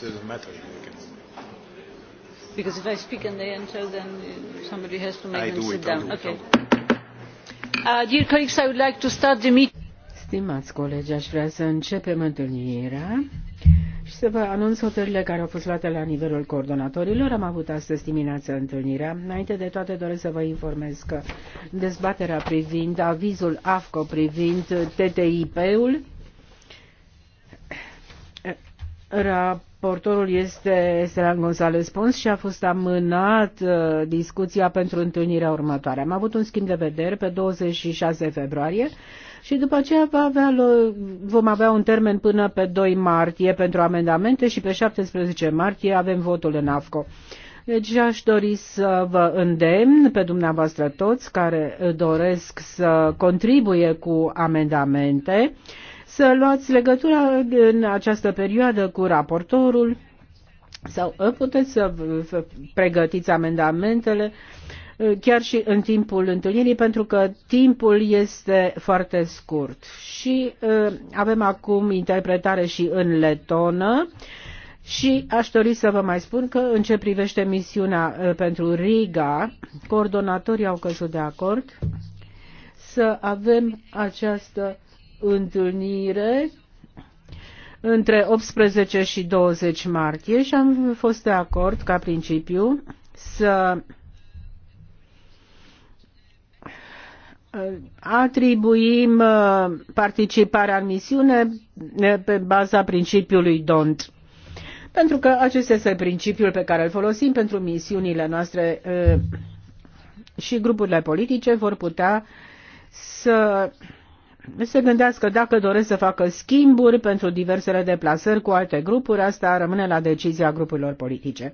doesn't matter. because if I speak and they enter, then somebody has to make I them sit it, down. Okay. Uh, dear colleagues, I would like to start the meeting. Stimați colegi, aș vrea să începem întâlnirea și să vă anunț hotările care au fost luate la nivelul coordonatorilor. Am avut astăzi dimineață întâlnirea. Înainte de toate doresc să vă informez că dezbaterea privind avizul AFCO privind TTIP-ul eh, rap Portorul este Estelan González Pons și a fost amânat uh, discuția pentru întâlnirea următoare. Am avut un schimb de vedere pe 26 februarie și după aceea va avea, vom avea un termen până pe 2 martie pentru amendamente și pe 17 martie avem votul în AFCO. Deci aș dori să vă îndemn pe dumneavoastră toți care doresc să contribuie cu amendamente să luați legătura în această perioadă cu raportorul sau uh, puteți să pregătiți amendamentele uh, chiar și în timpul întâlnirii, pentru că timpul este foarte scurt. Și uh, avem acum interpretare și în letonă. Și aș dori să vă mai spun că în ce privește misiunea pentru Riga, coordonatorii au căzut de acord să avem această întâlnire între 18 și 20 martie și am fost de acord ca principiu să uh, atribuim uh, participarea în misiune uh, pe baza principiului DONT. Pentru că acesta este principiul pe care îl folosim pentru misiunile noastre și grupurile politice vor putea să se gândească dacă doresc să facă schimburi pentru diversele deplasări cu alte grupuri, asta rămâne la decizia grupurilor politice.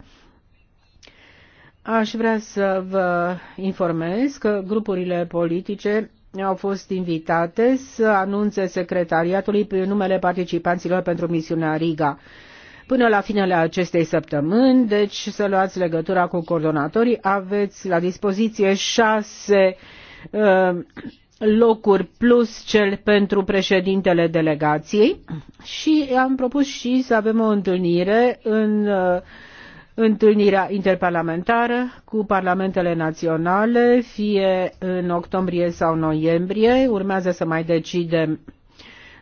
Aș vrea să vă informez că grupurile politice au fost invitate să anunțe secretariatului pe numele participanților pentru misiunea Riga până la finele acestei săptămâni, deci să luați legătura cu coordonatorii. Aveți la dispoziție șase uh, locuri plus cel pentru președintele delegației și am propus și să avem o întâlnire în uh, întâlnirea interparlamentară cu parlamentele naționale, fie în octombrie sau noiembrie. Urmează să mai decidem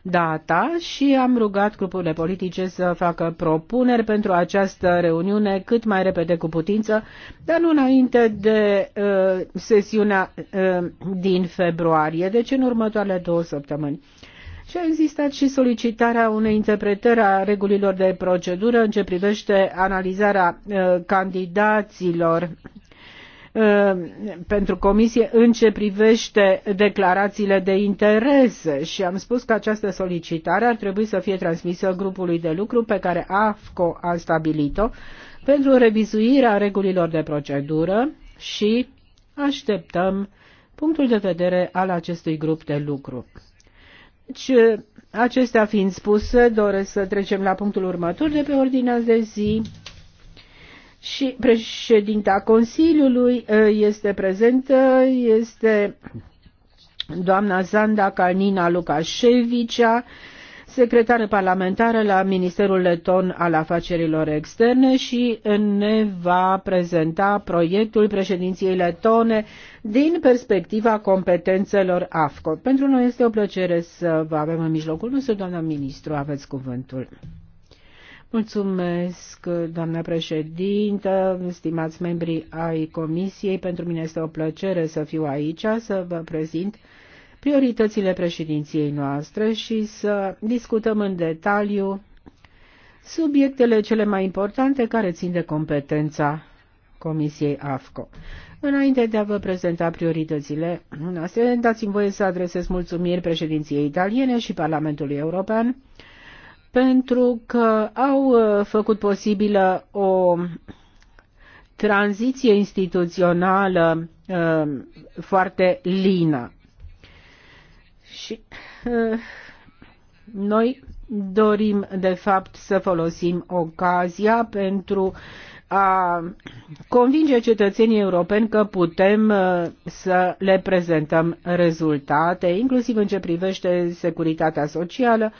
data și am rugat grupurile politice să facă propuneri pentru această reuniune cât mai repede cu putință, dar nu înainte de uh, sesiunea uh, din februarie, deci în următoarele două săptămâni. Și a existat și solicitarea unei interpretări a regulilor de procedură în ce privește analizarea uh, candidaților Uh, pentru Comisie în ce privește declarațiile de interese și am spus că această solicitare ar trebui să fie transmisă grupului de lucru pe care AFCO a stabilit-o pentru revizuirea regulilor de procedură și așteptăm punctul de vedere al acestui grup de lucru. Deci, acestea fiind spuse, doresc să trecem la punctul următor de pe ordinea de zi, și președinta Consiliului este prezentă, este doamna Zanda Calnina Lukashevicea, secretară parlamentară la Ministerul Leton al Afacerilor Externe și ne va prezenta proiectul președinției letone din perspectiva competențelor AFCO. Pentru noi este o plăcere să vă avem în mijlocul nostru, doamna ministru, aveți cuvântul. Mulțumesc, doamna președintă, stimați membri ai Comisiei. Pentru mine este o plăcere să fiu aici, să vă prezint prioritățile președinției noastre și să discutăm în detaliu subiectele cele mai importante care țin de competența Comisiei AFCO. Înainte de a vă prezenta prioritățile noastre, dați-mi voie să adresez mulțumiri președinției italiene și Parlamentului European pentru că au uh, făcut posibilă o tranziție instituțională uh, foarte lină. Și uh, noi dorim, de fapt, să folosim ocazia pentru a convinge cetățenii europeni că putem să le prezentăm rezultate, inclusiv în ce privește securitatea socială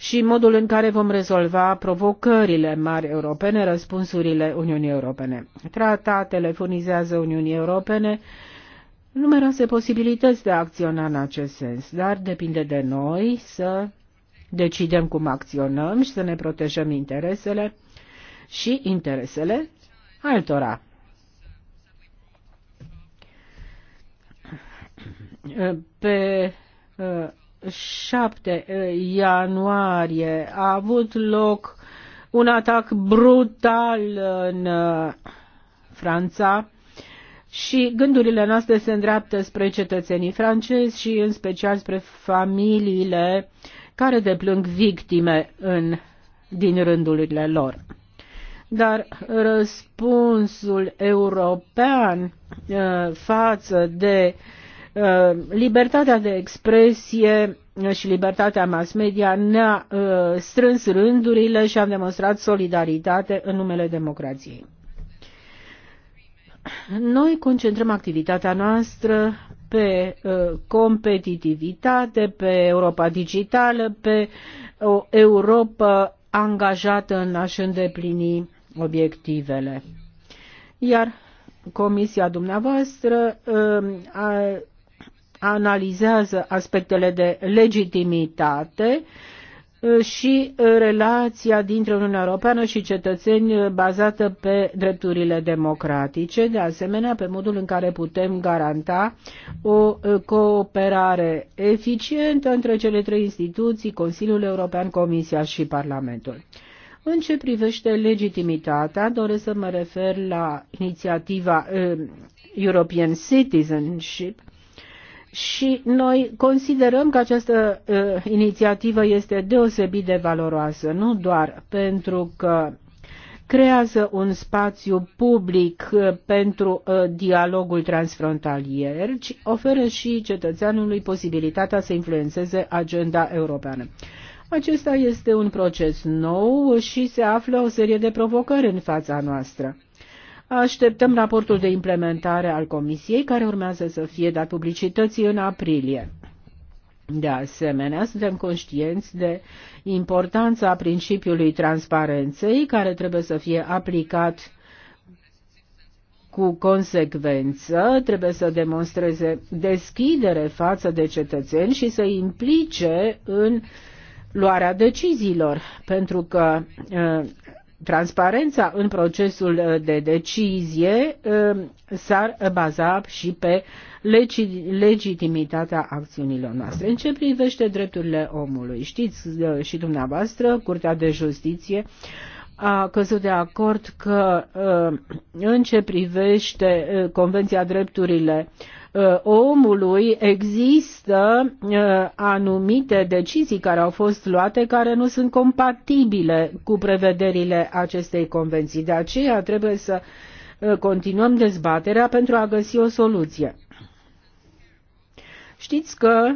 și modul în care vom rezolva provocările mari europene, răspunsurile Uniunii Europene. Tratatele furnizează Uniunii Europene numeroase posibilități de a acționa în acest sens, dar depinde de noi să decidem cum acționăm și să ne protejăm interesele și interesele altora. Pe 7 ianuarie a avut loc un atac brutal în Franța și gândurile noastre se îndreaptă spre cetățenii francezi și în special spre familiile care deplâng victime în, din rândurile lor. Dar răspunsul european față de uh, Uh, libertatea de expresie și libertatea mass media ne-a uh, strâns rândurile și am demonstrat solidaritate în numele democrației. Noi concentrăm activitatea noastră pe uh, competitivitate, pe Europa digitală, pe o Europa angajată în a-și îndeplini obiectivele. Iar comisia dumneavoastră a analizează aspectele de legitimitate uh, și uh, relația dintre Uniunea Europeană și cetățeni uh, bazată pe drepturile democratice, de asemenea pe modul în care putem garanta o cooperare eficientă între cele trei instituții, Consiliul European, Comisia și Parlamentul. În ce privește legitimitatea, doresc să mă refer la inițiativa European Citizenship, și noi considerăm că această uh, inițiativă este deosebit de valoroasă, nu doar pentru că creează un spațiu public uh, pentru uh, dialogul transfrontalier, ci oferă și cetățeanului posibilitatea să influențeze agenda europeană. Acesta este un proces nou și se află o serie de provocări în fața noastră. Așteptăm raportul de implementare al Comisiei, care urmează să fie dat publicității în aprilie. De asemenea, suntem conștienți de importanța principiului transparenței, care trebuie să fie aplicat cu consecvență, trebuie să demonstreze deschidere față de cetățeni și să implice în luarea deciziilor, pentru că uh, transparența în procesul uh, de decizie uh, s-ar baza și pe legi, legitimitatea acțiunilor noastre. În ce privește drepturile omului? Știți uh, și dumneavoastră, Curtea de Justiție a căzut de acord că în ce privește Convenția Drepturile Uh, omului există uh, anumite decizii care au fost luate care nu sunt compatibile cu prevederile acestei convenții. De aceea trebuie să uh, continuăm dezbaterea pentru a găsi o soluție. Știți că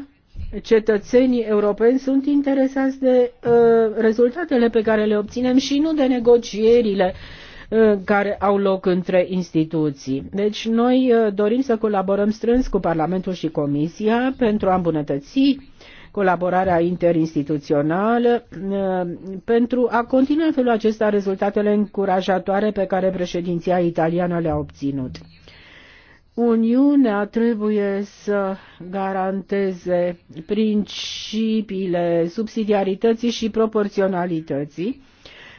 cetățenii europeni sunt interesați de uh, rezultatele pe care le obținem și nu de negocierile uh, Uh, care au loc între instituții. Deci noi uh, dorim să colaborăm strâns cu Parlamentul și Comisia pentru a îmbunătăți colaborarea interinstituțională uh, pentru a continua în felul acesta rezultatele încurajatoare pe care președinția italiană le-a obținut. Uniunea trebuie să garanteze principiile subsidiarității și proporționalității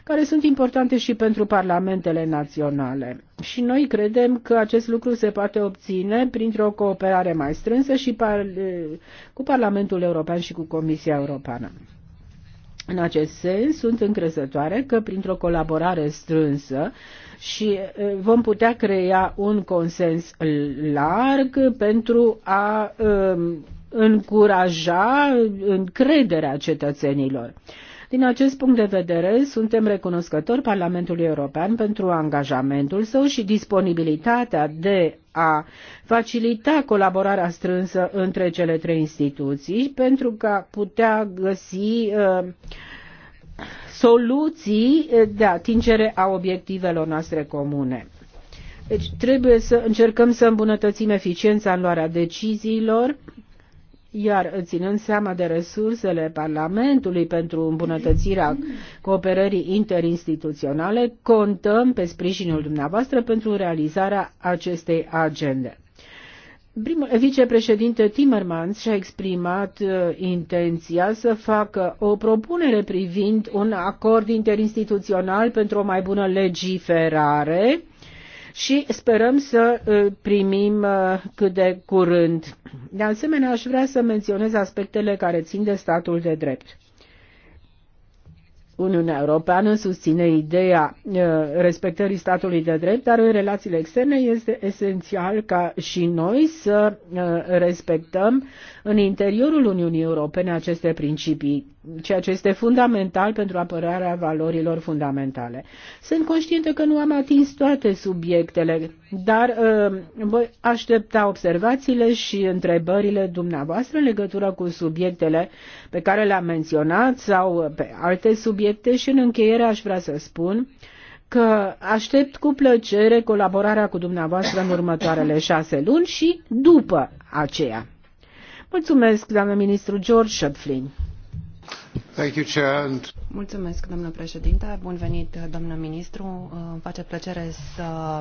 care sunt importante și pentru parlamentele naționale. Și noi credem că acest lucru se poate obține printr-o cooperare mai strânsă și par, cu Parlamentul European și cu Comisia Europeană. În acest sens, sunt încrezătoare că printr-o colaborare strânsă și vom putea crea un consens larg pentru a încuraja încrederea cetățenilor. Din acest punct de vedere, suntem recunoscători Parlamentului European pentru angajamentul său și disponibilitatea de a facilita colaborarea strânsă între cele trei instituții pentru că putea găsi uh, soluții de atingere a obiectivelor noastre comune. Deci trebuie să încercăm să îmbunătățim eficiența în luarea deciziilor iar ținând seama de resursele Parlamentului pentru îmbunătățirea cooperării interinstituționale, contăm pe sprijinul dumneavoastră pentru realizarea acestei agende. Primul vicepreședinte Timmermans și-a exprimat uh, intenția să facă o propunere privind un acord interinstituțional pentru o mai bună legiferare și sperăm să uh, primim uh, cât de curând. De asemenea, aș vrea să menționez aspectele care țin de statul de drept. Uniunea Europeană susține ideea uh, respectării statului de drept, dar în relațiile externe este esențial ca și noi să respectăm în interiorul Uniunii Europene aceste principii, ceea ce este fundamental pentru apărarea valorilor fundamentale. Sunt conștientă că nu am atins toate subiectele, dar uh, voi aștepta observațiile și întrebările dumneavoastră în legătură cu subiectele pe care le-am menționat sau pe alte subiecte și în încheiere aș vrea să spun că aștept cu plăcere colaborarea cu dumneavoastră în următoarele șase luni și după aceea. Mulțumesc, doamnă ministru George Shepflin. Mulțumesc, doamnă președinte. Bun venit, doamnă ministru. Îmi face plăcere să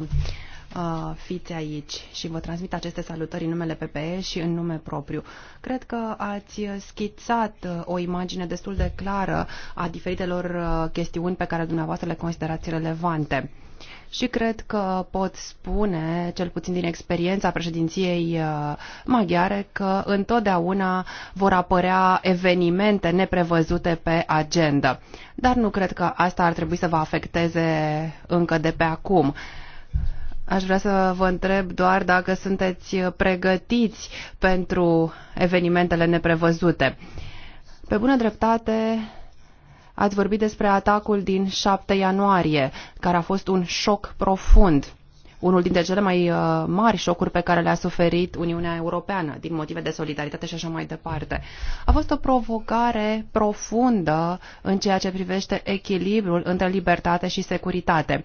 uh, fiți aici și vă transmit aceste salutări în numele PPE și în nume propriu. Cred că ați schițat uh, o imagine destul de clară a diferitelor uh, chestiuni pe care dumneavoastră le considerați relevante și cred că pot spune, cel puțin din experiența președinției uh, maghiare, că întotdeauna vor apărea evenimente neprevăzute pe agenda. Dar nu cred că asta ar trebui să vă afecteze încă de pe acum. Aș vrea să vă întreb doar dacă sunteți pregătiți pentru evenimentele neprevăzute. Pe bună dreptate, Ați vorbit despre atacul din 7 ianuarie, care a fost un șoc profund, unul dintre cele mai uh, mari șocuri pe care le-a suferit Uniunea Europeană, din motive de solidaritate și așa mai departe. A fost o provocare profundă în ceea ce privește echilibrul între libertate și securitate.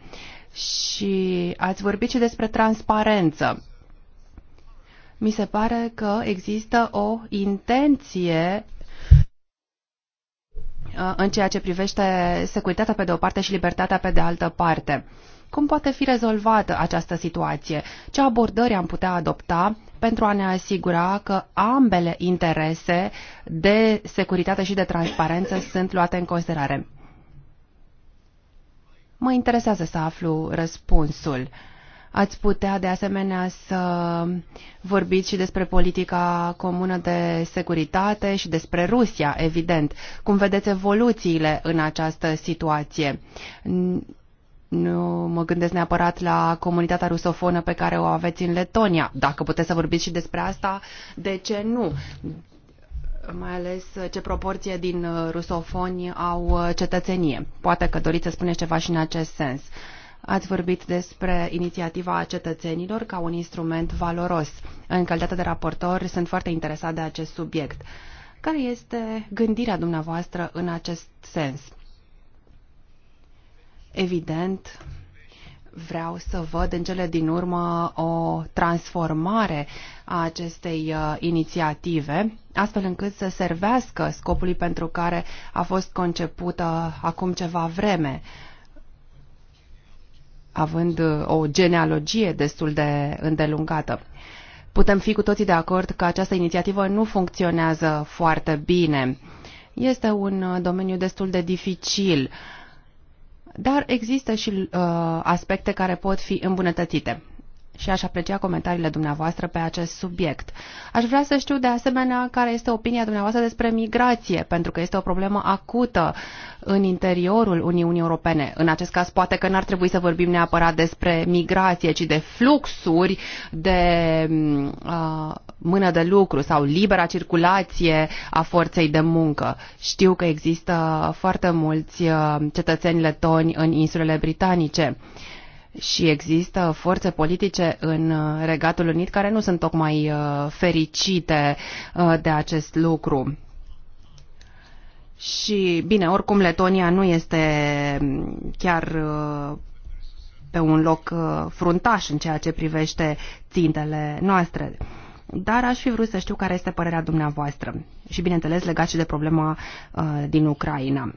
Și ați vorbit și despre transparență mi se pare că există o intenție Uh, în ceea ce privește securitatea pe de o parte și libertatea pe de altă parte. Cum poate fi rezolvată această situație? Ce abordări am putea adopta pentru a ne asigura că ambele interese de securitate și de transparență sunt luate în considerare? Mă interesează să aflu răspunsul. Ați putea de asemenea să vorbiți și despre politica comună de securitate și despre Rusia, evident. Cum vedeți evoluțiile în această situație? Nu mă gândesc neapărat la comunitatea rusofonă pe care o aveți în Letonia. Dacă puteți să vorbiți și despre asta, de ce nu? mai ales ce proporție din rusofoni au cetățenie. Poate că doriți să spuneți ceva și în acest sens. Ați vorbit despre inițiativa cetățenilor ca un instrument valoros. În calitate de raportor sunt foarte interesat de acest subiect. Care este gândirea dumneavoastră în acest sens? Evident, vreau să văd în cele din urmă o transformare a acestei uh, inițiative, astfel încât să servească scopului pentru care a fost concepută acum ceva vreme având uh, o genealogie destul de îndelungată. Putem fi cu toții de acord că această inițiativă nu funcționează foarte bine. Este un uh, domeniu destul de dificil, dar există și uh, aspecte care pot fi îmbunătățite și aș aprecia comentariile dumneavoastră pe acest subiect. Aș vrea să știu de asemenea care este opinia dumneavoastră despre migrație, pentru că este o problemă acută în interiorul Uniunii Europene. În acest caz poate că n-ar trebui să vorbim neapărat despre migrație, ci de fluxuri de mm, uh, mână de lucru sau libera circulație a forței de muncă. Știu că există foarte mulți uh, cetățeni letoni în insulele britanice. Uh, și există forțe politice în uh, Regatul Unit care nu sunt tocmai uh, fericite uh, de acest lucru. Și bine, oricum Letonia nu este mm, chiar pe un loc fruntaș în ceea ce privește țintele noastre. Dar aș fi vrut să știu care este părerea dumneavoastră și, bineînțeles, legat și de problema uh, din Ucraina.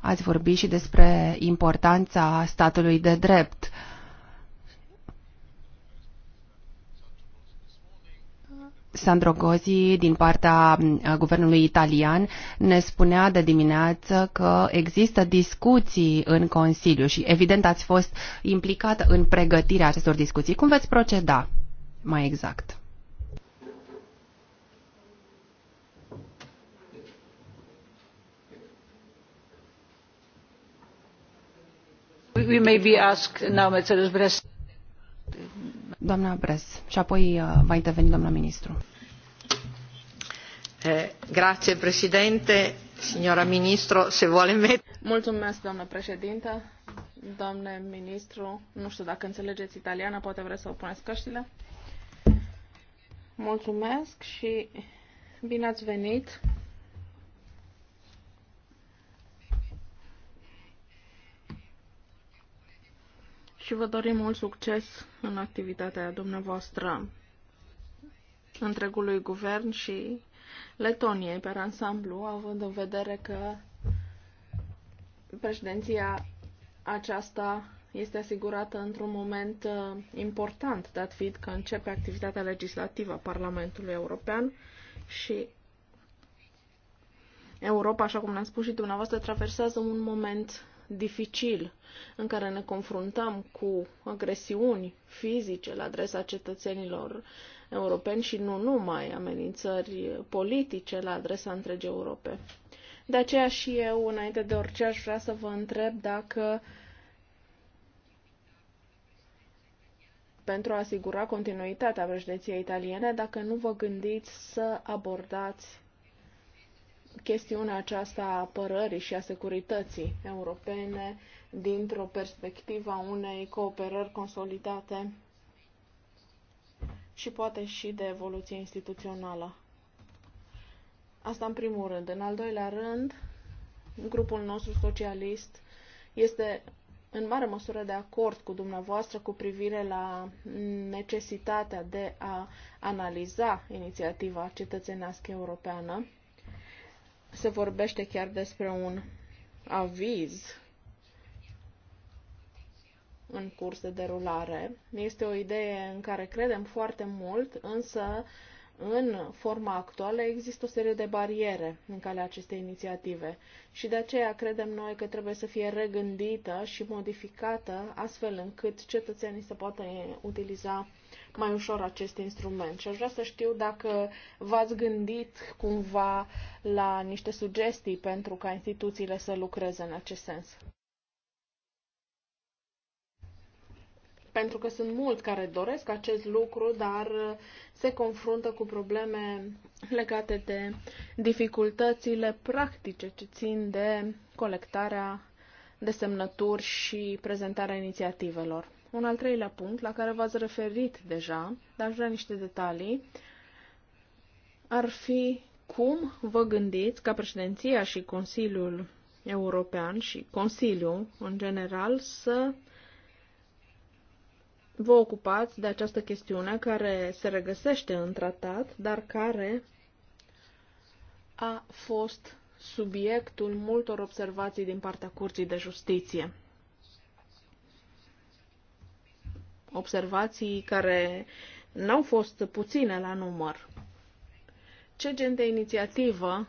Ați vorbit și despre importanța statului de drept. Sandro Gozi din partea uh, guvernului italian ne spunea de dimineață că există discuții în Consiliu și evident ați fost implicat în pregătirea acestor discuții. Cum veți proceda mai exact? We may be asked now, Mercedes Bres. Doamna Bres, și apoi uh, va interveni doamna ministru. Eh, grazie, președinte. Signora ministru, se vuole met... Mulțumesc, doamnă președintă. Doamne ministru, nu știu dacă înțelegeți italiana, poate vreți să opuneți căștile. Mulțumesc și bine ați venit și vă dorim mult succes în activitatea dumneavoastră întregului guvern și Letoniei pe ansamblu, având în vedere că președinția aceasta este asigurată într-un moment uh, important, dat fiind că începe activitatea legislativă a Parlamentului European și Europa, așa cum ne-am spus și dumneavoastră, traversează un moment dificil în care ne confruntăm cu agresiuni fizice la adresa cetățenilor europeni și nu numai amenințări politice la adresa întregii Europe. De aceea și eu, înainte de orice, aș vrea să vă întreb dacă pentru a asigura continuitatea președinției italiene, dacă nu vă gândiți să abordați chestiunea aceasta a apărării și a securității europene dintr-o perspectivă a unei cooperări consolidate și poate și de evoluție instituțională. Asta în primul rând. În al doilea rând, grupul nostru socialist este în mare măsură de acord cu dumneavoastră cu privire la necesitatea de a analiza inițiativa cetățenească europeană se vorbește chiar despre un aviz în curs de derulare. Este o idee în care credem foarte mult, însă în forma actuală există o serie de bariere în calea acestei inițiative și de aceea credem noi că trebuie să fie regândită și modificată astfel încât cetățenii să poată utiliza mai ușor acest instrument. Și aș vrea să știu dacă v-ați gândit cumva la niște sugestii pentru ca instituțiile să lucreze în acest sens. Pentru că sunt mulți care doresc acest lucru, dar se confruntă cu probleme legate de dificultățile practice ce țin de colectarea de semnături și prezentarea inițiativelor. Un al treilea punct, la care v-ați referit deja, dar aș vrea niște detalii, ar fi cum vă gândiți ca președinția și Consiliul European și Consiliul în general să vă ocupați de această chestiune care se regăsește în tratat, dar care a fost subiectul multor observații din partea Curții de Justiție. observații care n-au fost puține la număr. Ce gen de inițiativă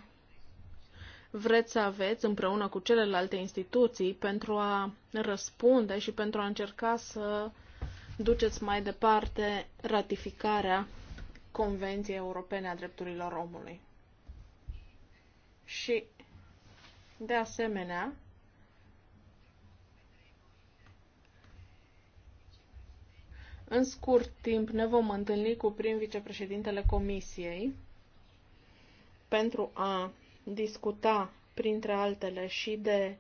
vreți să aveți împreună cu celelalte instituții pentru a răspunde și pentru a încerca să duceți mai departe ratificarea Convenției Europene a Drepturilor Omului. Și, de asemenea, În scurt timp ne vom întâlni cu prim-vicepreședintele Comisiei pentru a discuta, printre altele, și de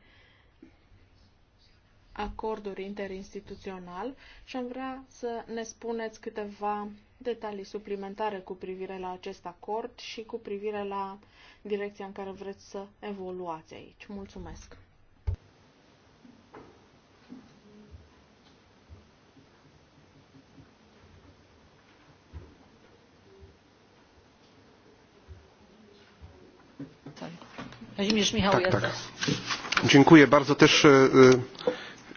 acorduri interinstituțional și am vrea să ne spuneți câteva detalii suplimentare cu privire la acest acord și cu privire la direcția în care vreți să evoluați aici. Mulțumesc! bardzo. Też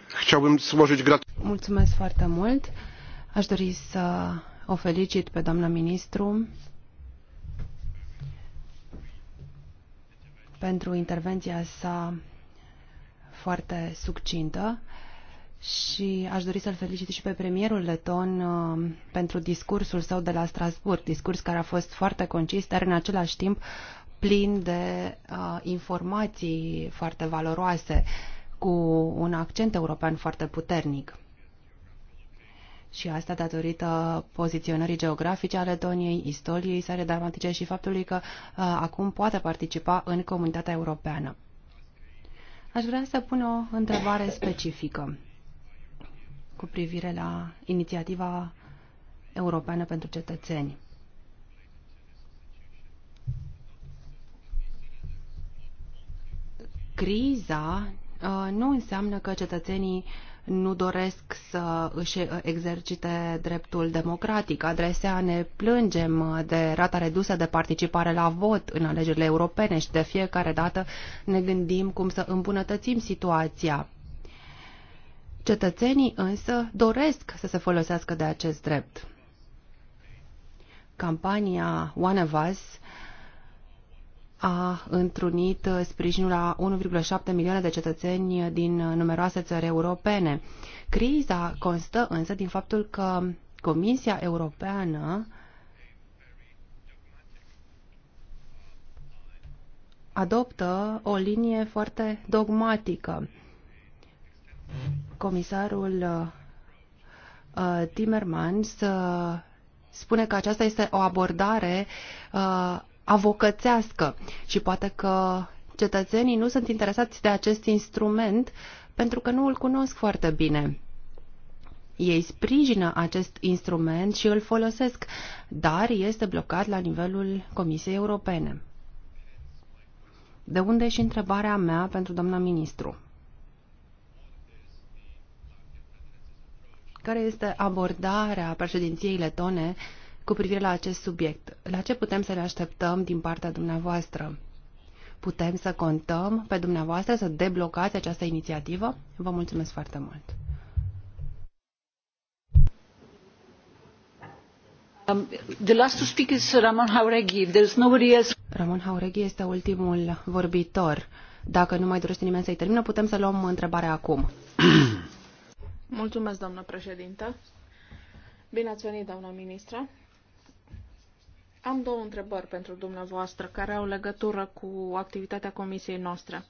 chciałbym złożyć Mulțumesc foarte mult. Aș dori să o felicit pe doamna ministru pentru intervenția sa foarte succintă și aș dori să-l felicit și pe premierul leton pentru discursul său de la Strasburg, discurs care a fost foarte concis, dar în același timp plin de uh, informații foarte valoroase, cu un accent european foarte puternic. Și asta datorită poziționării geografice ale Doniei, istoriei sale dramatice și faptului că uh, acum poate participa în comunitatea europeană. Aș vrea să pun o întrebare specifică cu privire la inițiativa europeană pentru cetățeni. criza uh, nu înseamnă că cetățenii nu doresc să își exercite dreptul democratic. Adresea ne plângem de rata redusă de participare la vot în alegerile europene și de fiecare dată ne gândim cum să îmbunătățim situația. Cetățenii însă doresc să se folosească de acest drept. Campania One of Us a întrunit sprijinul a 1,7 milioane de cetățeni din numeroase țări europene. Criza constă însă din faptul că Comisia Europeană adoptă o linie foarte dogmatică. Comisarul uh, Timmermans uh, spune că aceasta este o abordare uh, avocățească și poate că cetățenii nu sunt interesați de acest instrument pentru că nu îl cunosc foarte bine. Ei sprijină acest instrument și îl folosesc, dar este blocat la nivelul Comisiei Europene. De unde și întrebarea mea pentru doamna ministru. Care este abordarea președinției letone uh, cu privire la acest subiect. La ce putem să ne așteptăm din partea dumneavoastră? Putem să contăm pe dumneavoastră să deblocați această inițiativă? Vă mulțumesc foarte mult! Um, the last to speak is Ramon Hauregi. If there's nobody else. Ramon Haureghi este ultimul vorbitor. Dacă nu mai dorește nimeni să-i termină, putem să luăm întrebarea acum. Mulțumesc, doamnă președintă. Bine ați venit, doamnă ministră. Am două întrebări pentru dumneavoastră care au legătură cu activitatea comisiei noastre.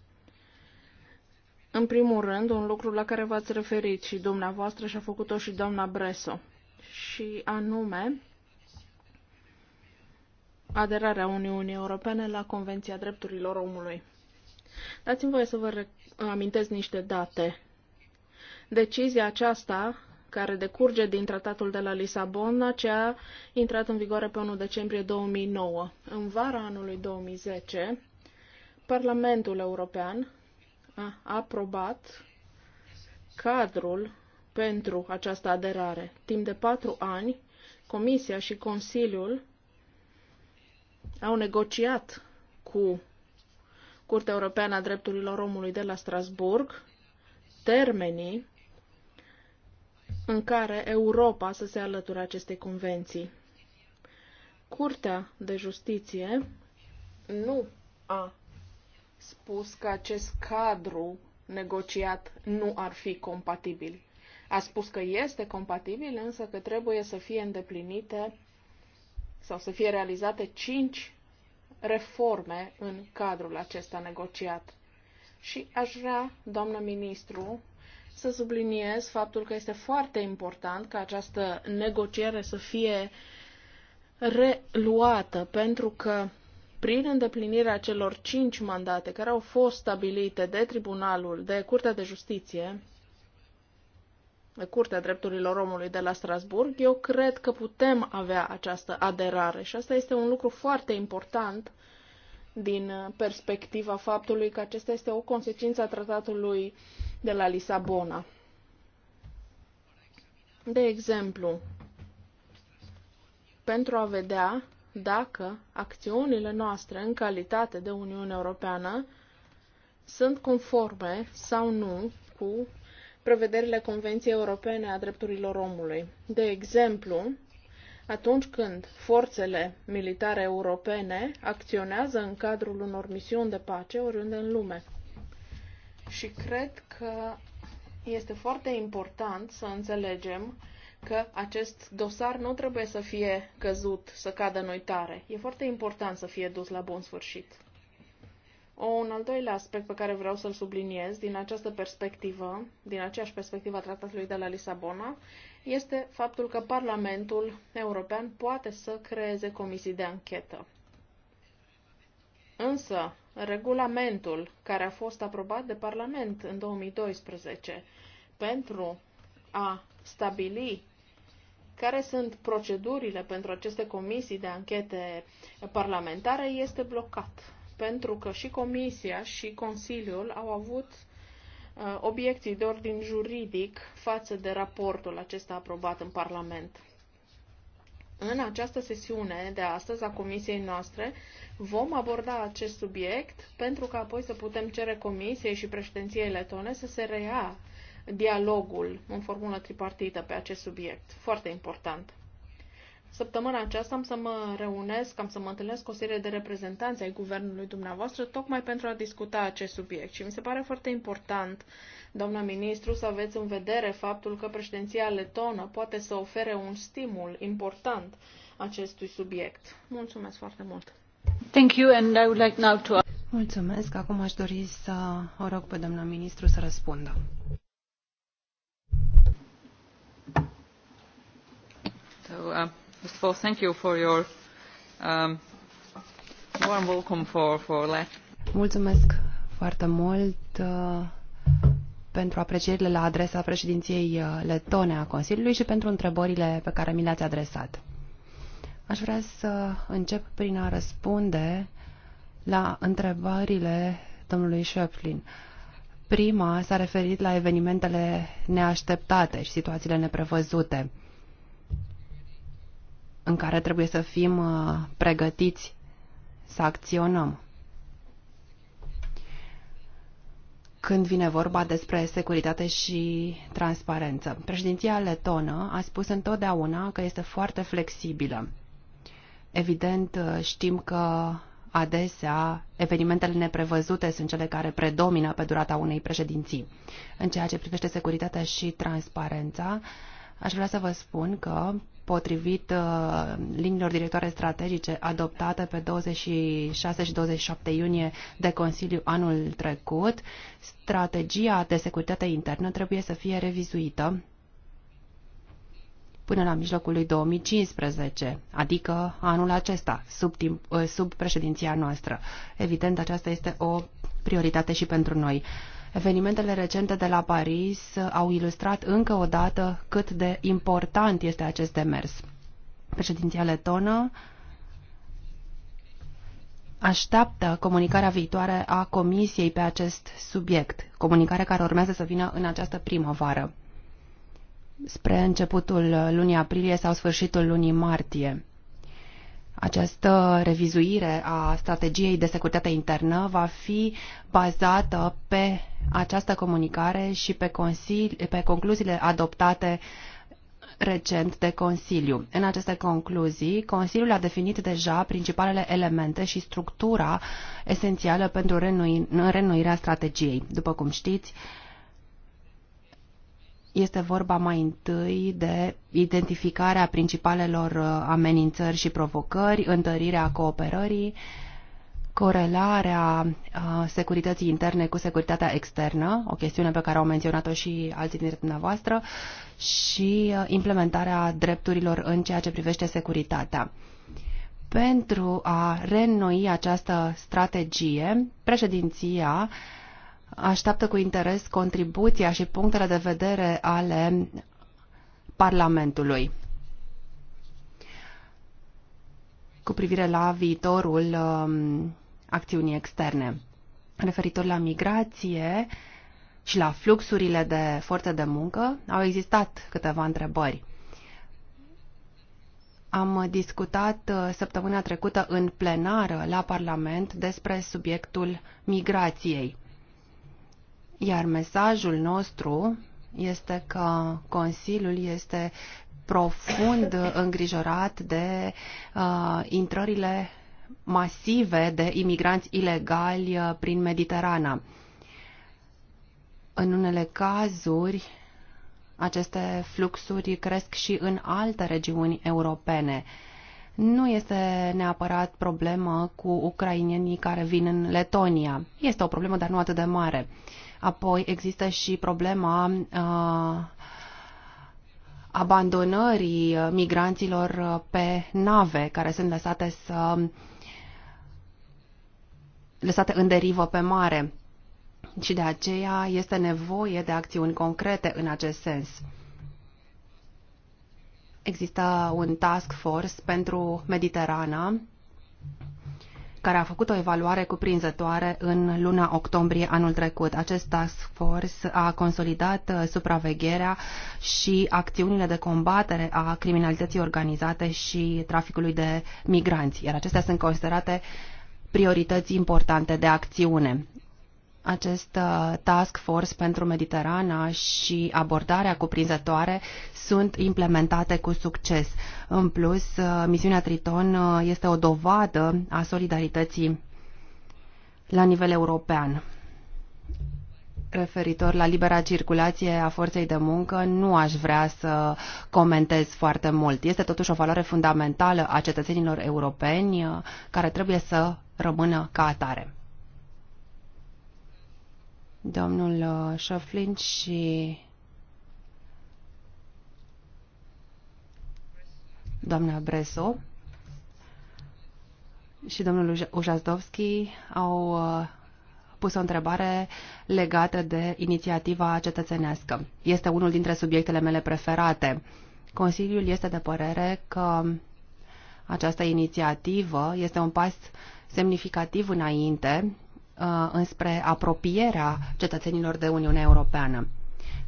În primul rând, un lucru la care v-ați referit și dumneavoastră și a făcut-o și doamna Breso, și anume aderarea Uniunii Europene la Convenția Drepturilor Omului. Dați-mi voie să vă amintesc niște date. Decizia aceasta care decurge din tratatul de la Lisabona, ce a intrat în vigoare pe 1 decembrie 2009. În vara anului 2010, Parlamentul European a aprobat cadrul pentru această aderare. Timp de patru ani, Comisia și Consiliul au negociat cu Curtea Europeană a Drepturilor Omului de la Strasburg termenii în care Europa să se alăture acestei convenții. Curtea de Justiție nu a spus că acest cadru negociat nu ar fi compatibil. A spus că este compatibil, însă că trebuie să fie îndeplinite sau să fie realizate cinci reforme în cadrul acesta negociat. Și aș vrea, doamnă ministru, să subliniez faptul că este foarte important ca această negociere să fie reluată, pentru că prin îndeplinirea celor cinci mandate care au fost stabilite de Tribunalul, de Curtea de Justiție, de Curtea Drepturilor Omului de la Strasburg, eu cred că putem avea această aderare și asta este un lucru foarte important din perspectiva faptului că acesta este o consecință a tratatului uh, de la Lisabona. De exemplu, pentru a vedea dacă acțiunile noastre în calitate de Uniune Europeană sunt conforme sau nu cu prevederile Convenției Europene a Drepturilor Omului. De exemplu, atunci când forțele militare europene acționează în cadrul unor misiuni de pace oriunde în lume. Și cred că este foarte important să înțelegem că acest dosar nu trebuie să fie căzut, să cadă în uitare. E foarte important să fie dus la bun sfârșit. O, un al doilea aspect pe care vreau să-l subliniez din această perspectivă, din aceeași perspectivă a tratatului de la Lisabona, este faptul că Parlamentul European poate să creeze comisii de anchetă. Însă, regulamentul care a fost aprobat de Parlament în 2012 pentru a stabili care sunt procedurile pentru aceste comisii de anchete parlamentare este blocat. Pentru că și Comisia și Consiliul au avut uh, obiecții de ordin juridic față de raportul acesta aprobat în Parlament. În această sesiune de astăzi a comisiei noastre vom aborda acest subiect pentru că apoi să putem cere comisiei și președinției letone să se reia dialogul în formulă tripartită pe acest subiect. Foarte important. Săptămâna aceasta am să mă reunesc, am să mă întâlnesc cu o serie de reprezentanți ai guvernului dumneavoastră tocmai pentru a discuta acest subiect și mi se pare foarte important uh, doamna ministru, să aveți în vedere faptul că președinția letonă poate să ofere un stimul important acestui subiect. Mulțumesc foarte mult! Thank you and I would like now to... Mulțumesc. Acum aș dori să o rog pe doamna ministru să răspundă. So, uh, first of all, thank you for your um, warm welcome for, for Mulțumesc foarte mult uh, pentru aprecierile la adresa președinției uh, letone a Consiliului și pentru întrebările pe care mi le-ați adresat. Aș vrea să încep prin a răspunde la întrebările domnului Schöpflin. Prima s-a referit la evenimentele neașteptate și situațiile neprevăzute în care trebuie să fim uh, pregătiți să acționăm. când vine vorba despre securitate și transparență. Președinția letonă a spus întotdeauna că este foarte flexibilă. Evident, știm că adesea evenimentele neprevăzute sunt cele care predomină pe durata unei președinții. În ceea ce privește securitatea și transparența, aș vrea să vă spun că potrivit uh, liniilor directoare strategice adoptate pe 26 și 27 iunie de Consiliu anul trecut, strategia de securitate internă trebuie să fie revizuită până la mijlocul lui 2015, adică anul acesta, sub, timp, uh, sub președinția noastră. Evident, aceasta este o prioritate și pentru noi. Uh, Evenimentele recente de la Paris au ilustrat încă o dată cât de important este acest demers. Președinția letonă așteaptă comunicarea viitoare a Comisiei pe acest subiect, comunicare care urmează să vină în această primăvară, spre începutul lunii aprilie sau sfârșitul lunii martie. Această revizuire a strategiei de securitate internă va fi bazată pe această comunicare și pe, consili, pe concluziile adoptate recent de Consiliu. În aceste concluzii, Consiliul a definit deja principalele elemente și structura esențială pentru renuirea strategiei. După cum știți, este vorba mai întâi de identificarea principalelor uh, amenințări și provocări, întărirea cooperării, corelarea uh, securității interne cu securitatea externă, o chestiune pe care au menționat-o și alții dintre dumneavoastră, și uh, implementarea drepturilor în ceea ce privește securitatea. Pentru a reînnoi această strategie, președinția uh, așteaptă cu interes contribuția și punctele de vedere ale Parlamentului cu privire la viitorul um, acțiunii externe. Referitor la migrație și la fluxurile de forță de muncă, au existat câteva întrebări. Am discutat uh, săptămâna trecută în plenară la Parlament despre subiectul migrației. Iar mesajul nostru este că Consiliul este profund îngrijorat de uh, intrările masive de imigranți ilegali uh, prin Mediterana. În unele cazuri, aceste fluxuri cresc și în alte regiuni europene. Uh, nu este neapărat problemă cu ucrainienii care vin în Letonia. Este o problemă, dar nu atât de mare. Apoi există și problema uh, abandonării migranților pe nave care sunt lăsate să lăsate în derivă pe mare. Și de aceea este nevoie de acțiuni concrete în acest sens. Exista un task force pentru Mediterana care a făcut o evaluare cuprinzătoare în luna octombrie anul trecut. Acest task force a consolidat uh, supravegherea și acțiunile de combatere a criminalității organizate și traficului de migranți, iar acestea sunt considerate priorități importante de acțiune acest uh, task force pentru Mediterana și abordarea cuprinzătoare sunt implementate cu succes. În plus, uh, misiunea Triton uh, este o dovadă a solidarității la nivel european. Referitor la libera circulație a forței de muncă, nu aș vrea să comentez foarte mult. Este totuși o valoare fundamentală a cetățenilor europeni care trebuie să rămână ca atare domnul uh, Șoflin și doamna Breso și domnul Ujazdovski au uh, pus o întrebare legată de inițiativa cetățenească. Este unul dintre subiectele mele preferate. Consiliul este de părere că această inițiativă este un pas semnificativ înainte Uh, înspre apropierea cetățenilor de Uniunea Europeană.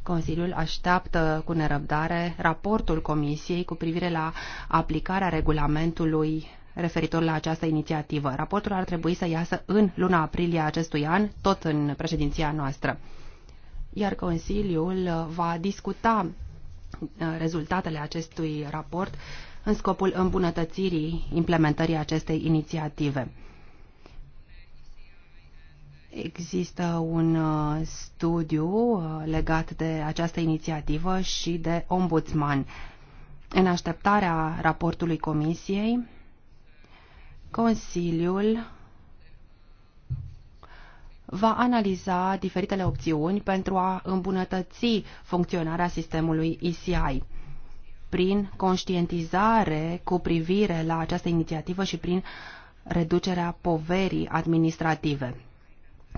Consiliul așteaptă cu nerăbdare raportul Comisiei cu privire la aplicarea regulamentului referitor la această inițiativă. Raportul ar trebui să iasă în luna aprilie acestui an, tot în președinția noastră. Iar Consiliul va discuta uh, rezultatele acestui raport în scopul îmbunătățirii implementării acestei inițiative. Există un uh, studiu uh, legat de această inițiativă și de ombudsman. În așteptarea raportului Comisiei, Consiliul va analiza diferitele opțiuni pentru a îmbunătăți funcționarea sistemului ECI prin conștientizare cu privire la această inițiativă și prin reducerea poverii administrative.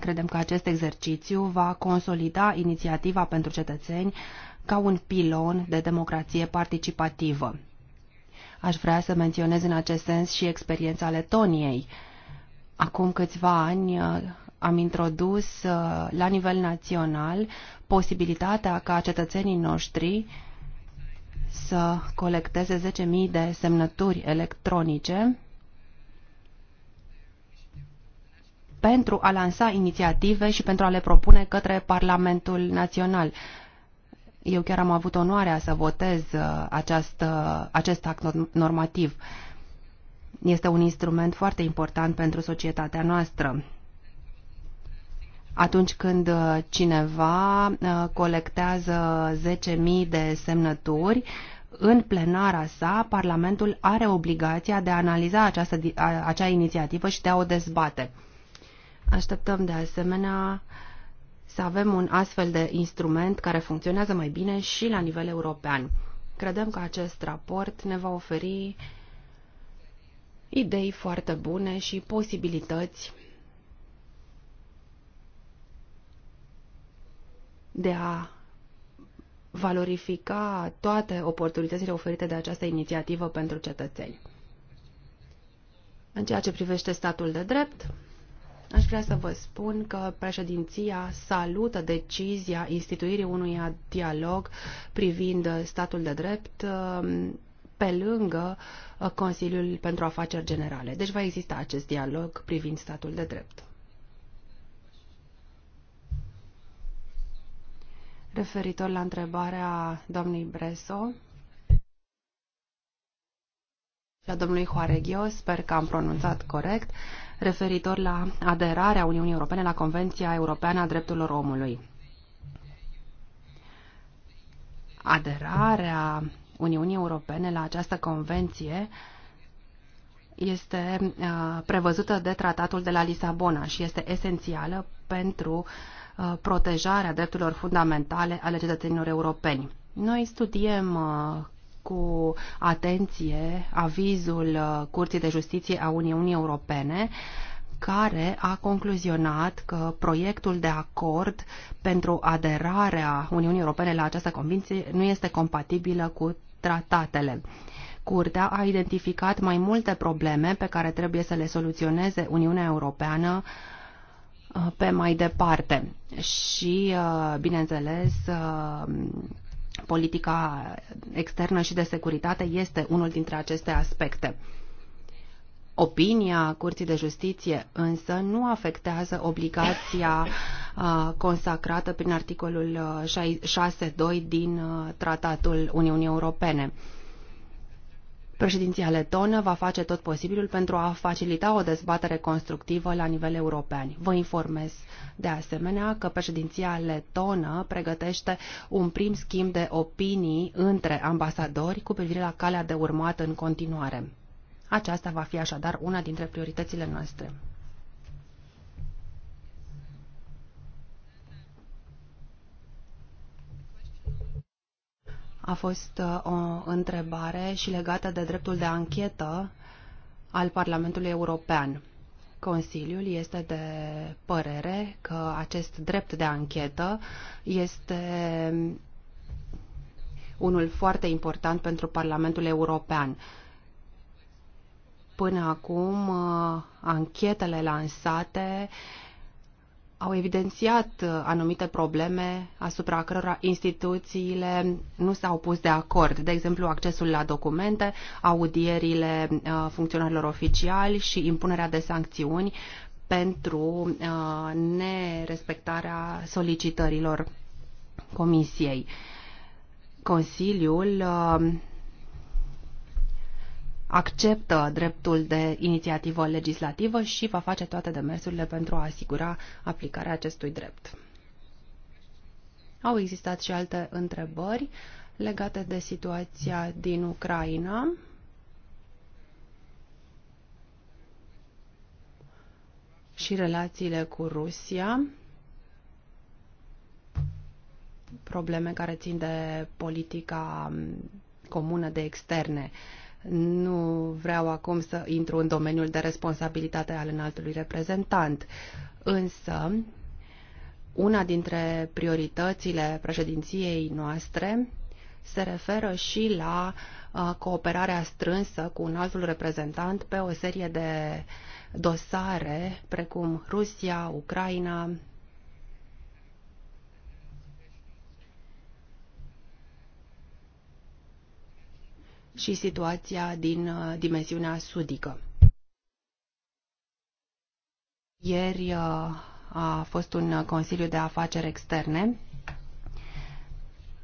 Credem că acest exercițiu va consolida inițiativa pentru cetățeni ca un pilon de democrație participativă. Aș vrea să menționez în acest sens și experiența Letoniei. Acum câțiva ani uh, am introdus uh, la nivel național posibilitatea ca cetățenii noștri să colecteze 10.000 de semnături electronice pentru a lansa inițiative și pentru a le propune către Parlamentul Național. Eu chiar am avut onoarea să votez uh, această, acest act normativ. Este un instrument foarte important pentru societatea noastră. Atunci când uh, cineva uh, colectează 10.000 de semnături, în plenara sa, Parlamentul are obligația de a analiza această, acea inițiativă și de a o dezbate. Așteptăm de asemenea să avem un astfel de instrument care funcționează mai bine și la nivel european. Credem că acest raport ne va oferi idei foarte bune și posibilități de a valorifica toate oportunitățile oferite de această inițiativă pentru cetățeni. În ceea ce privește statul de drept, Aș vrea să vă spun că președinția salută decizia instituirii unui dialog privind statul de drept um, pe lângă uh, Consiliul pentru Afaceri Generale. Deci va exista acest dialog privind statul de drept. Referitor la întrebarea doamnei Breso și a domnului Hoareghio, sper că am pronunțat corect, referitor la aderarea Uniunii Europene la Convenția Europeană a Drepturilor Omului. Aderarea Uniunii Europene la această convenție este uh, prevăzută de Tratatul de la Lisabona și este esențială pentru uh, protejarea drepturilor fundamentale ale cetățenilor europeni. Noi studiem uh, cu atenție avizul uh, Curții de Justiție a Uniunii Europene care a concluzionat că proiectul de acord pentru aderarea Uniunii Europene la această convenție nu este compatibilă cu tratatele. Curtea a identificat mai multe probleme pe care trebuie să le soluționeze Uniunea Europeană uh, pe mai departe și, uh, bineînțeles, politica externă și de securitate este unul dintre aceste aspecte. Opinia Curții de Justiție însă nu afectează obligația uh, consacrată prin articolul 6.2 uh, din uh, Tratatul Uniunii Europene. Președinția letonă va face tot posibilul pentru a facilita o dezbatere constructivă la nivel european. Vă informez de asemenea că președinția letonă pregătește un prim schimb de opinii între ambasadori cu privire la calea de urmat în continuare. Aceasta va fi așadar una dintre prioritățile noastre. a fost uh, o întrebare și legată de dreptul de anchetă al Parlamentului European. Consiliul este de părere că acest drept de anchetă este unul foarte important pentru Parlamentul European. Până acum, uh, anchetele lansate uh, au evidențiat uh, anumite probleme asupra cărora instituțiile nu s-au pus de acord, de exemplu accesul la documente, audierile uh, funcționarilor oficiali și impunerea de sancțiuni pentru uh, nerespectarea solicitărilor Comisiei. Consiliul acceptă dreptul de inițiativă legislativă și va face toate demersurile pentru a asigura aplicarea acestui drept. Au existat și alte întrebări legate de situația din Ucraina. și relațiile cu Rusia, probleme care țin de politica comună de externe. Uh, nu vreau acum să intru în domeniul de responsabilitate al înaltului reprezentant, însă una dintre prioritățile președinției noastre se referă și la cooperarea strânsă cu un altul reprezentant pe o serie de dosare precum Rusia, Ucraina, și situația din uh, dimensiunea sudică. Ieri uh, a fost un Consiliu de Afaceri Externe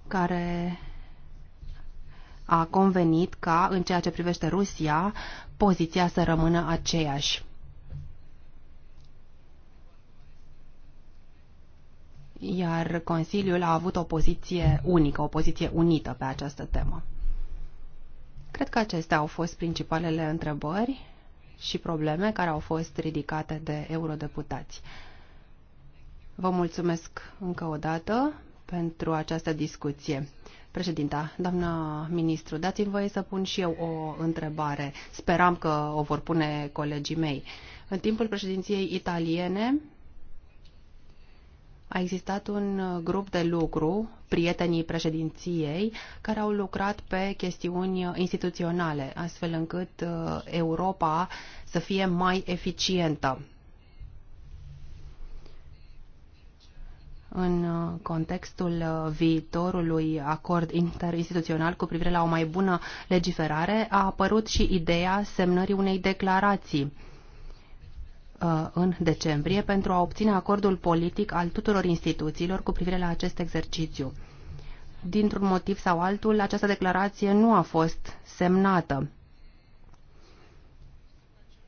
care a convenit ca, în ceea ce privește Rusia, poziția să rămână aceeași. Iar Consiliul a avut o poziție unică, o poziție unită pe această temă. Cred că acestea au fost principalele întrebări și probleme care au fost ridicate de eurodeputați. Vă mulțumesc încă o dată pentru această discuție. Președinta, doamna ministru, dați-mi voie să pun și eu o întrebare. Speram că o vor pune colegii mei. În timpul președinției italiene, a existat un uh, grup de lucru, prietenii președinției, care au lucrat pe chestiuni uh, instituționale, astfel încât uh, Europa să fie mai eficientă. În contextul viitorului acord interinstituțional cu privire la o mai bună legiferare, a apărut și ideea semnării unei declarații Uh, în decembrie pentru a obține acordul politic al tuturor instituțiilor cu privire la acest exercițiu. Dintr-un motiv sau altul, această declarație nu a fost semnată.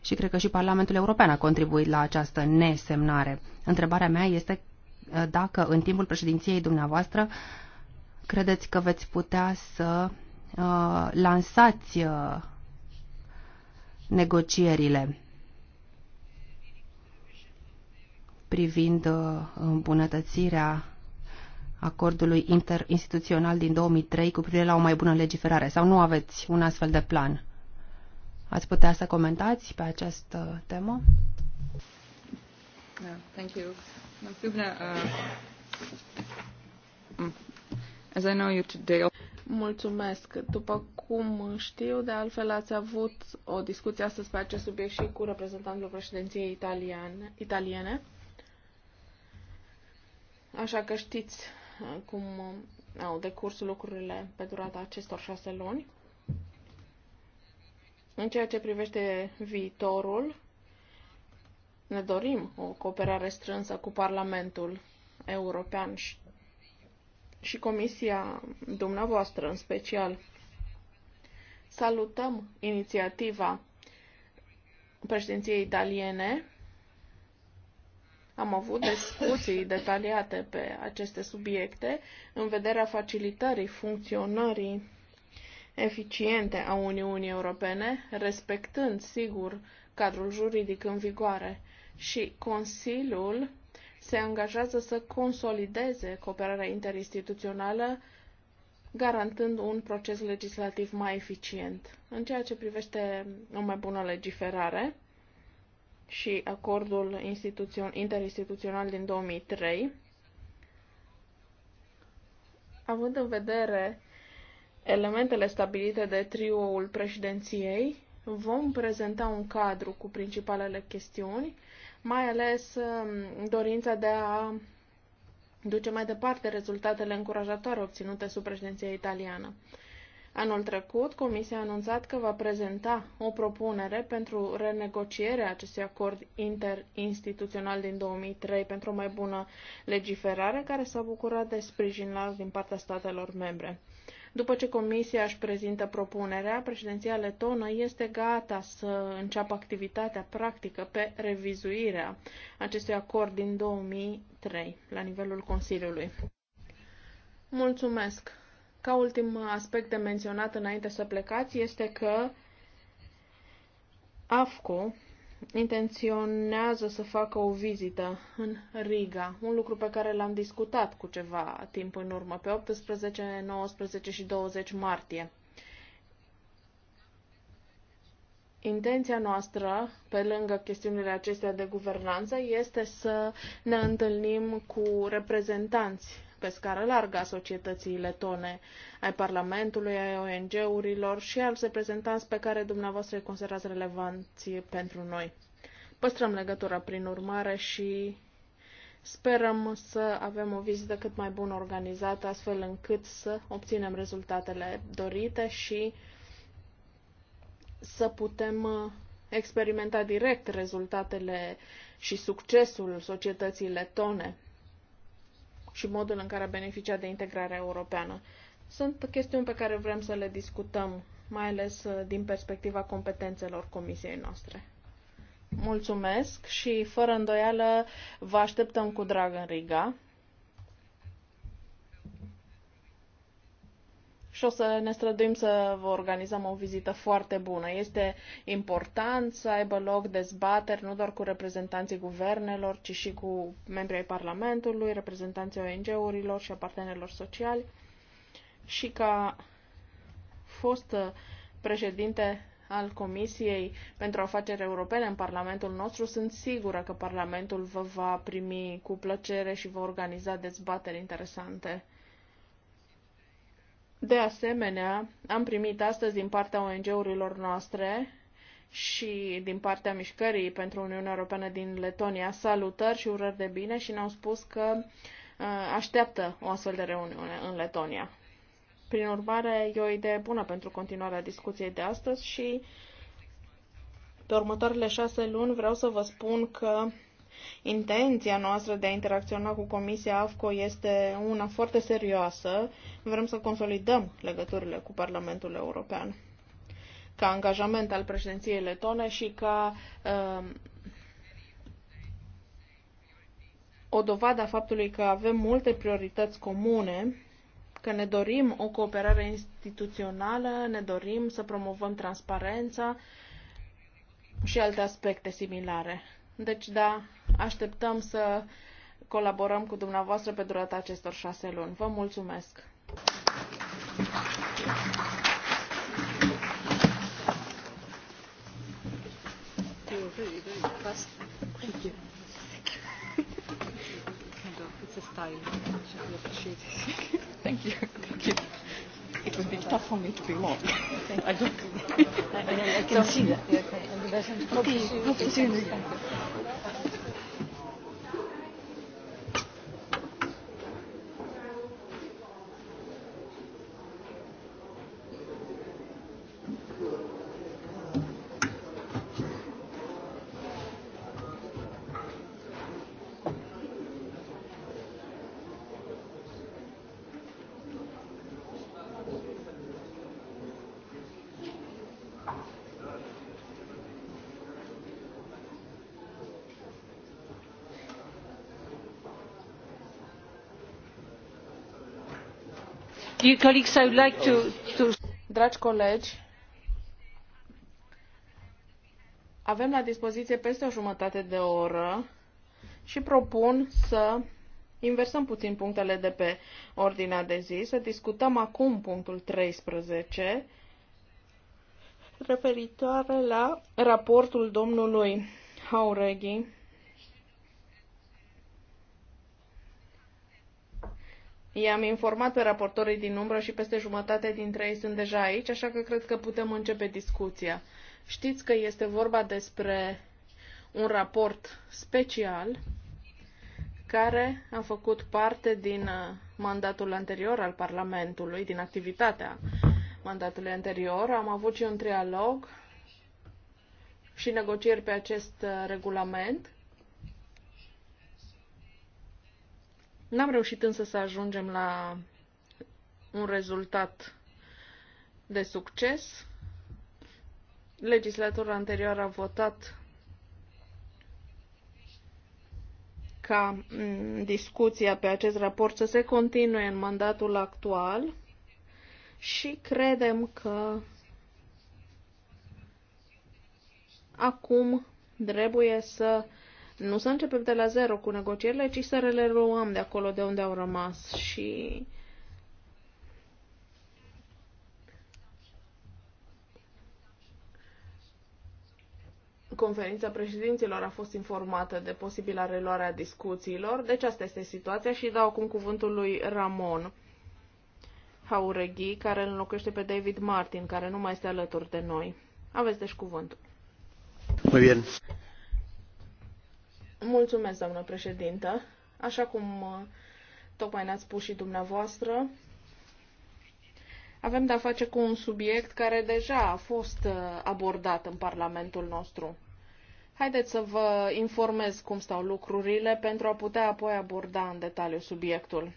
Și cred că și Parlamentul European a contribuit la această nesemnare. Întrebarea mea este uh, dacă în timpul președinției dumneavoastră credeți că veți putea să uh, lansați uh, negocierile privind uh, îmbunătățirea acordului interinstituțional din 2003 cu privire la o mai bună legiferare sau nu aveți un astfel de plan? Ați putea să comentați pe această temă? Da, thank you. Uh, as I know you today... Mulțumesc. După cum știu, de altfel ați avut o discuție astăzi pe acest subiect și cu reprezentantul președinției italian, italiene așa că știți uh, cum uh, au decurs lucrurile pe durata acestor șase luni. În ceea ce privește viitorul, ne dorim o cooperare strânsă cu Parlamentul European și, și Comisia dumneavoastră în special. Salutăm inițiativa președinției italiene am avut discuții detaliate pe aceste subiecte în vederea facilitării funcționării eficiente a Uniunii Europene, respectând, sigur, cadrul juridic în vigoare. Și Consiliul se angajează să consolideze cooperarea interinstituțională, garantând un proces legislativ mai eficient. În ceea ce privește o mai bună legiferare, și acordul interinstituțional din 2003, având în vedere elementele stabilite de trioul președinției, vom prezenta un cadru cu principalele chestiuni, mai ales um, dorința de a duce mai departe rezultatele încurajatoare obținute sub președinția italiană. Anul trecut, Comisia a anunțat că va prezenta o propunere pentru renegocierea acestui acord interinstituțional din 2003 pentru o mai bună legiferare, care s-a bucurat de sprijin larg din partea statelor membre. După ce Comisia își prezintă propunerea, președinția letonă este gata să înceapă activitatea practică pe revizuirea acestui acord din 2003 la nivelul Consiliului. Mulțumesc! Ca ultim aspect de menționat înainte să plecați este că AFCO intenționează să facă o vizită în Riga, un lucru pe care l-am discutat cu ceva timp în urmă, pe 18, 19 și 20 martie. Intenția noastră, pe lângă chestiunile acestea de guvernanță, este să ne întâlnim cu reprezentanți pe scară largă a societății letone, ai Parlamentului, ai ONG-urilor și alți reprezentanți pe care dumneavoastră îi considerați relevanți pentru noi. Păstrăm legătura prin urmare și sperăm să avem o vizită cât mai bună organizată, astfel încât să obținem rezultatele dorite și să putem experimenta direct rezultatele și succesul societății letone și modul în care a beneficiat de integrarea europeană. Sunt chestiuni pe care vrem să le discutăm, mai ales uh, din perspectiva competențelor comisiei noastre. Mulțumesc și, fără îndoială, vă așteptăm cu drag în Riga. și o să ne străduim să vă organizăm o vizită foarte bună. Este important să aibă loc dezbateri nu doar cu reprezentanții guvernelor, ci și cu membrii ai Parlamentului, reprezentanții ONG-urilor și a partenerilor sociali și ca fost președinte al Comisiei pentru Afaceri Europene în Parlamentul nostru, sunt sigură că Parlamentul vă va primi cu plăcere și va organiza dezbateri interesante. De asemenea, am primit astăzi din partea ONG-urilor noastre și din partea mișcării pentru Uniunea Europeană din Letonia salutări și urări de bine și ne-au spus că uh, așteaptă o astfel de reuniune în Letonia. Prin urmare, e o idee bună pentru continuarea discuției de astăzi și pe următoarele șase luni vreau să vă spun că Intenția noastră de a interacționa cu Comisia AFCO este una foarte serioasă. Vrem să consolidăm legăturile cu Parlamentul European ca angajament al președinției letone și ca uh, o dovadă a faptului că avem multe priorități comune, că ne dorim o cooperare instituțională, ne dorim să promovăm transparența și alte aspecte similare. Deci, da, așteptăm să colaborăm cu dumneavoastră pe durata acestor șase luni. Vă mulțumesc! Thank you. Thank you it would be tough for me to be long. I don't. I, I, I can so, see that. Okay. And the best Hope to see you. Hope to see you. Dragi colegi, avem la dispoziție peste o jumătate de oră și propun să inversăm puțin punctele de pe ordinea de zi, să discutăm acum punctul 13 referitoare la raportul domnului Haureghi I-am informat pe raportorii din umbră și peste jumătate dintre ei sunt deja aici, așa că cred că putem începe discuția. Știți că este vorba despre un raport special care a făcut parte din uh, mandatul anterior al Parlamentului, din activitatea mandatului anterior. Am avut și un trialog și negocieri pe acest uh, regulament N-am reușit însă să ajungem la un rezultat de succes. Legislatura anterioară a votat ca mm, discuția pe acest raport să se continue în mandatul actual și credem că acum trebuie să nu să începem de la zero cu negocierile, ci să le luăm de acolo de unde au rămas și conferința președinților a fost informată de posibila reluare a discuțiilor, deci asta este situația și dau acum cuvântul lui Ramon Haureghi, care îl înlocuiește pe David Martin, care nu mai este alături de noi. Aveți deci cuvântul. Muy bien. Mulțumesc, doamnă președintă. Așa cum uh, tocmai ne-ați spus și dumneavoastră, avem de-a face cu un subiect care deja a fost uh, abordat în Parlamentul nostru. Haideți să vă informez cum stau lucrurile pentru a putea apoi aborda în detaliu subiectul.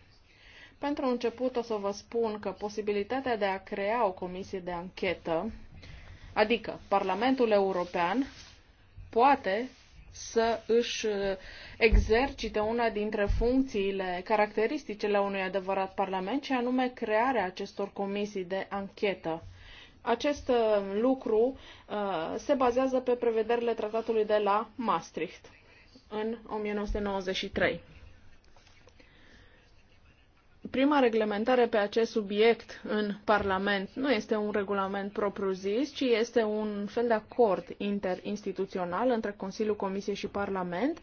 Pentru început o să vă spun că posibilitatea de a crea o comisie de anchetă, adică Parlamentul European, poate să își uh, exercite una dintre funcțiile caracteristice la unui adevărat parlament, și anume crearea acestor comisii de anchetă. Acest uh, lucru uh, se bazează pe prevederile tratatului de la Maastricht în 1993 prima reglementare pe acest subiect în Parlament nu este un regulament propriu-zis, ci este un fel de acord interinstituțional între Consiliul, Comisiei și Parlament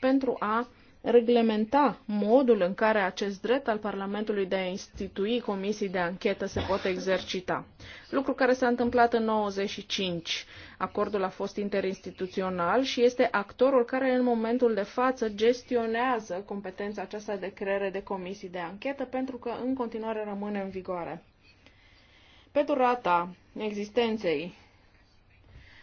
pentru a reglementa modul în care acest drept al Parlamentului de a institui comisii de anchetă se poate exercita. Lucru care s-a întâmplat în 95. Acordul a fost interinstituțional și este actorul care în momentul de față gestionează competența aceasta de creare de comisii de anchetă pentru că în continuare rămâne în vigoare. Pe durata existenței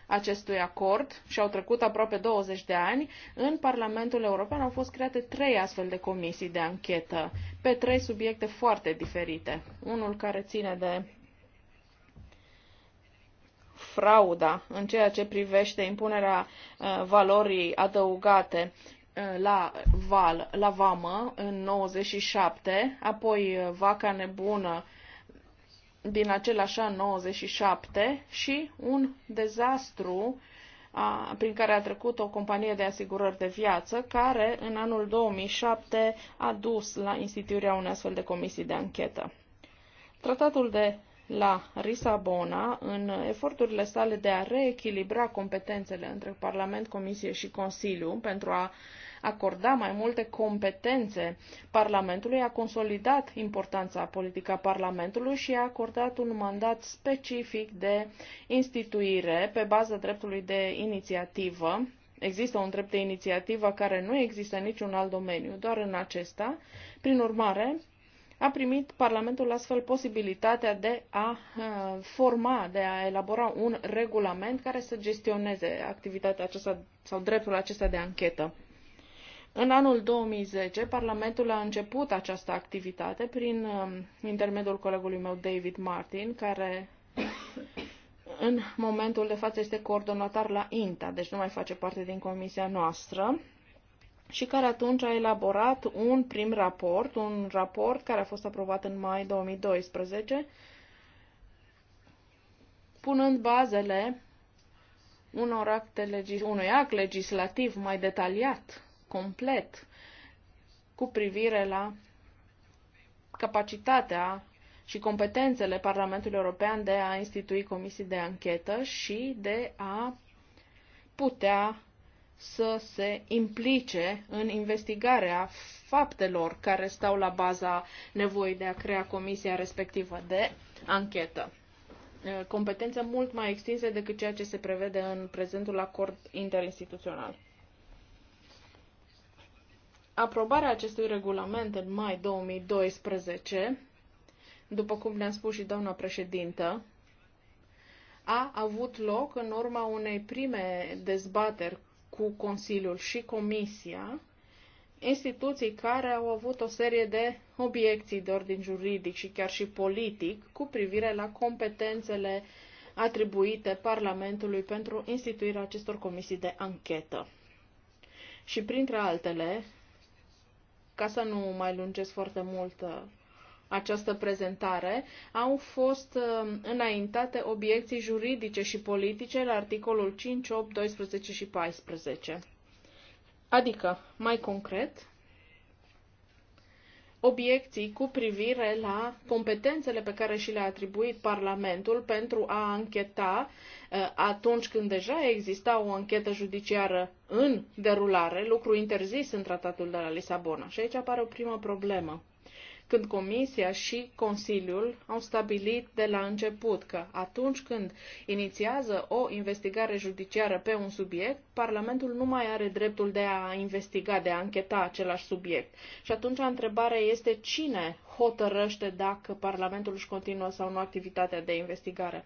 acestui acord și au trecut aproape 20 de ani, în Parlamentul European au fost create trei astfel de comisii de anchetă pe trei subiecte foarte diferite. Unul care ține de frauda în ceea ce privește impunerea uh, valorii adăugate uh, la val, la vamă în 97, apoi uh, vaca nebună din același an 97 și un dezastru a, prin care a trecut o companie de asigurări de viață, care în anul 2007 a dus la instituirea unei astfel de comisii de anchetă. Tratatul de la Risabona, în eforturile sale de a reechilibra competențele între Parlament, Comisie și Consiliu pentru a uh, acorda mai multe competențe Parlamentului, a consolidat importanța politică a Parlamentului și a acordat un mandat specific de instituire pe baza dreptului de inițiativă. Există un drept de inițiativă care nu există în niciun alt domeniu, doar în acesta. Prin urmare, a primit Parlamentul astfel posibilitatea de a uh, forma, de a elabora un regulament care să gestioneze activitatea aceasta sau dreptul acesta de anchetă. În anul 2010, Parlamentul a început această activitate prin um, intermediul colegului meu David Martin, care în momentul de față este coordonator la INTA, deci nu mai face parte din comisia noastră, și care atunci a elaborat un prim raport, un raport care a fost aprobat în mai 2012, punând bazele unor acte legis- unui act legislativ mai detaliat complet cu privire la capacitatea și competențele Parlamentului European de a institui comisii de anchetă și de a putea să se implice în investigarea faptelor care stau la baza nevoii de a crea comisia respectivă de anchetă. Competență mult mai extinse decât ceea ce se prevede în prezentul acord interinstituțional aprobarea acestui regulament în mai 2012, după cum ne-a spus și doamna președintă, a avut loc în urma unei prime dezbateri cu Consiliul și Comisia, instituții care au avut o serie de obiecții de ordin juridic și chiar și politic cu privire la competențele atribuite Parlamentului pentru instituirea acestor comisii de anchetă. Și printre altele, ca să nu mai lungesc foarte mult uh, această prezentare, au fost uh, înaintate obiecții juridice și politice la articolul 5, 8, 12 și 14. Adică, mai concret, obiecții cu privire la competențele pe care și le-a atribuit Parlamentul pentru a ancheta Eh, atunci când deja exista o anchetă judiciară în derulare, lucru interzis în tratatul de la Lisabona. Și aici apare o primă problemă. Când Comisia și Consiliul au stabilit de la început că atunci când inițiază o investigare judiciară pe un subiect, Parlamentul nu mai are dreptul de a investiga, de a încheta același subiect. Și atunci întrebarea este cine hotărăște dacă Parlamentul își continuă sau nu activitatea de investigare.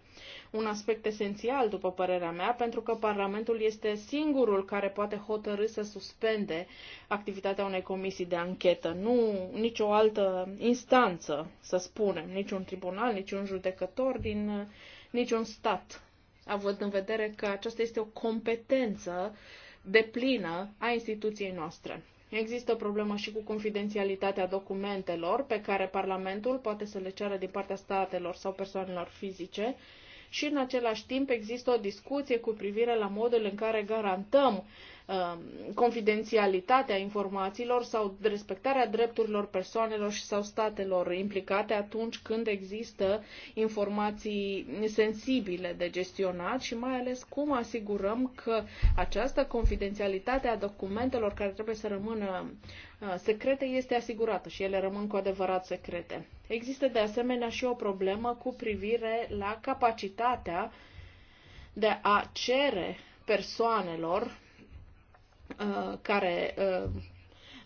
Un aspect esențial, după părerea mea, pentru că Parlamentul este singurul care poate hotărâ să suspende activitatea unei comisii de anchetă. Nu nicio altă instanță, să spunem, niciun tribunal, niciun judecător din niciun stat, având în vedere că aceasta este o competență deplină a instituției noastre. Există o problemă și cu confidențialitatea documentelor pe care Parlamentul poate să le ceară din partea statelor sau persoanelor fizice și în același timp există o discuție cu privire la modul în care garantăm Um, confidențialitatea informațiilor sau respectarea drepturilor persoanelor și sau statelor implicate atunci când există informații sensibile de gestionat și mai ales cum asigurăm că această confidențialitate a documentelor care trebuie să rămână uh, secrete este asigurată și ele rămân cu adevărat secrete. Există de asemenea și o problemă cu privire la capacitatea de a cere persoanelor Uh, care uh,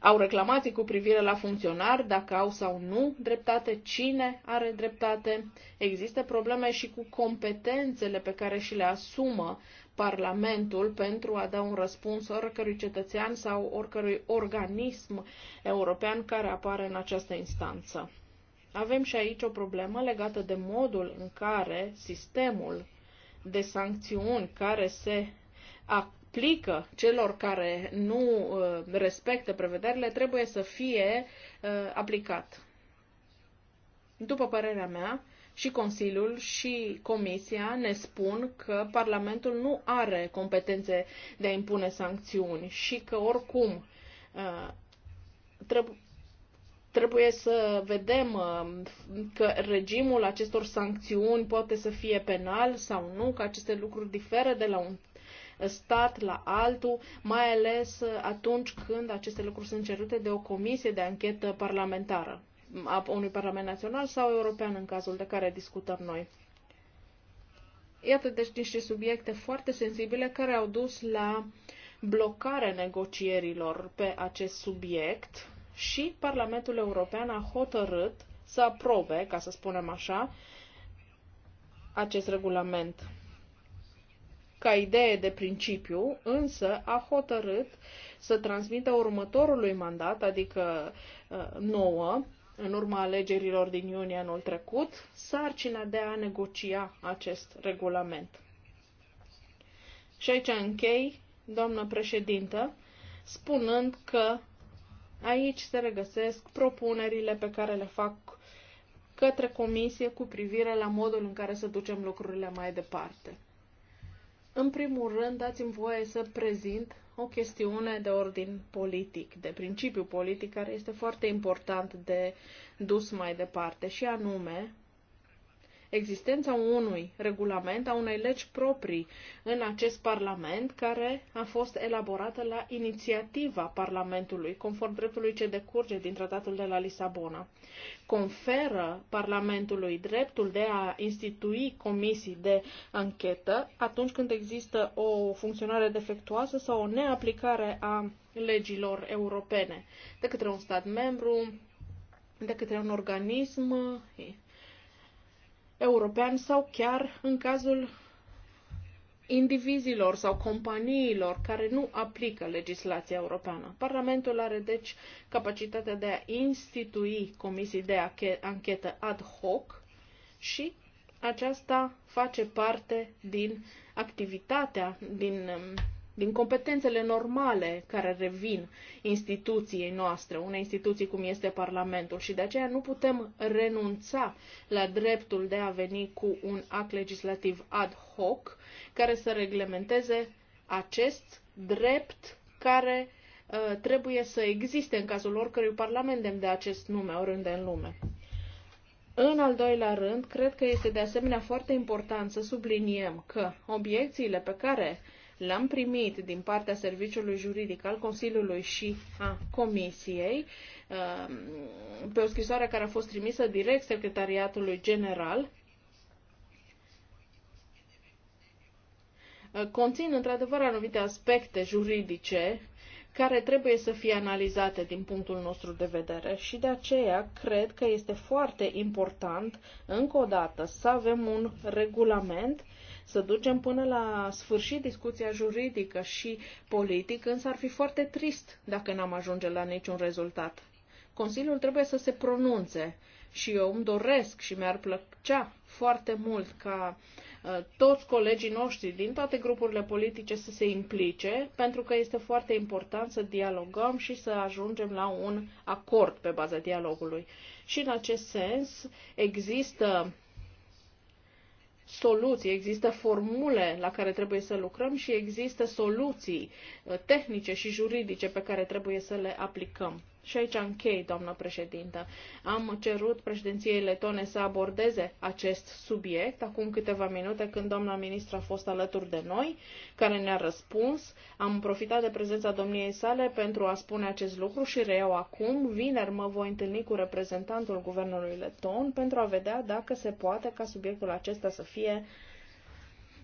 au reclamații cu privire la funcționari, dacă au sau nu dreptate, cine are dreptate. Există probleme și cu competențele pe care și le asumă Parlamentul pentru a da un răspuns oricărui cetățean sau oricărui organism european care apare în această instanță. Avem și aici o problemă legată de modul în care sistemul de sancțiuni care se aplică celor care nu uh, respectă prevederile trebuie să fie uh, aplicat. După părerea mea, și Consiliul și Comisia ne spun că Parlamentul nu are competențe de a impune sancțiuni și că oricum uh, trebuie să vedem că regimul acestor sancțiuni poate să fie penal sau nu, că aceste lucruri diferă de la un stat la altul, mai ales atunci când aceste lucruri sunt cerute de o comisie de anchetă parlamentară a unui parlament național sau european în cazul de care discutăm noi. Iată deci niște subiecte foarte sensibile care au dus la blocarea negocierilor pe acest subiect și Parlamentul European a hotărât să aprobe, ca să spunem așa, acest regulament ca idee de principiu, însă a hotărât să transmită următorului mandat, adică uh, nouă, în urma alegerilor din iunie anul trecut, sarcina de a negocia acest regulament. Și aici închei, doamnă președintă, spunând că aici se regăsesc propunerile pe care le fac către comisie cu privire la modul în care să ducem lucrurile mai departe. În primul rând, dați-mi voie să prezint o chestiune de ordin politic, de principiu politic, care este foarte important de dus mai departe, și anume existența unui regulament, a unei legi proprii în acest Parlament, care a fost elaborată la inițiativa Parlamentului, conform dreptului ce decurge din Tratatul de la Lisabona. Conferă Parlamentului dreptul de a institui comisii de anchetă atunci când există o funcționare defectuoasă sau o neaplicare a legilor europene de către un stat membru, de către un organism european sau chiar în cazul indivizilor sau companiilor care nu aplică legislația europeană. Parlamentul are deci capacitatea de a institui comisii de anchetă ad hoc și aceasta face parte din activitatea, din um, din competențele normale care revin instituției noastre, unei instituții cum este Parlamentul și de aceea nu putem renunța la dreptul de a veni cu un act legislativ ad hoc care să reglementeze acest drept care uh, trebuie să existe în cazul oricărui parlament de acest nume, oriunde în lume. În al doilea rând, cred că este de asemenea foarte important să subliniem că obiecțiile pe care L-am primit din partea Serviciului Juridic al Consiliului și a Comisiei um, pe o scrisoare care a fost trimisă direct Secretariatului General conțin într-adevăr anumite aspecte juridice care trebuie să fie analizate din punctul nostru de vedere și de aceea cred că este foarte important încă o dată să avem un regulament să ducem până la sfârșit discuția juridică și politică, însă ar fi foarte trist dacă n-am ajunge la niciun rezultat. Consiliul trebuie să se pronunțe și eu îmi doresc și mi-ar plăcea foarte mult ca uh, toți colegii noștri din toate grupurile politice să se implice, pentru că este foarte important să dialogăm și să ajungem la un acord pe baza dialogului. Și în acest sens există soluții, există formule la care trebuie să lucrăm și există soluții uh, tehnice și juridice pe care trebuie să le aplicăm. Și aici închei, doamnă președintă. Am cerut președinției letone să abordeze acest subiect acum câteva minute când doamna ministră a fost alături de noi, care ne-a răspuns. Am profitat de prezența domniei sale pentru a spune acest lucru și reiau acum. Vineri mă voi întâlni cu reprezentantul guvernului leton pentru a vedea dacă se poate ca subiectul acesta să fie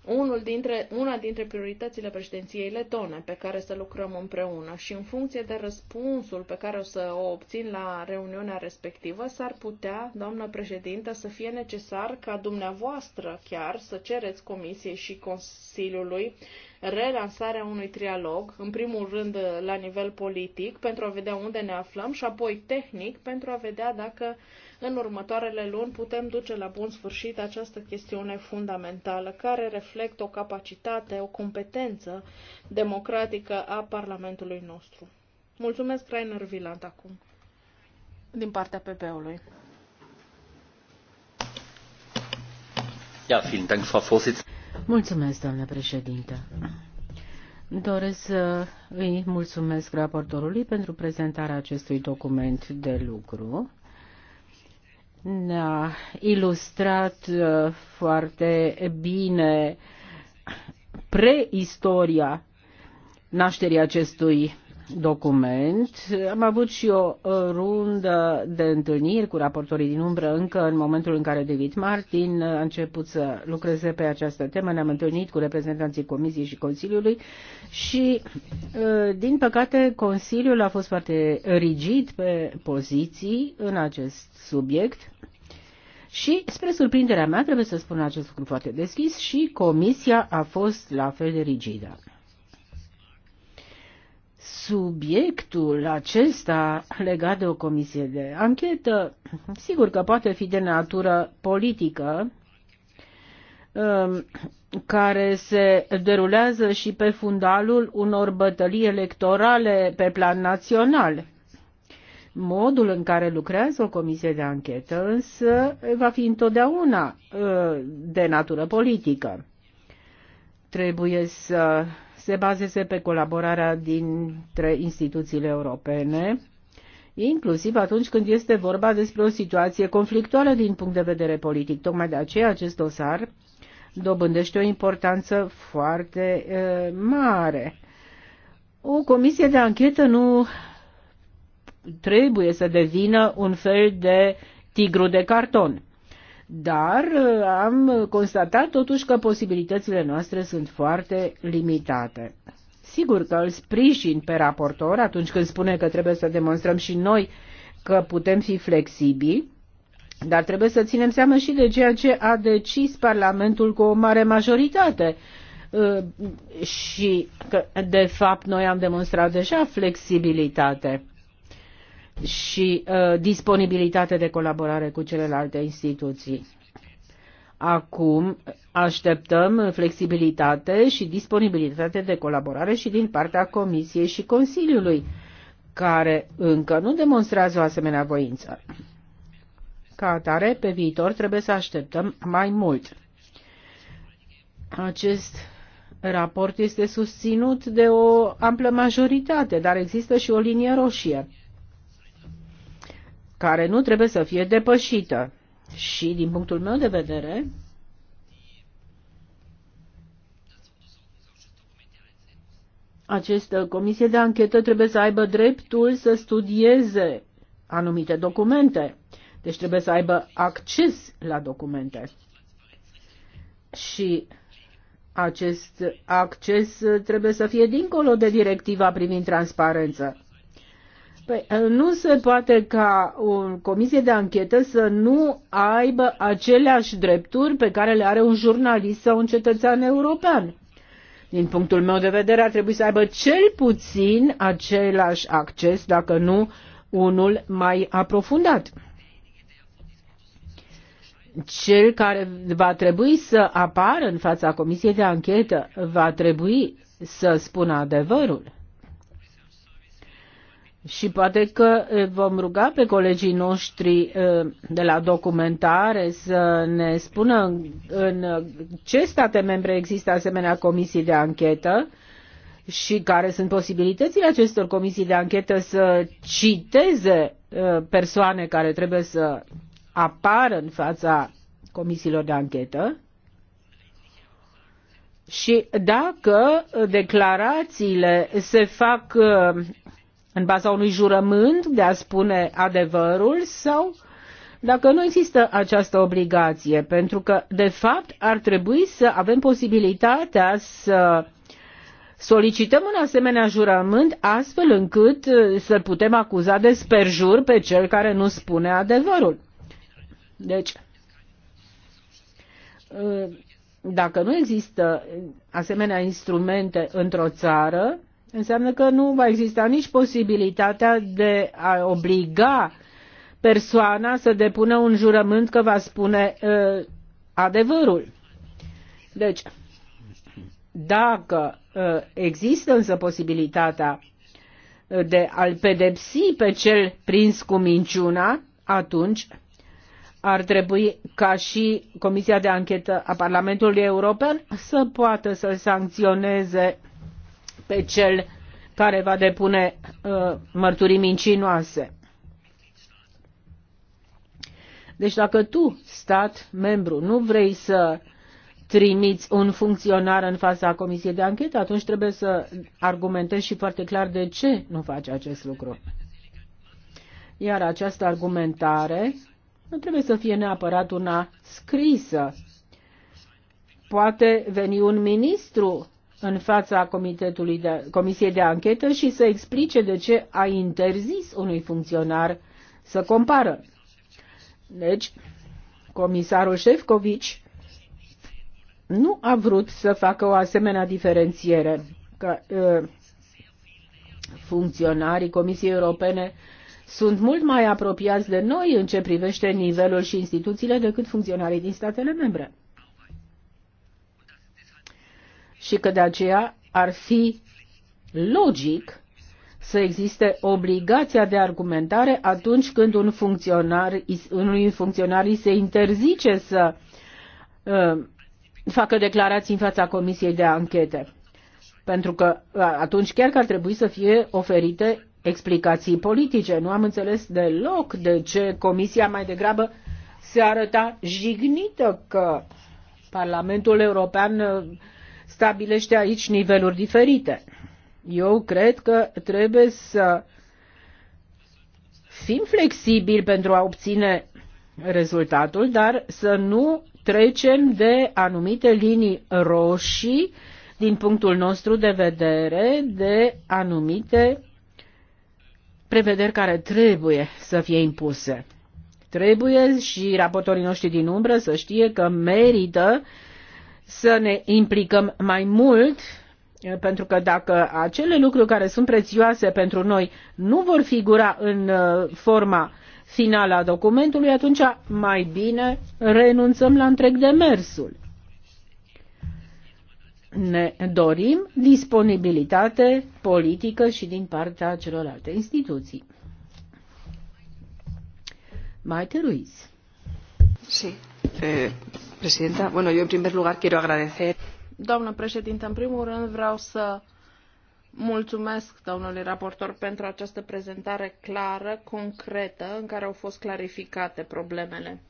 unul dintre, una dintre prioritățile președinției letone pe care să lucrăm împreună și în funcție de răspunsul pe care o să o obțin la reuniunea respectivă, s-ar putea, doamnă președintă, să fie necesar ca dumneavoastră chiar să cereți Comisiei și Consiliului relansarea unui trialog, în primul rând la nivel politic, pentru a vedea unde ne aflăm și apoi tehnic pentru a vedea dacă în următoarele luni putem duce la bun sfârșit această chestiune fundamentală, care reflectă o capacitate, o competență democratică a Parlamentului nostru. Mulțumesc, Rainer Vilant, acum, din partea PP-ului. Ja, vielen Dank, Frau Vorsitzende. Mulțumesc, doamnă președinte. Doresc să îi mulțumesc raportorului pentru prezentarea acestui document de lucru ne-a ilustrat uh, foarte bine preistoria nașterii acestui document. Am avut și o rundă de întâlniri cu raportorii din umbră încă în momentul în care David Martin a început să lucreze pe această temă. Ne-am întâlnit cu reprezentanții Comisiei și Consiliului și, ă, din păcate, Consiliul a fost foarte rigid pe poziții în acest subiect. Și, spre surprinderea mea, trebuie să spun acest lucru foarte deschis, și comisia a fost la fel de rigidă subiectul acesta legat de o comisie de anchetă, sigur că poate fi de natură politică, um, care se derulează și pe fundalul unor bătălii electorale pe plan național. Modul în care lucrează o comisie de anchetă însă va fi întotdeauna uh, de natură politică. Trebuie să se bazeze pe colaborarea dintre instituțiile europene, inclusiv atunci când este vorba despre o situație conflictuală din punct de vedere politic. Tocmai de aceea acest dosar dobândește o importanță foarte e, mare. O comisie de anchetă nu trebuie să devină un fel de tigru de carton dar uh, am constatat totuși că posibilitățile noastre sunt foarte limitate. Sigur că îl sprijin pe raportor atunci când spune că trebuie să demonstrăm și noi că putem fi flexibili, dar trebuie să ținem seama și de ceea ce a decis Parlamentul cu o mare majoritate uh, și că, de fapt, noi am demonstrat deja flexibilitate și uh, disponibilitate de colaborare cu celelalte instituții. Acum așteptăm flexibilitate și disponibilitate de colaborare și din partea Comisiei și Consiliului, care încă nu demonstrează o asemenea voință. Ca atare, pe viitor trebuie să așteptăm mai mult. Acest raport este susținut de o amplă majoritate, dar există și o linie roșie care nu trebuie să fie depășită. Și din punctul meu de vedere, această comisie de anchetă trebuie să aibă dreptul să studieze anumite documente. Deci trebuie să aibă acces la documente. Și acest acces trebuie să fie dincolo de directiva privind transparență. Păi, ă, nu se poate ca o comisie de anchetă să nu aibă aceleași drepturi pe care le are un jurnalist sau un cetățean european. Din punctul meu de vedere, ar trebui să aibă cel puțin același acces, dacă nu unul mai aprofundat. Cel care va trebui să apară în fața comisiei de anchetă va trebui să spună adevărul. Și poate că vom ruga pe colegii noștri de la documentare să ne spună în ce state membre există asemenea comisii de anchetă și care sunt posibilitățile acestor comisii de anchetă să citeze persoane care trebuie să apară în fața comisiilor de anchetă și dacă declarațiile se fac în baza unui jurământ de a spune adevărul sau dacă nu există această obligație, pentru că, de fapt, ar trebui să avem posibilitatea să solicităm un asemenea jurământ astfel încât uh, să-l putem acuza de sperjur pe cel care nu spune adevărul. Deci, uh, dacă nu există asemenea instrumente într-o țară, înseamnă că nu va exista nici posibilitatea de a obliga persoana să depună un jurământ că va spune uh, adevărul. Deci, dacă uh, există însă posibilitatea uh, de a-l pedepsi pe cel prins cu minciuna, atunci ar trebui ca și Comisia de Anchetă a Parlamentului European să poată să-l sancționeze pe cel care va depune uh, mărturii mincinoase. Deci dacă tu, stat membru, nu vrei să trimiți un funcționar în fața comisiei de anchetă, atunci trebuie să argumentezi și foarte clar de ce nu faci acest lucru. Iar această argumentare nu trebuie să fie neapărat una scrisă. Poate veni un ministru în fața comitetului de, Comisiei de Anchetă și să explice de ce a interzis unui funcționar să compară. Deci, comisarul Șefcovici nu a vrut să facă o asemenea diferențiere. Că, funcționarii Comisiei Europene sunt mult mai apropiați de noi în ce privește nivelul și instituțiile decât funcționarii din statele membre și că de aceea ar fi logic să existe obligația de argumentare atunci când un funcționar, unui funcționar îi se interzice să uh, facă declarații în fața Comisiei de Anchete. Pentru că uh, atunci chiar că ar trebui să fie oferite explicații politice. Nu am înțeles deloc de ce Comisia mai degrabă se arăta jignită că Parlamentul European uh, stabilește aici niveluri diferite. Eu cred că trebuie să fim flexibili pentru a obține rezultatul, dar să nu trecem de anumite linii roșii din punctul nostru de vedere de anumite prevederi care trebuie să fie impuse. Trebuie și raportorii noștri din umbră să știe că merită uh, să ne implicăm mai mult pentru că dacă acele lucruri care sunt prețioase pentru noi nu vor figura în uh, forma finală a documentului, atunci mai bine renunțăm la întreg demersul. Ne dorim disponibilitate politică și din partea celorlalte instituții. Mai Ruiz. Sí. Eh, Doamnă președintă, în primul rând vreau să mulțumesc domnului raportor pentru această prezentare clară, concretă, în care au fost clarificate problemele.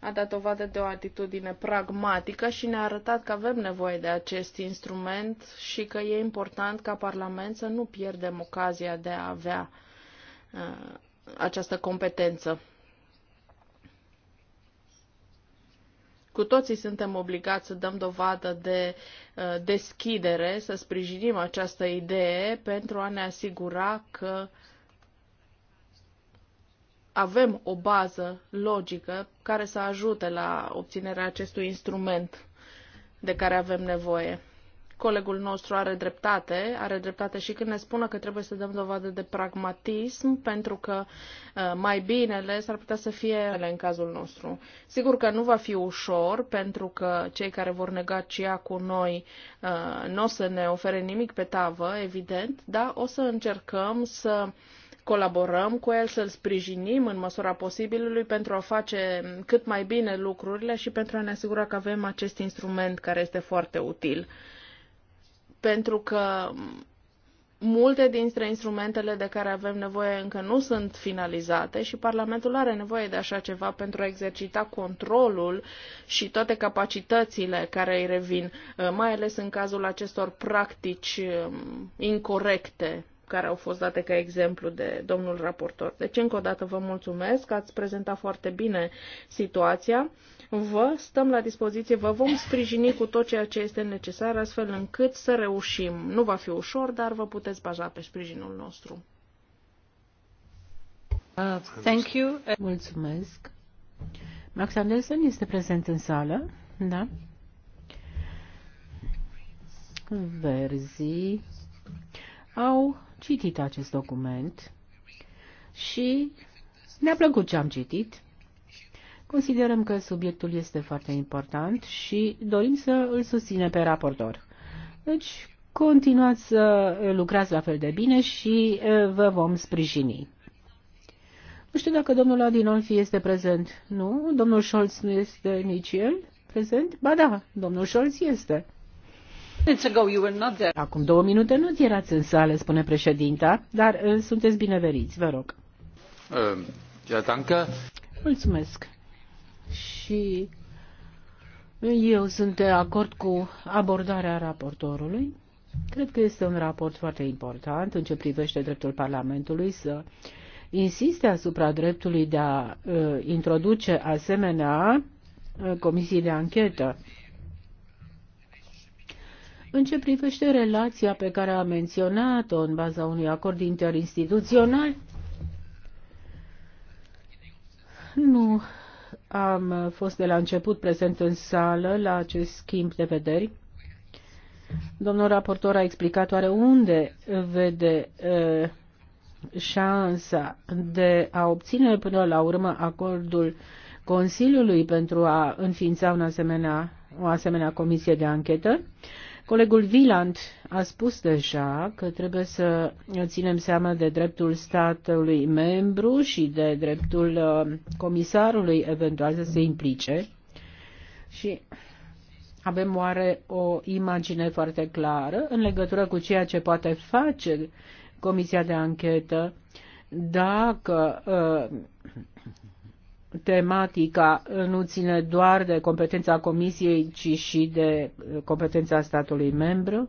A dat dovadă de o atitudine pragmatică și ne-a arătat că avem nevoie de acest instrument și că e important ca Parlament să nu pierdem ocazia de a avea uh, această competență Cu toții suntem obligați să dăm dovadă de uh, deschidere, să sprijinim această idee pentru a ne asigura că avem o bază logică care să ajute la obținerea acestui instrument de care avem nevoie. Colegul nostru are dreptate, are dreptate și când ne spună că trebuie să dăm dovadă de pragmatism, pentru că uh, mai binele s-ar putea să fie ele în cazul nostru. Sigur că nu va fi ușor, pentru că cei care vor nega cea cu noi uh, nu o să ne ofere nimic pe tavă, evident, dar o să încercăm să colaborăm cu el, să-l sprijinim în măsura posibilului pentru a face cât mai bine lucrurile și pentru a ne asigura că avem acest instrument care este foarte util pentru că multe dintre instrumentele de care avem nevoie încă nu sunt finalizate și Parlamentul are nevoie de așa ceva pentru a exercita controlul și toate capacitățile care îi revin, uh, mai ales în cazul acestor practici um, incorrecte care au fost date ca exemplu de domnul raportor. Deci, încă o dată vă mulțumesc, că ați prezentat foarte bine situația Vă stăm la dispoziție, vă vom sprijini cu tot ceea ce este necesar, astfel încât să reușim. Nu va fi ușor, dar vă puteți baza pe sprijinul nostru. Uh, thank you. Mulțumesc. Max Anderson este prezent în sală, da? Verzi au citit acest document și ne-a plăcut ce am citit. Considerăm că subiectul este foarte important și dorim să îl susținem pe raportor. Deci, continuați să lucrați la fel de bine și vă vom sprijini. Nu știu dacă domnul Adinolfi este prezent. Nu? Domnul Scholz nu este nici el prezent? Ba da, domnul Scholz este. Acum două minute nu erați în sală, spune președinta, dar sunteți bineveniți, vă rog. Uh, Mulțumesc și eu sunt de acord cu abordarea raportorului. Cred că este un raport foarte important în ce privește dreptul Parlamentului să insiste asupra dreptului de a uh, introduce asemenea uh, comisii de anchetă. În ce privește relația pe care a menționat-o în baza unui acord interinstituțional, nu am fost de la început prezent în sală la acest schimb de vederi. Domnul raportor a explicat oare unde vede uh, șansa de a obține până la urmă acordul Consiliului pentru a înființa un asemenea, o asemenea comisie de anchetă Colegul Viland a spus deja că trebuie să ținem seama de dreptul statului membru și de dreptul uh, comisarului eventual să se implice și avem oare o imagine foarte clară în legătură cu ceea ce poate face Comisia de Anchetă dacă uh, tematica nu ține doar de competența Comisiei, ci și de competența statului membru.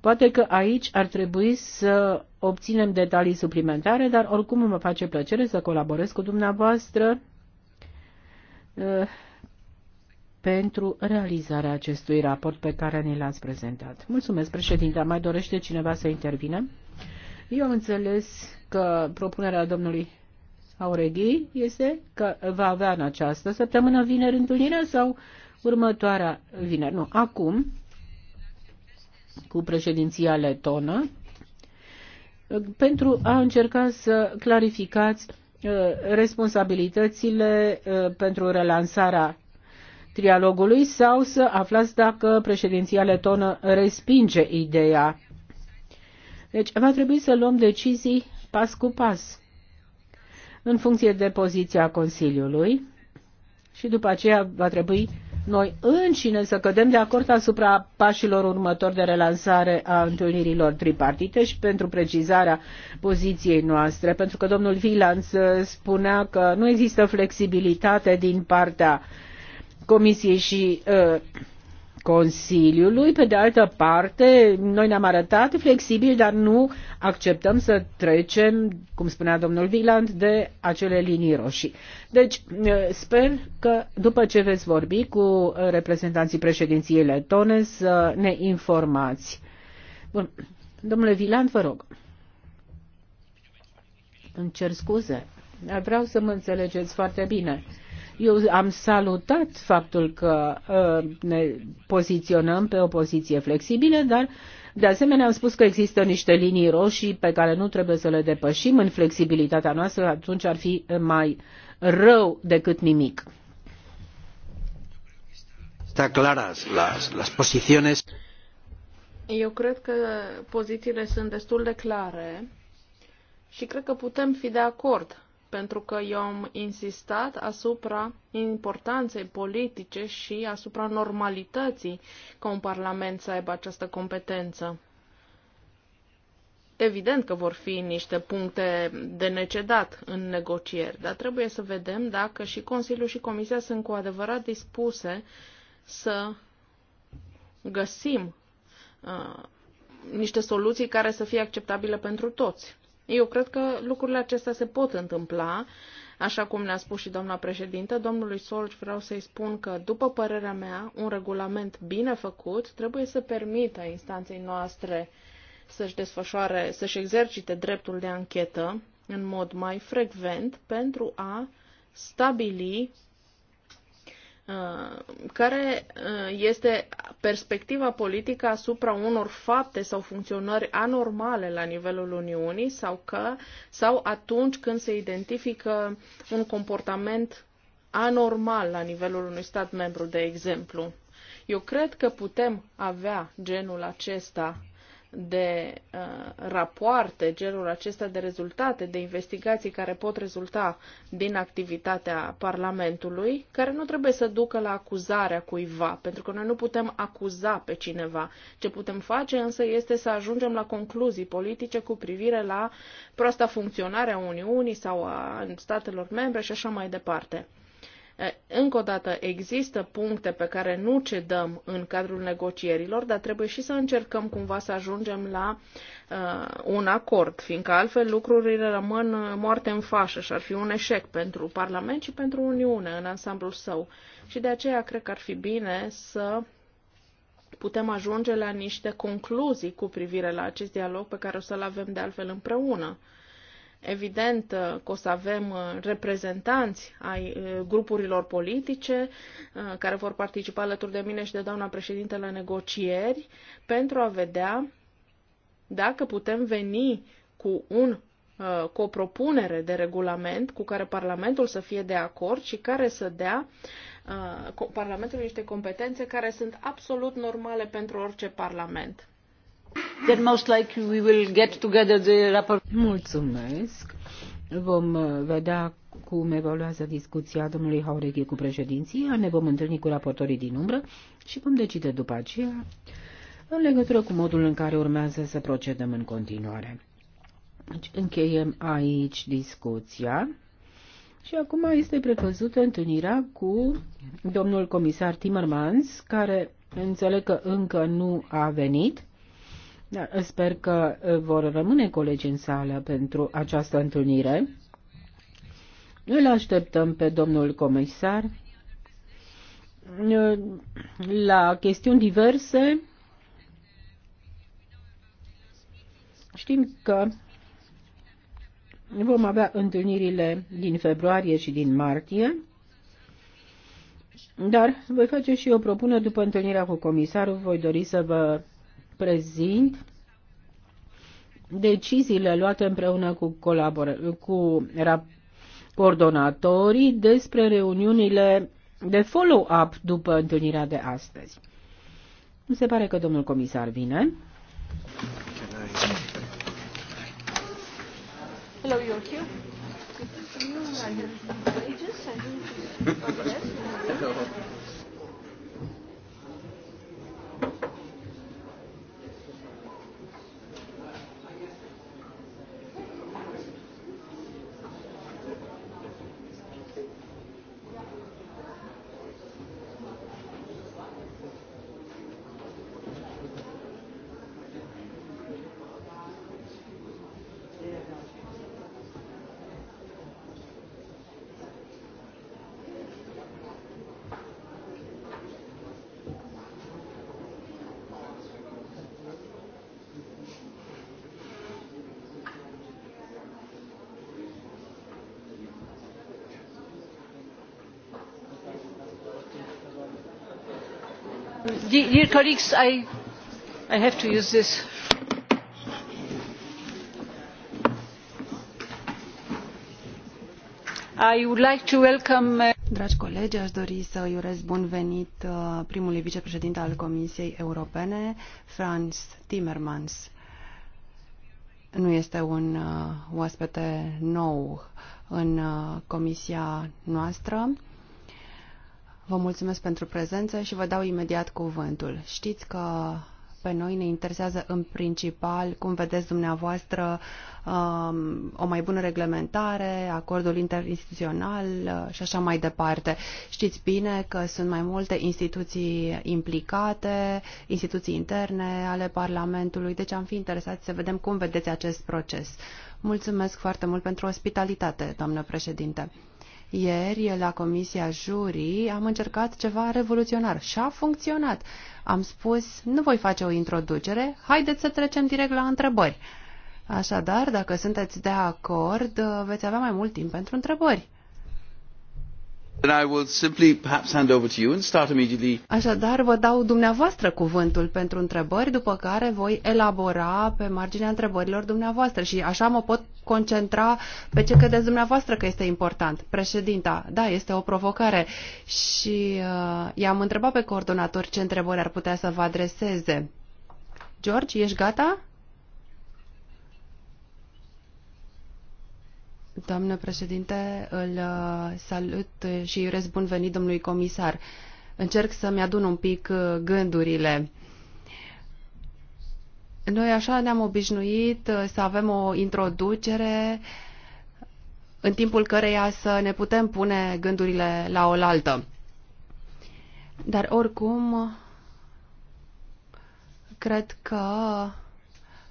Poate că aici ar trebui să obținem detalii suplimentare, dar oricum îmi face plăcere să colaborez cu dumneavoastră eh, pentru realizarea acestui raport pe care ni l-ați prezentat. Mulțumesc, președinte. Mai dorește cineva să intervine? Eu am înțeles că propunerea domnului Aureghi este că va avea în această săptămână vineri întâlnirea sau următoarea vineri. Nu, acum, cu președinția letonă, pentru a încerca să clarificați uh, responsabilitățile uh, pentru relansarea trialogului sau să aflați dacă președinția letonă respinge ideea. Deci va trebui să luăm decizii pas cu pas în funcție de poziția Consiliului și după aceea va trebui noi înșine să cădem de acord asupra pașilor următori de relansare a întâlnirilor tripartite și pentru precizarea poziției noastre, pentru că domnul Vilanț spunea că nu există flexibilitate din partea Comisiei și uh, Consiliului. Pe de altă parte, noi ne-am arătat flexibili, dar nu acceptăm să trecem, cum spunea domnul Viland, de acele linii roșii. Deci, eh, sper că după ce veți vorbi cu reprezentanții președinției letone să ne informați. Bun. Domnule Viland, vă rog. Îmi cer scuze. Vreau să mă înțelegeți foarte bine. Eu am salutat faptul că uh, ne poziționăm pe o poziție flexibilă, dar de asemenea am spus că există niște linii roșii pe care nu trebuie să le depășim în flexibilitatea noastră, atunci ar fi mai rău decât nimic. Sta claras las, las posiciones. Eu cred că pozițiile sunt destul de clare și cred că putem fi de acord pentru că eu am insistat asupra importanței politice și asupra normalității ca un parlament să aibă această competență. Evident că vor fi niște puncte de necedat în negocieri, dar trebuie să vedem dacă și Consiliul și Comisia sunt cu adevărat dispuse să găsim uh, niște soluții care să fie acceptabile pentru toți. Eu cred că lucrurile acestea se pot întâmpla, așa cum ne-a spus și doamna președintă. Domnului Solci vreau să-i spun că, după părerea mea, un regulament bine făcut trebuie să permită instanței noastre să-și desfășoare, să-și exercite dreptul de anchetă în mod mai frecvent pentru a stabili Uh, care uh, este perspectiva politică asupra unor fapte sau funcționări anormale la nivelul Uniunii sau, că, sau atunci când se identifică un comportament anormal la nivelul unui stat membru, de exemplu. Eu cred că putem avea genul acesta de uh, rapoarte, genul acesta de rezultate, de investigații care pot rezulta din activitatea Parlamentului, care nu trebuie să ducă la acuzarea cuiva, pentru că noi nu putem acuza pe cineva. Ce putem face însă este să ajungem la concluzii politice cu privire la proasta funcționare a Uniunii sau a statelor membre și așa mai departe. Încă o dată, există puncte pe care nu cedăm în cadrul negocierilor, dar trebuie și să încercăm cumva să ajungem la uh, un acord, fiindcă altfel lucrurile rămân moarte în fașă și ar fi un eșec pentru Parlament și pentru Uniune în ansamblul său. Și de aceea cred că ar fi bine să putem ajunge la niște concluzii cu privire la acest dialog pe care o să-l avem de altfel împreună. Evident uh, că o să avem uh, reprezentanți ai uh, grupurilor politice care vor participa alături de mine și de doamna președinte la negocieri pentru a vedea dacă putem veni cu un cu o propunere de regulament cu care Parlamentul să fie de acord și care să dea Parlamentului niște competențe care sunt absolut normale pentru orice Parlament. Mulțumesc. Vom uh, vedea cum evoluează discuția domnului Haureghe cu președinția, ne vom întâlni cu raportorii din umbră și vom decide după aceea în legătură cu modul în care urmează să procedăm în continuare. Deci încheiem aici discuția și acum este prevăzută întâlnirea cu domnul comisar Timmermans, care înțeleg că încă nu a venit, da, sper că uh, vor rămâne colegi în sală pentru această întâlnire. Îl așteptăm pe domnul comisar uh, la chestiuni diverse. Știm că vom avea întâlnirile din februarie și din martie, dar voi face și o propunere după întâlnirea cu comisarul. Voi dori să vă prezint deciziile luate împreună cu, colabor- cu coordonatorii despre reuniunile de follow-up după întâlnirea de astăzi. Nu se pare că domnul comisar vine. Hello, you're here. dear colleagues i have to use this i would like to welcome uh, dragi colegi aș dori să îi urez bun venit uh, primului vicepreședinte al comisiei europene frans timmermans nu este un uh, oaspete nou în comisia noastră Vă mulțumesc pentru prezență și vă dau imediat cuvântul. Știți că pe noi ne interesează în principal cum vedeți dumneavoastră um, o mai bună reglementare, acordul interinstituțional uh, și așa mai departe. Știți bine că sunt mai multe instituții implicate, instituții interne ale Parlamentului, deci am fi interesați să vedem cum vedeți acest proces. Mulțumesc foarte mult pentru ospitalitate, doamnă președinte. Ieri, la Comisia Jurii, am încercat ceva revoluționar și a funcționat. Am spus, nu voi face o introducere, haideți să trecem direct la întrebări. Așadar, dacă sunteți de acord, veți avea mai mult timp pentru întrebări. Așadar, vă dau dumneavoastră cuvântul pentru întrebări, după care voi elabora pe marginea întrebărilor dumneavoastră și așa mă pot concentra pe ce credeți dumneavoastră că este important. Președinta, da, este o provocare și uh, i-am întrebat pe coordonator ce întrebări ar putea să vă adreseze. George, ești gata? Doamnă președinte, îl uh, salut și urez bun venit domnului comisar. Încerc să-mi adun un pic uh, gândurile. Noi așa ne-am obișnuit uh, să avem o introducere în timpul căreia să ne putem pune gândurile la oaltă. Dar oricum, cred că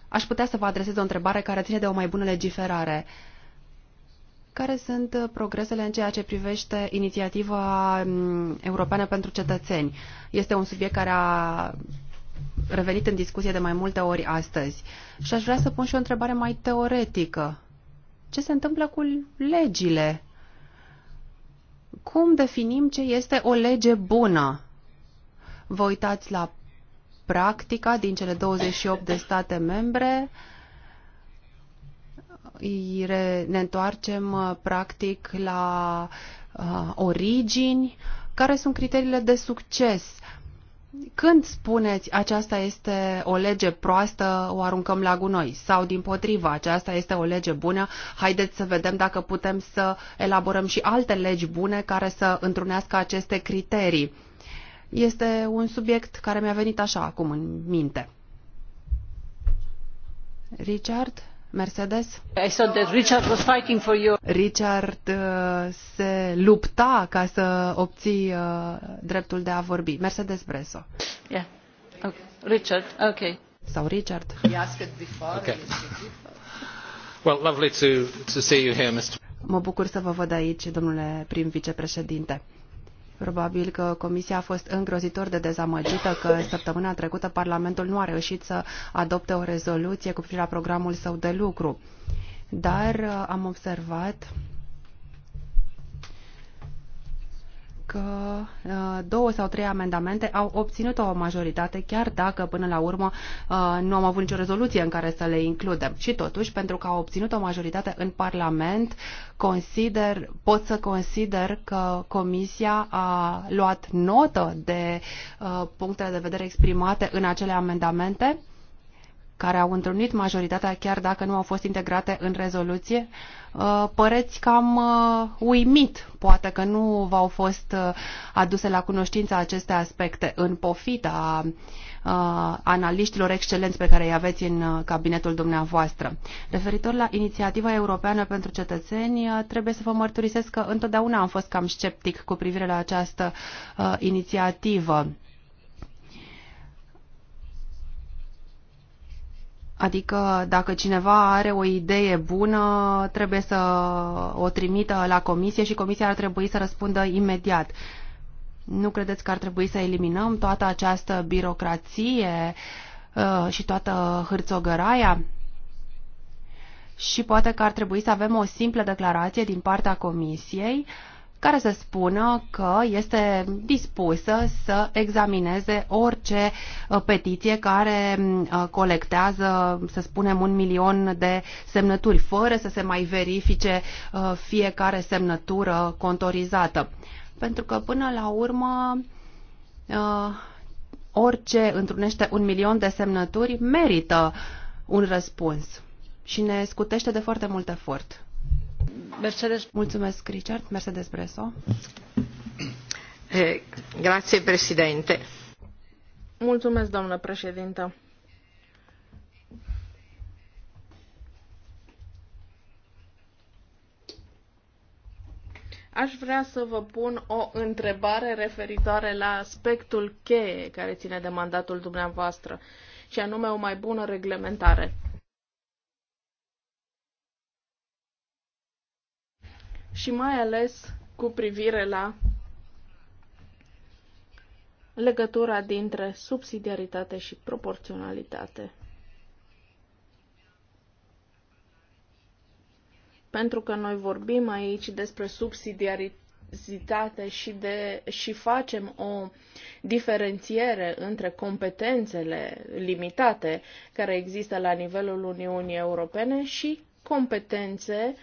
aș putea să vă adresez o întrebare care ține de o mai bună legiferare. Uh, care sunt uh, progresele în ceea ce privește inițiativa mm, europeană pentru cetățeni? Este un subiect care a revenit în discuție de mai multe ori astăzi. Și aș vrea să pun și o întrebare mai teoretică. Ce se întâmplă cu legile? Cum definim ce este o lege bună? Vă uitați la practica din cele 28 de state membre, uh, ne întoarcem uh, practic la uh, origini, care sunt criteriile de succes. Când spuneți aceasta este o lege proastă, o aruncăm la gunoi, sau din potriva, aceasta este o lege bună, haideți să vedem dacă putem să elaborăm și alte legi bune care să întrunească aceste criterii. Este un subiect care mi-a venit așa acum în minte. Richard? Mercedes? I saw that Richard was fighting for you. Richard uh, se lupta ca să obții uh, dreptul de a vorbi. Mercedes Breso. Yeah. Okay. Richard, okay. Sau Richard. Okay. Well, lovely to, to see you here, Mr. Mă bucur să vă văd aici, domnule prim vicepreședinte. Probabil că Comisia a fost îngrozitor de dezamăgită că săptămâna trecută Parlamentul nu a reușit să adopte o rezoluție cu privire la programul său de lucru. Dar uh, am observat că uh, două sau trei amendamente au obținut o majoritate, chiar dacă până la urmă uh, nu am avut nicio rezoluție în care să le includem. Și totuși, pentru că au obținut o majoritate în Parlament, consider, pot să consider că Comisia a luat notă de uh, punctele de vedere exprimate în acele amendamente care au întrunit majoritatea, chiar dacă nu au fost integrate în rezoluție, uh, păreți cam uh, uimit. Poate că nu v-au fost uh, aduse la cunoștință aceste aspecte în pofita analiștilor excelenți pe care îi aveți în cabinetul dumneavoastră. Referitor la inițiativa europeană pentru cetățeni, trebuie să vă mărturisesc că întotdeauna am fost cam sceptic cu privire la această inițiativă Adică dacă cineva are o idee bună, trebuie să o trimită la comisie și comisia ar trebui să răspundă imediat. Nu credeți că ar trebui să eliminăm toată această birocrație uh, și toată hârțogăraia? Și poate că ar trebui să avem o simplă declarație din partea comisiei uh, care să spună că este dispusă să examineze orice uh, petiție care mm, uh, colectează, să spunem, un milion de semnături, fără să se mai verifice uh, fiecare semnătură contorizată. Pentru că, până la urmă, orice întrunește un milion de semnături merită un răspuns și ne scutește de foarte mult efort. Mercedes. Mulțumesc, Richard. Mercedes Breso. Eh, președinte. Mulțumesc, doamnă președintă. Aș vrea să vă pun o întrebare referitoare la aspectul cheie care ține de mandatul dumneavoastră, și anume o mai bună reglementare. și mai ales cu privire la legătura dintre subsidiaritate și proporționalitate. Pentru că noi vorbim aici despre subsidiaritate și, de, și facem o diferențiere între competențele limitate care există la nivelul Uniunii Europene și competențe uh,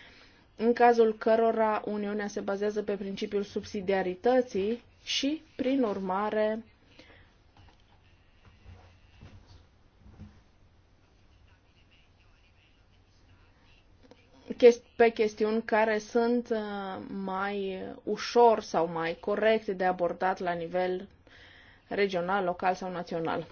în cazul cărora Uniunea se bazează pe principiul subsidiarității și, prin urmare, pe chestiuni care sunt uh, mai ușor sau mai corect de abordat la nivel regional, local sau național.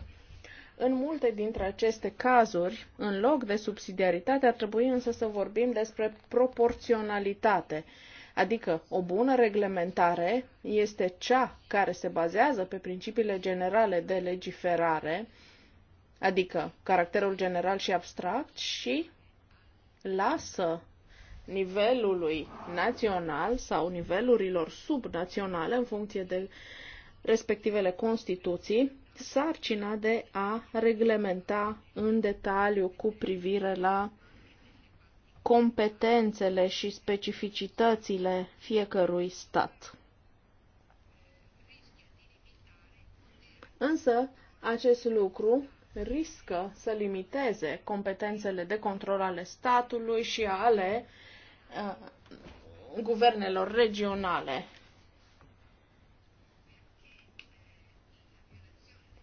În multe dintre aceste cazuri, în loc de subsidiaritate, ar trebui însă să vorbim despre proporționalitate. Adică o bună reglementare este cea care se bazează pe principiile generale de legiferare, adică caracterul general și abstract și lasă nivelului național sau nivelurilor subnaționale în funcție de respectivele constituții sarcina de a reglementa în detaliu cu privire la competențele și specificitățile fiecărui stat. Însă, acest lucru riscă să limiteze competențele de control ale statului și ale uh, guvernelor regionale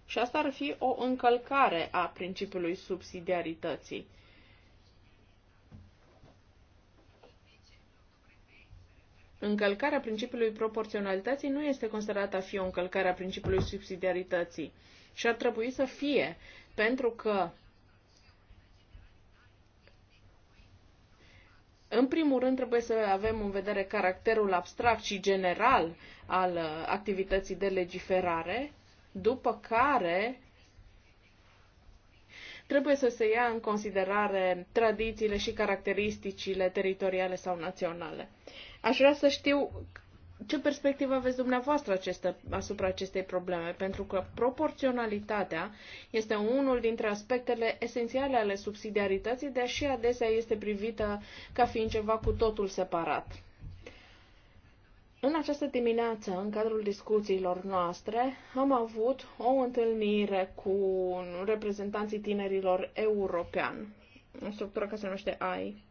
Și asta ar fi o încălcare a principiului subsidiarității. Încălcarea principiului proporționalității nu este considerată a fi o încălcare a principiului subsidiarității și ar trebui să fie, pentru că În primul rând, trebuie să avem în vedere caracterul abstract și general al uh, activității de legiferare după care trebuie să se ia în considerare tradițiile și caracteristicile teritoriale sau naționale. Aș vrea să știu ce perspectivă aveți dumneavoastră acestă, asupra acestei probleme, pentru că proporționalitatea este unul dintre aspectele esențiale ale subsidiarității, deși adesea este privită ca fiind ceva cu totul separat. În această dimineață, în cadrul discuțiilor noastre, am avut o întâlnire cu reprezentanții tinerilor european, o structură care se numește AI.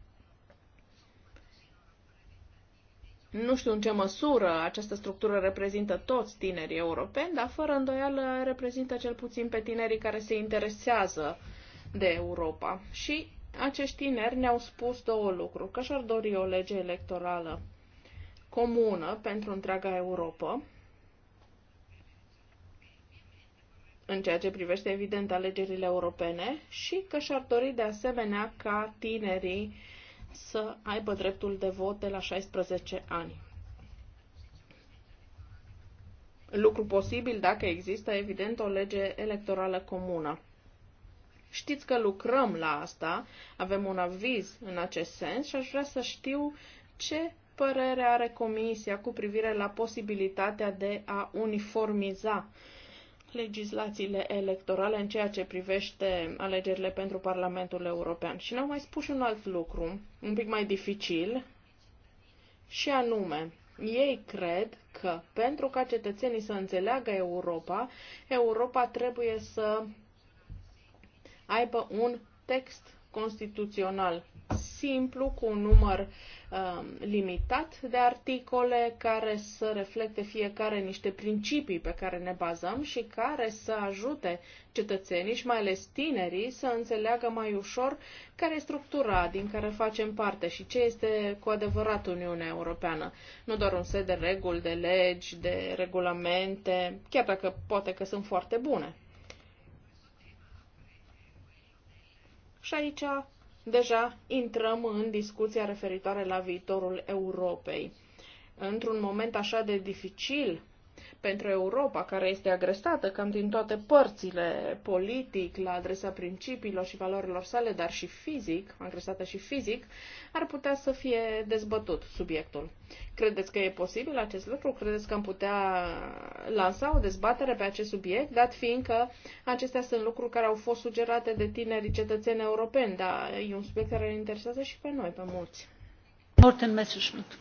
Nu știu în ce măsură această structură reprezintă toți tinerii europeni, dar fără îndoială reprezintă cel puțin pe tinerii care se interesează de Europa. Și acești tineri ne-au spus două lucruri, că și-ar dori o lege electorală comună pentru întreaga Europa, în ceea ce privește, evident, alegerile europene și că și-ar dori de asemenea ca tinerii să aibă dreptul de vot de la 16 ani. Lucru posibil dacă există, evident, o lege electorală comună. Știți că lucrăm la asta, avem un aviz în acest sens și aș vrea să știu ce părere are Comisia cu privire la posibilitatea de a uniformiza legislațiile electorale în ceea ce privește alegerile pentru Parlamentul European. Și ne-au mai spus și un alt lucru, un pic mai dificil, și anume, ei cred că pentru ca cetățenii să înțeleagă Europa, Europa trebuie să aibă un text constituțional simplu, cu un număr Um, limitat de articole care să reflecte fiecare niște principii pe care ne bazăm și care să ajute cetățenii și mai ales tinerii să înțeleagă mai ușor care e structura din care facem parte și ce este cu adevărat Uniunea Europeană. Nu doar un set de reguli, de legi, de regulamente, chiar dacă poate că sunt foarte bune. Și aici deja intrăm în discuția referitoare la viitorul Europei. Într-un moment așa de dificil pentru Europa, care este agresată cam din toate părțile, politic, la adresa principiilor și valorilor sale, dar și fizic, agresată și fizic, ar putea să fie dezbătut subiectul. Credeți că e posibil acest lucru? Credeți că am putea lansa o dezbatere pe acest subiect, dat fiindcă acestea sunt lucruri care au fost sugerate de tinerii cetățeni europeni, dar e un subiect care ne interesează și pe noi, pe mulți. Morten Messerschmidt.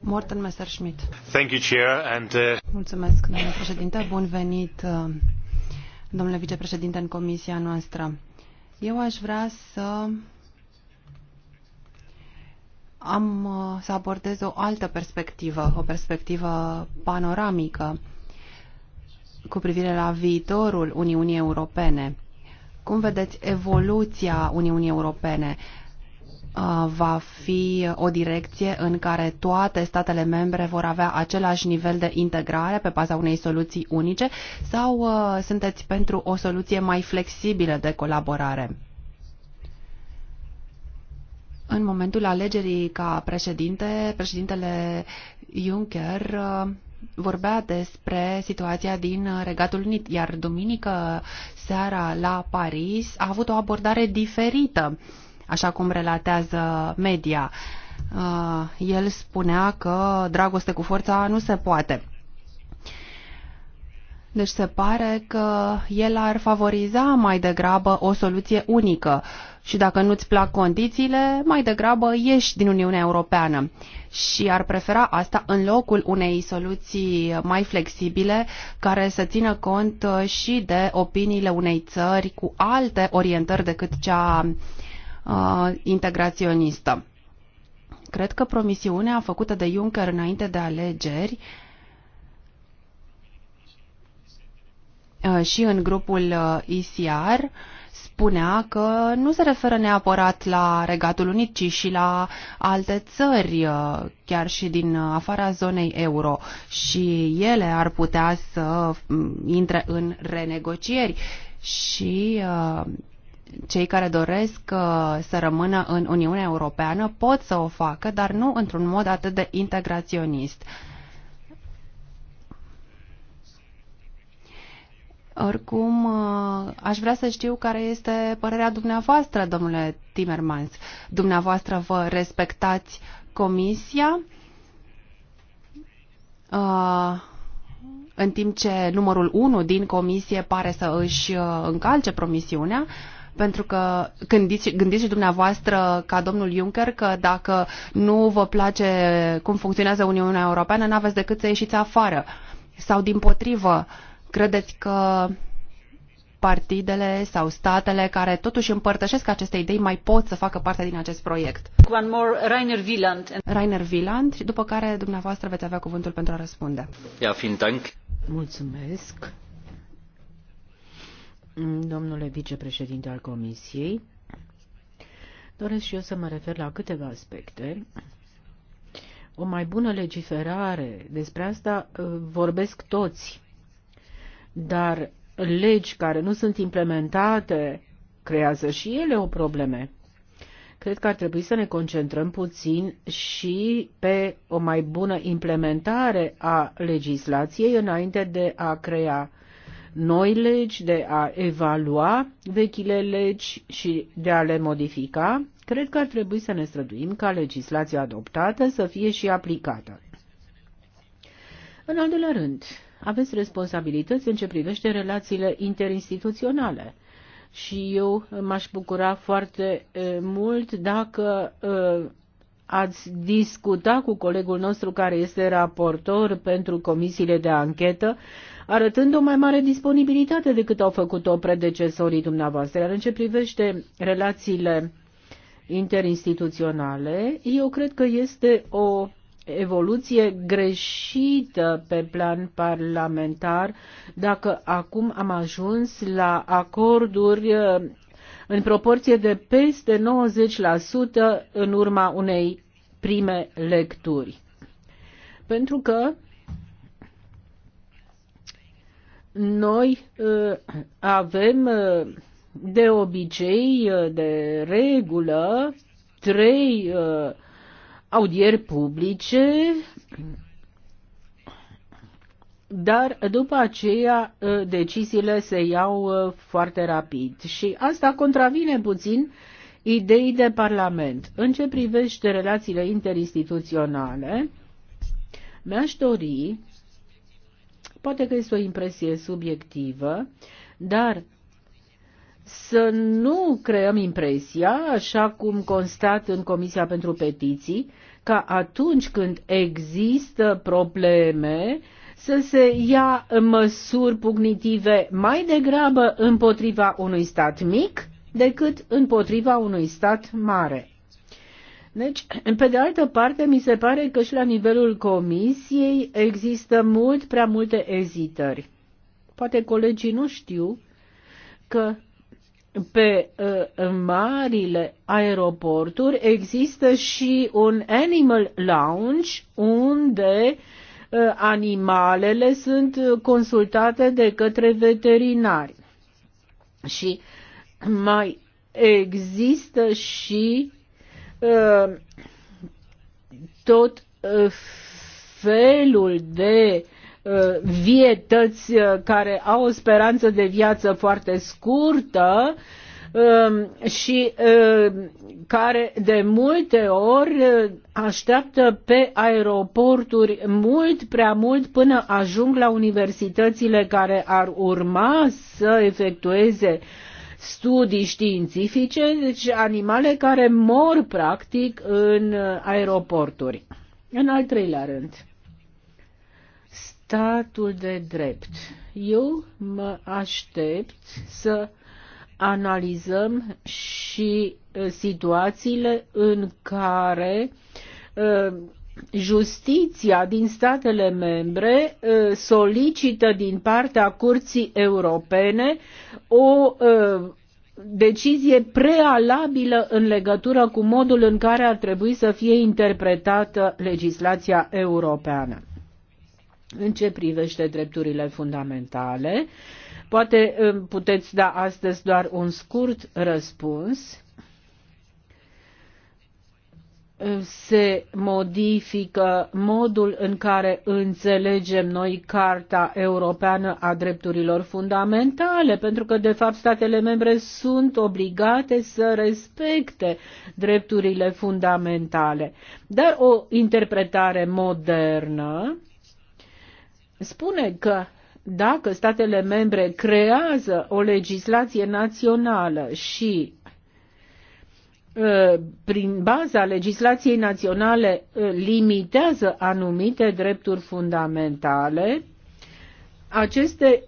Morten Messerschmidt. Thank you, Chair, and, uh... Mulțumesc, domnule președinte. Bun venit, uh, domnule vicepreședinte, în comisia noastră. Eu aș vrea să am uh, să abordez o altă perspectivă, o perspectivă panoramică cu privire la viitorul Uniunii Europene. Cum vedeți evoluția Uniunii Europene? va fi o direcție în care toate statele membre vor avea același nivel de integrare pe baza unei soluții unice sau sunteți pentru o soluție mai flexibilă de colaborare? În momentul alegerii ca președinte, președintele Juncker vorbea despre situația din Regatul Unit, iar duminică seara la Paris a avut o abordare diferită așa cum relatează media. Uh, el spunea că dragoste cu forța nu se poate. Deci se pare că el ar favoriza mai degrabă o soluție unică și dacă nu-ți plac condițiile, mai degrabă ieși din Uniunea Europeană și ar prefera asta în locul unei soluții mai flexibile care să țină cont și de opiniile unei țări cu alte orientări decât cea uh, uh, integraționistă. Cred că promisiunea făcută de Juncker înainte de alegeri uh, și în grupul ICR uh, spunea că nu se referă neapărat la Regatul Unit, ci și la alte țări, uh, chiar și din afara zonei euro. Și ele ar putea să mm, intre în renegocieri și cei care doresc uh, să rămână în Uniunea Europeană pot să o facă, dar nu într-un mod atât de integraționist. Oricum, uh, aș vrea să știu care este părerea dumneavoastră, domnule Timmermans. Dumneavoastră vă respectați comisia? Uh, în timp ce numărul 1 din comisie pare să își încalce promisiunea, pentru că gândiți, gândiți și dumneavoastră ca domnul Juncker că dacă nu vă place cum funcționează Uniunea Europeană, n-aveți decât să ieșiți afară. Sau din potrivă, credeți că partidele sau statele care totuși împărtășesc aceste idei mai pot să facă parte din acest proiect. One more, Rainer Wieland. Rainer Wieland după care dumneavoastră veți avea cuvântul pentru a răspunde. Ja, vielen Dank. Mulțumesc domnule vicepreședinte al Comisiei. Doresc și eu să mă refer la câteva aspecte. O mai bună legiferare, despre asta uh, vorbesc toți, dar legi care nu sunt implementate creează și ele o probleme. Cred că ar trebui să ne concentrăm puțin și pe o mai bună implementare a legislației înainte de a crea noi legi, de a evalua vechile legi și de a le modifica, cred că ar trebui să ne străduim ca legislația adoptată să fie și aplicată. În al doilea rând, aveți responsabilități în ce privește relațiile interinstituționale și eu m-aș bucura foarte eh, mult dacă eh, ați discuta cu colegul nostru care este raportor pentru comisiile de anchetă, arătând o mai mare disponibilitate decât au făcut-o predecesorii dumneavoastră. Iar în ce privește relațiile interinstituționale, eu cred că este o evoluție greșită pe plan parlamentar dacă acum am ajuns la acorduri în proporție de peste 90% în urma unei prime lecturi. Pentru că noi uh, avem uh, de obicei, uh, de regulă, trei audieri publice dar după aceea ă, deciziile se iau ă, foarte rapid și asta contravine puțin idei de Parlament. În ce privește relațiile interinstituționale, mi-aș dori, poate că este o impresie subiectivă, dar să nu creăm impresia, așa cum constat în Comisia pentru Petiții, că atunci când există probleme, uh, să se ia măsuri pugnitive mai degrabă împotriva unui stat mic decât împotriva unui stat mare. Deci, pe de altă parte, mi se pare că și la nivelul comisiei există mult prea multe ezitări. Poate colegii nu știu că pe uh, marile aeroporturi există și un animal lounge unde Uh, animalele sunt consultate de către veterinari. Și mai există și uh, tot uh, felul de vietăți care au o speranță de viață foarte scurtă Um, și um, care de multe ori uh, așteaptă pe aeroporturi mult prea mult până ajung la universitățile care ar urma să efectueze studii științifice, deci animale care mor practic în aeroporturi. În al treilea rând, statul de drept. Eu mă aștept să analizăm și uh, situațiile în care uh, justiția din statele membre uh, solicită din partea Curții Europene o decizie prealabilă în legătură cu modul în care ar trebui să fie interpretată legislația europeană. În ce privește drepturile fundamentale, uh, Poate eh, puteți da astăzi doar un scurt răspuns. Eh, se modifică modul în care înțelegem noi Carta Europeană a Drepturilor Fundamentale, pentru că, de fapt, statele membre sunt obligate să respecte drepturile fundamentale. Dar o interpretare modernă spune că dacă statele membre creează o legislație națională și uh, prin baza legislației naționale uh, limitează anumite drepturi fundamentale, aceste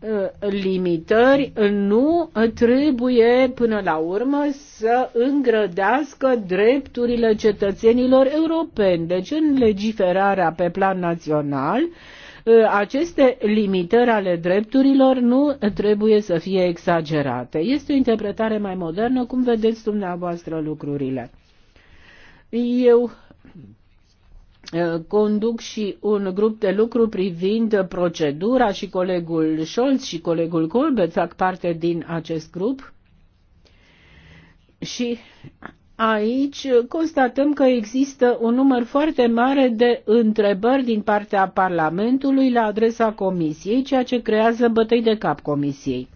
uh, limitări nu trebuie până la urmă să îngrădească drepturile cetățenilor europeni. Deci în legiferarea pe plan național aceste limitări ale drepturilor nu trebuie să fie exagerate. Este o interpretare mai modernă, cum vedeți dumneavoastră lucrurile. Eu conduc și un grup de lucru privind procedura și colegul Scholz și colegul Colbert fac parte din acest grup și Aici constatăm că există un număr foarte mare de întrebări din partea Parlamentului la adresa Comisiei, ceea ce creează bătăi de cap Comisiei.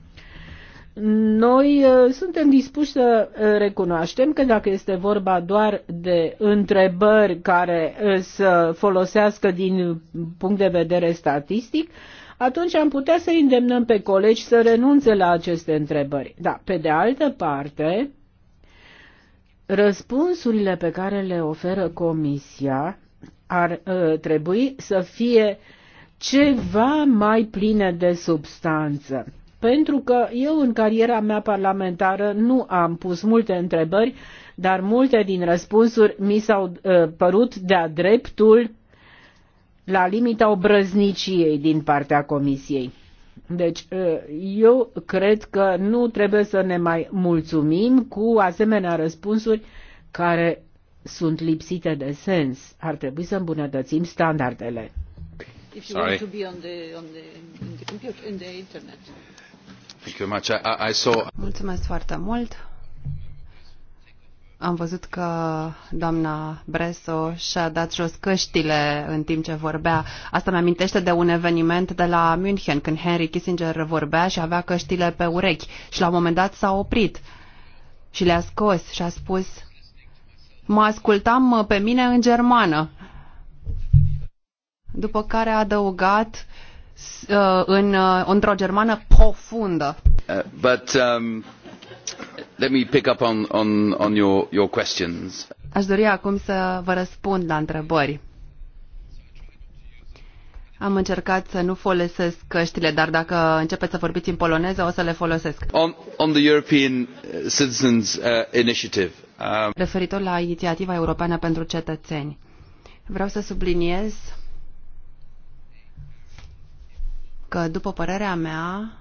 Noi uh, suntem dispuși să uh, recunoaștem că dacă este vorba doar de întrebări care uh, să folosească din punct de vedere statistic, atunci am putea să îndemnăm pe colegi să renunțe la aceste întrebări. Da, pe de altă parte, răspunsurile pe care le oferă Comisia ar uh, trebui să fie ceva mai pline de substanță. Pentru că eu în cariera mea parlamentară nu am pus multe întrebări, dar multe din răspunsuri mi s-au uh, părut de-a dreptul la limita obrăzniciei din partea Comisiei. Deci, ă, eu cred că nu trebuie să ne mai mulțumim cu asemenea răspunsuri care sunt lipsite de sens. Ar trebui să îmbunătățim standardele. Mulțumesc foarte mult. Am văzut că doamna Breso și-a dat jos căștile în timp ce vorbea. Asta mi-amintește de un eveniment de la München, când Henry Kissinger vorbea și avea căștile pe urechi și la un moment dat s-a oprit și le-a scos și a spus Mă ascultam pe mine în germană. După care a adăugat uh, în, uh, într-o germană profundă. Uh, but, um... Let Aș dori acum să vă răspund la întrebări. Am încercat să nu folosesc căștile, dar dacă începeți să vorbiți în poloneză, o să le folosesc. On, on the European uh, Citizens uh, Initiative. Um... Referitor la inițiativa europeană pentru cetățeni, vreau să subliniez că, după părerea mea,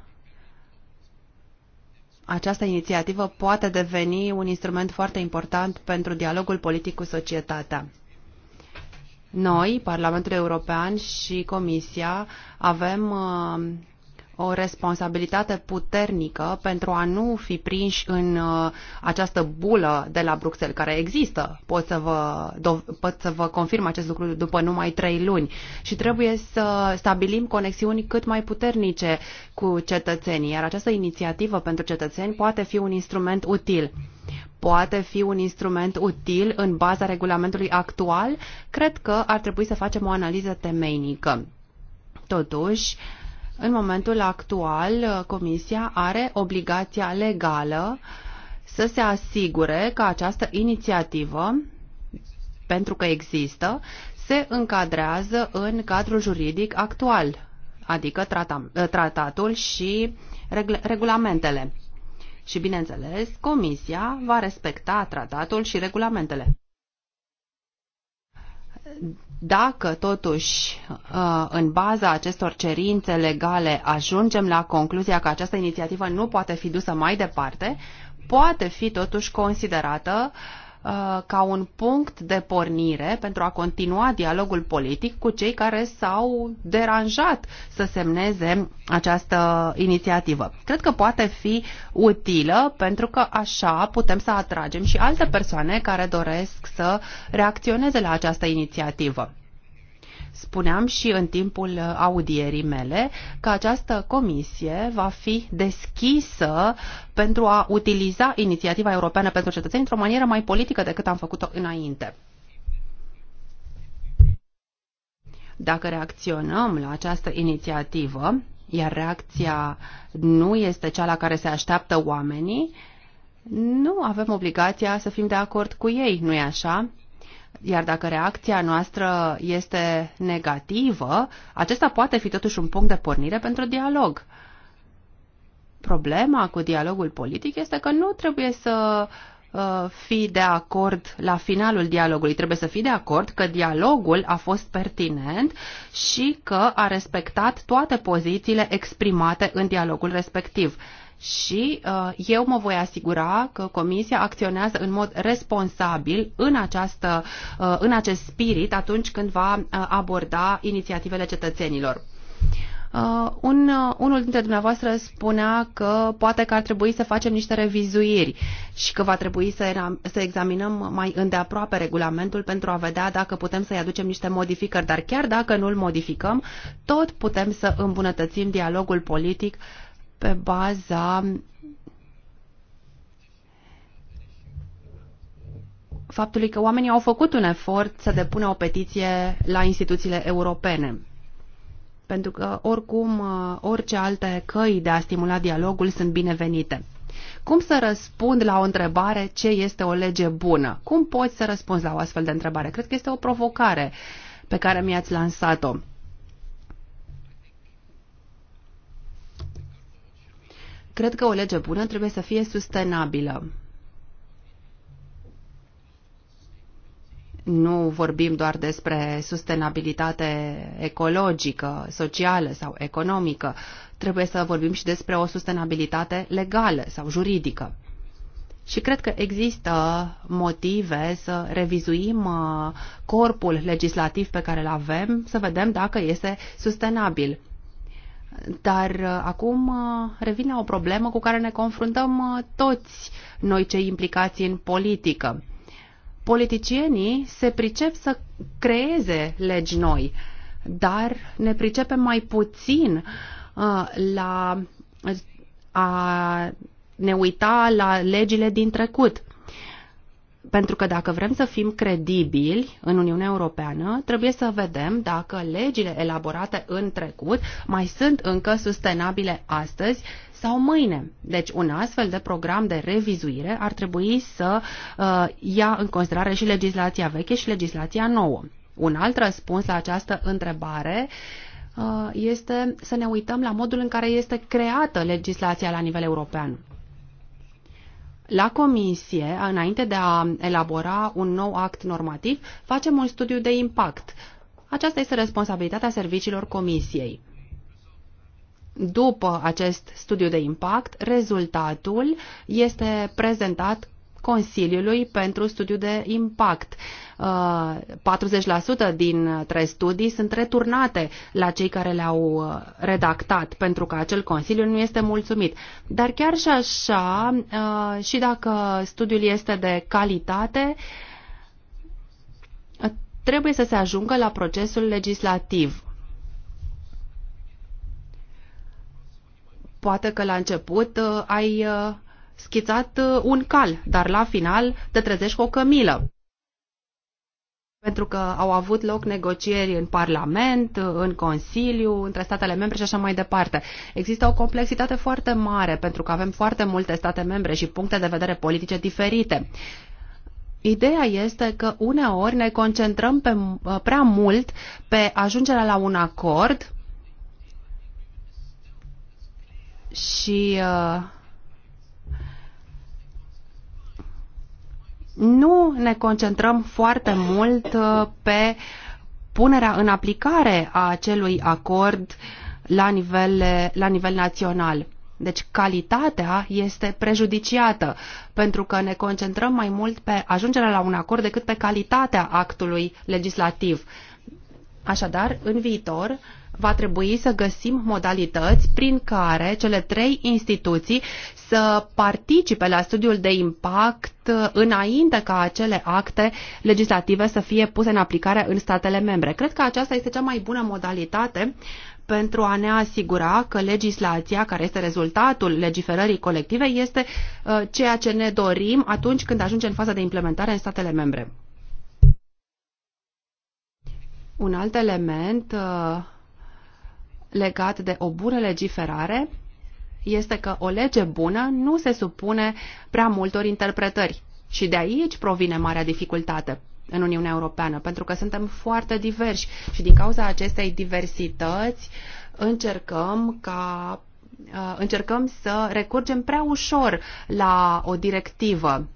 această inițiativă poate deveni un instrument foarte important pentru dialogul politic cu societatea. Noi, Parlamentul European și Comisia, avem uh, o responsabilitate puternică pentru a nu fi prinși în uh, această bulă de la Bruxelles, care există. Pot să vă, pot să vă confirm acest lucru după numai trei luni. Și trebuie să stabilim conexiuni cât mai puternice cu cetățenii, iar această inițiativă pentru cetățeni poate fi un instrument util poate fi un instrument util în baza regulamentului actual, cred că ar trebui să facem o analiză temeinică. Totuși, uh, în momentul actual, Comisia are obligația legală să se asigure că această inițiativă, pentru că există, se încadrează în cadrul juridic actual, adică tratatul și regulamentele. Și, bineînțeles, Comisia va respecta tratatul și regulamentele. Dacă totuși uh, în baza acestor cerințe legale ajungem la concluzia că această inițiativă nu poate fi dusă mai departe, poate fi totuși considerată uh, Uh, ca un punct de pornire pentru a continua dialogul politic cu cei care s-au deranjat să semneze această inițiativă. Cred că poate fi utilă pentru că așa putem să atragem și alte persoane care doresc să reacționeze la această inițiativă. Spuneam și în timpul uh, audierii mele că această comisie va fi deschisă pentru a utiliza inițiativa europeană pentru cetățeni într-o manieră mai politică decât am făcut-o înainte. Dacă reacționăm la această inițiativă, iar reacția nu este cea la care se așteaptă oamenii, nu avem obligația să fim de acord cu ei, nu-i așa? Iar dacă reacția noastră este negativă, acesta poate fi totuși un punct de pornire pentru dialog. Problema cu dialogul politic este că nu trebuie să uh, fi de acord la finalul dialogului. Trebuie să fii de acord că dialogul a fost pertinent și că a respectat toate pozițiile exprimate în dialogul respectiv și uh, eu mă voi asigura că Comisia acționează în mod responsabil în, această, uh, în acest spirit atunci când va uh, aborda inițiativele cetățenilor. Uh, un, uh, unul dintre dumneavoastră spunea că poate că ar trebui să facem niște revizuiri și că va trebui să, să examinăm mai îndeaproape regulamentul pentru a vedea dacă putem să-i aducem niște modificări. Dar chiar dacă nu-l modificăm, tot putem să îmbunătățim dialogul politic uh, pe baza faptului că oamenii au făcut un efort să depună o petiție la instituțiile europene. Pentru că, oricum, orice alte căi de a stimula dialogul sunt binevenite. Cum să răspund la o întrebare ce este o lege bună? Cum poți să răspunzi la o astfel de întrebare? Cred că este o provocare pe care mi-ați lansat-o. Cred că o lege bună trebuie să fie sustenabilă. Nu vorbim doar despre sustenabilitate ecologică, socială sau economică. Trebuie să vorbim și despre o sustenabilitate legală sau juridică. Și cred că există motive să revizuim uh, corpul legislativ pe care îl avem, să vedem dacă este sustenabil. Dar uh, acum uh, revin la o problemă cu care ne confruntăm uh, toți noi cei implicați în politică. Politicienii se pricep să creeze legi noi, dar ne pricepem mai puțin la a ne uita la legile din trecut. Pentru că dacă vrem să fim credibili în Uniunea Europeană, trebuie să vedem dacă legile elaborate în trecut mai sunt încă sustenabile astăzi sau mâine. Deci un astfel de program de revizuire ar trebui să uh, ia în considerare și legislația veche și legislația nouă. Un alt răspuns la această întrebare uh, este să ne uităm la modul în care este creată legislația la nivel european. La comisie, înainte de a elabora un nou act normativ, facem un studiu de impact. Aceasta este responsabilitatea serviciilor comisiei. După acest studiu de impact, rezultatul este prezentat Consiliului pentru studiu de impact 40% uh, dintre studii sunt returnate la cei care le-au uh, redactat pentru că acel consiliu nu este mulțumit. Dar chiar și așa, uh, și dacă studiul este de calitate, trebuie să se ajungă la procesul legislativ. Poate că la început ai schițat un cal, dar la final te trezești cu o cămilă pentru că au avut loc negocieri în Parlament, în Consiliu, între statele membre și așa mai departe. Există o complexitate foarte mare pentru că avem foarte multe state membre și puncte de vedere politice diferite. Ideea este că uneori ne concentrăm pe, uh, prea mult pe ajungerea la un acord și uh, nu ne concentrăm foarte mult uh, pe punerea în aplicare a acelui acord la nivel, la nivel național. Deci calitatea este prejudiciată pentru că ne concentrăm mai mult pe ajungerea la un acord decât pe calitatea actului legislativ. Așadar, în viitor, va trebui să găsim modalități prin care cele trei instituții să participe la studiul de impact înainte ca acele acte legislative să fie puse în aplicare în statele membre. Cred că aceasta este cea mai bună modalitate pentru a ne asigura că legislația care este rezultatul legiferării colective este uh, ceea ce ne dorim atunci când ajunge în faza de implementare în statele membre. Un alt element uh, legat de o bună legiferare este că o lege bună nu se supune prea multor interpretări. Și de aici provine marea dificultate în Uniunea Europeană, pentru că suntem foarte diversi și din cauza acestei diversități încercăm ca uh, încercăm să recurgem prea ușor la o directivă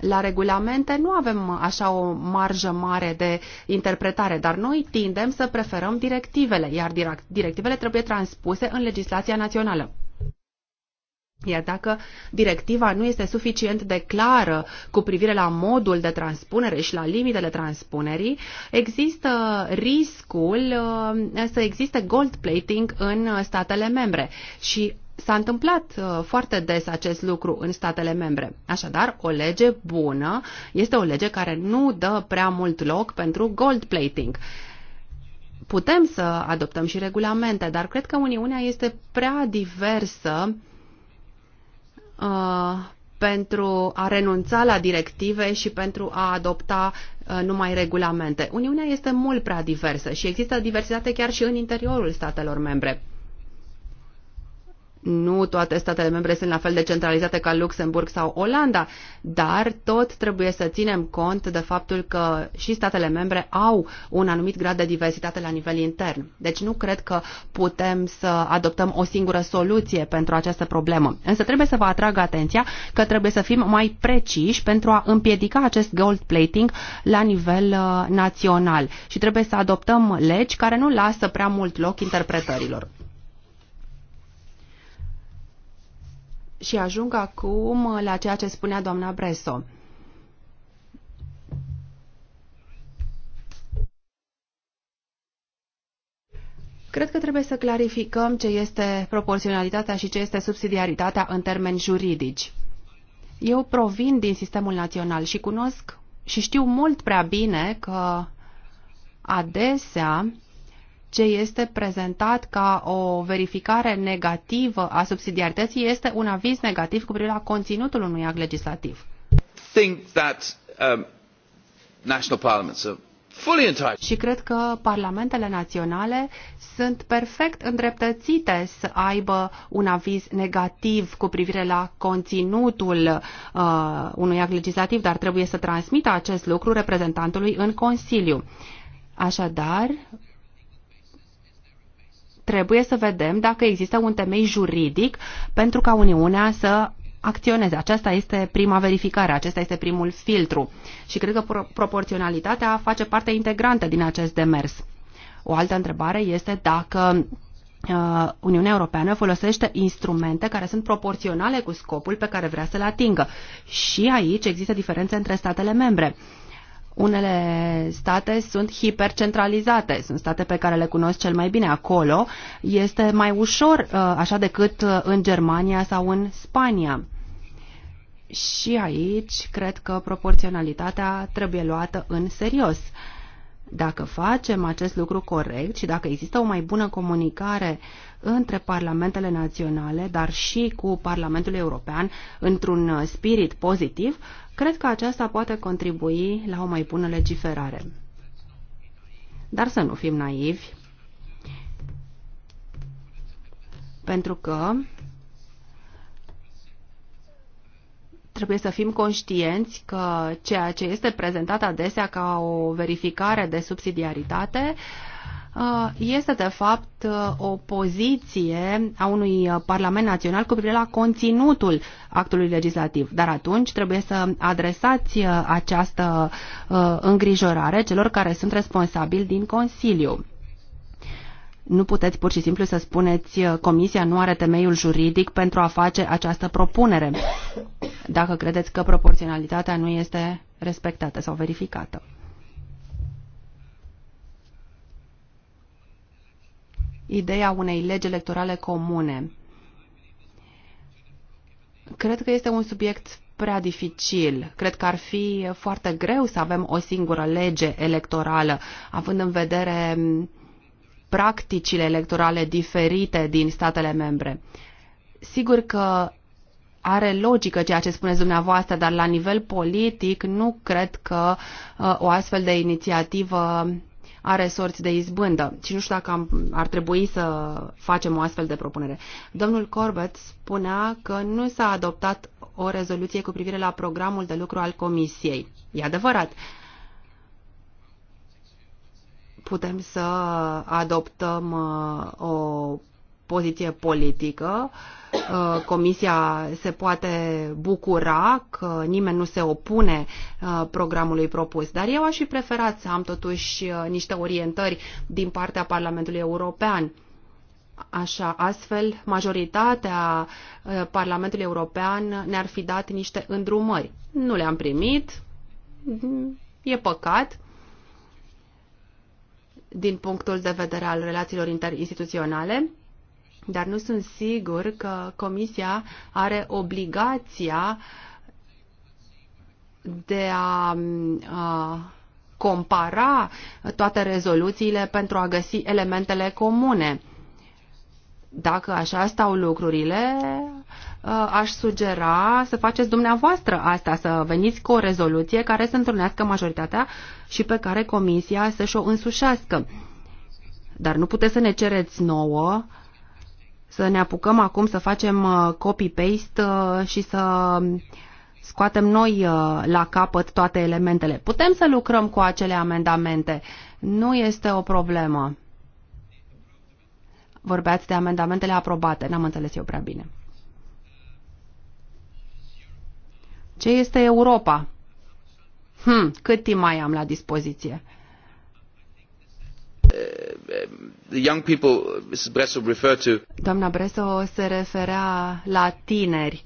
la regulamente nu avem așa o marjă mare de interpretare, dar noi tindem să preferăm directivele, iar directivele trebuie transpuse în legislația națională. Iar dacă directiva nu este suficient de clară cu privire la modul de transpunere și la limitele transpunerii, există riscul uh, să existe gold plating în statele membre și S-a întâmplat uh, foarte des acest lucru în statele membre. Așadar, o lege bună este o lege care nu dă prea mult loc pentru gold plating. Putem să adoptăm și regulamente, dar cred că Uniunea este prea diversă uh, pentru a renunța la directive și pentru a adopta uh, numai regulamente. Uniunea este mult prea diversă și există diversitate chiar și în interiorul statelor membre nu toate statele membre sunt la fel de centralizate ca Luxemburg sau Olanda, dar tot trebuie să ținem cont de faptul că și statele membre au un anumit grad de diversitate la nivel intern. Deci nu cred că putem să adoptăm o singură soluție pentru această problemă. Însă trebuie să vă atrag atenția că trebuie să fim mai preciși pentru a împiedica acest gold plating la nivel uh, național și trebuie să adoptăm legi care nu lasă prea mult loc interpretărilor. Și ajung acum la ceea ce spunea doamna Breso. Cred că trebuie să clarificăm ce este proporționalitatea și ce este subsidiaritatea în termeni juridici. Eu provin din sistemul național și cunosc și știu mult prea bine că adesea ce este prezentat ca o verificare negativă a subsidiarității este un aviz negativ cu privire la conținutul unui act legislativ. That, um, Și cred că parlamentele naționale sunt perfect îndreptățite să aibă un aviz negativ cu privire la conținutul uh, unui act legislativ, dar trebuie să transmită acest lucru reprezentantului în Consiliu. Așadar, trebuie să vedem dacă există un temei juridic pentru ca Uniunea să acționeze. Aceasta este prima verificare, acesta este primul filtru și cred că pro- proporționalitatea face parte integrantă din acest demers. O altă întrebare este dacă uh, Uniunea Europeană folosește instrumente care sunt proporționale cu scopul pe care vrea să-l atingă. Și aici există diferențe între statele membre unele state sunt hipercentralizate, sunt state pe care le cunosc cel mai bine acolo. Este mai ușor uh, așa decât uh, în Germania sau în Spania. Și aici cred că proporționalitatea trebuie luată în serios. Dacă facem acest lucru corect și dacă există o mai bună comunicare între parlamentele naționale, dar și cu Parlamentul European, într-un uh, spirit pozitiv, Cred că aceasta poate contribui la o mai bună legiferare. Dar să nu fim naivi, pentru că trebuie să fim conștienți că ceea ce este prezentat adesea ca o verificare de subsidiaritate uh, Uh, este de fapt uh, o poziție a unui uh, Parlament Național cu privire la conținutul actului legislativ. Dar atunci trebuie să adresați această îngrijorare celor care sunt responsabili din Consiliu. Nu puteți pur și simplu să spuneți Comisia nu are temeiul juridic pentru a face această propunere, dacă credeți că proporționalitatea nu este respectată sau verificată. ideea unei legi electorale comune. Cred că este un subiect prea dificil. Cred că ar fi foarte greu să avem o singură lege electorală, având în vedere practicile electorale diferite din statele membre. Sigur că are logică ceea ce spuneți dumneavoastră, dar la nivel politic nu cred că uh, o astfel de inițiativă are sorți de izbândă și nu știu dacă am, ar trebui să facem o astfel de propunere. Domnul Corbett spunea că nu s-a adoptat o rezoluție cu privire la programul de lucru al Comisiei. E adevărat. Putem să adoptăm uh, o poziție politică uh, Uh, comisia se poate bucura că nimeni nu se opune uh, programului propus, dar eu aș fi preferat să am totuși uh, niște orientări din partea Parlamentului European. Așa, astfel, majoritatea Parlamentului European ne-ar fi dat niște îndrumări. Nu le-am primit, e păcat din punctul de vedere al relațiilor interinstituționale, dar nu sunt sigur că Comisia are obligația de a, a compara toate rezoluțiile pentru a găsi elementele comune. Dacă așa stau lucrurile, aș sugera să faceți dumneavoastră asta, să veniți cu o rezoluție care să întrunească majoritatea și pe care Comisia să-și o însușească. Dar nu puteți să ne cereți nouă să ne apucăm acum să facem uh, copy-paste uh, și să um, scoatem noi uh, la capăt toate elementele. Putem să lucrăm cu acele amendamente. Nu este o problemă. Vorbeați de amendamentele aprobate. N-am înțeles eu prea bine. Ce este Europa? Hm, cât timp mai am la dispoziție? The young people, Mrs. Bresso referred to... Doamna Bresso se referea la tineri.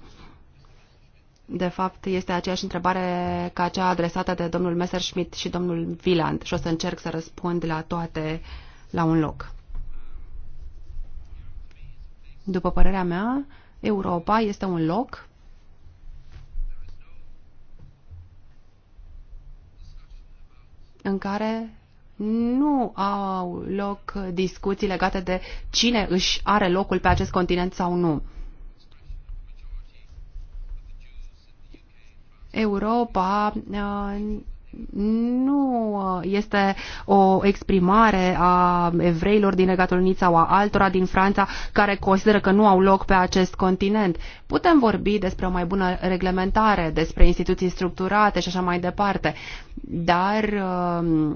De fapt, este aceeași întrebare ca cea adresată de domnul Messerschmidt și domnul Wieland, și o să încerc să răspund la toate la un loc. După părerea mea, Europa este un loc în care nu au loc discuții legate de cine își are locul pe acest continent sau nu. Europa uh, nu este o exprimare a evreilor din Regatul Unit sau a altora din Franța care consideră că nu au loc pe acest continent. Putem vorbi despre o mai bună reglementare, despre instituții structurate și așa mai departe, dar uh,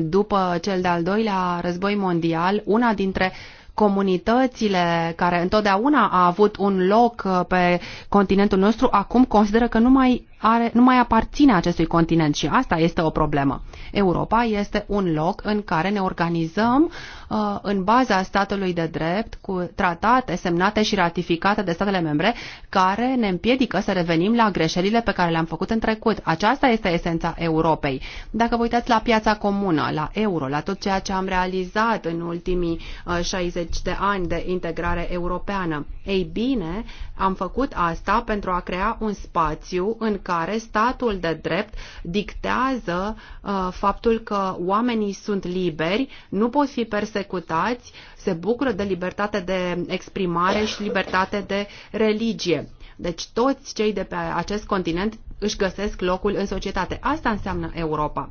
după cel de-al doilea război mondial, una dintre comunitățile care întotdeauna a avut un loc uh, pe continentul nostru, acum consideră că nu mai are, nu mai aparține acestui continent și asta este o problemă. Europa este un loc în care ne organizăm uh, în baza statului de drept cu tratate semnate și ratificate de statele membre care ne împiedică să revenim la greșelile pe care le-am făcut în trecut. Aceasta este esența Europei. Dacă vă uitați la piața comună, la euro, la tot ceea ce am realizat în ultimii uh, 60 de ani de integrare europeană, ei bine, am făcut asta pentru a crea un spațiu în care statul de drept dictează uh, faptul că oamenii sunt liberi, nu pot fi persecutați, se bucură de libertate de exprimare și libertate de religie. Deci toți cei de pe acest continent își găsesc locul în societate. Asta înseamnă Europa.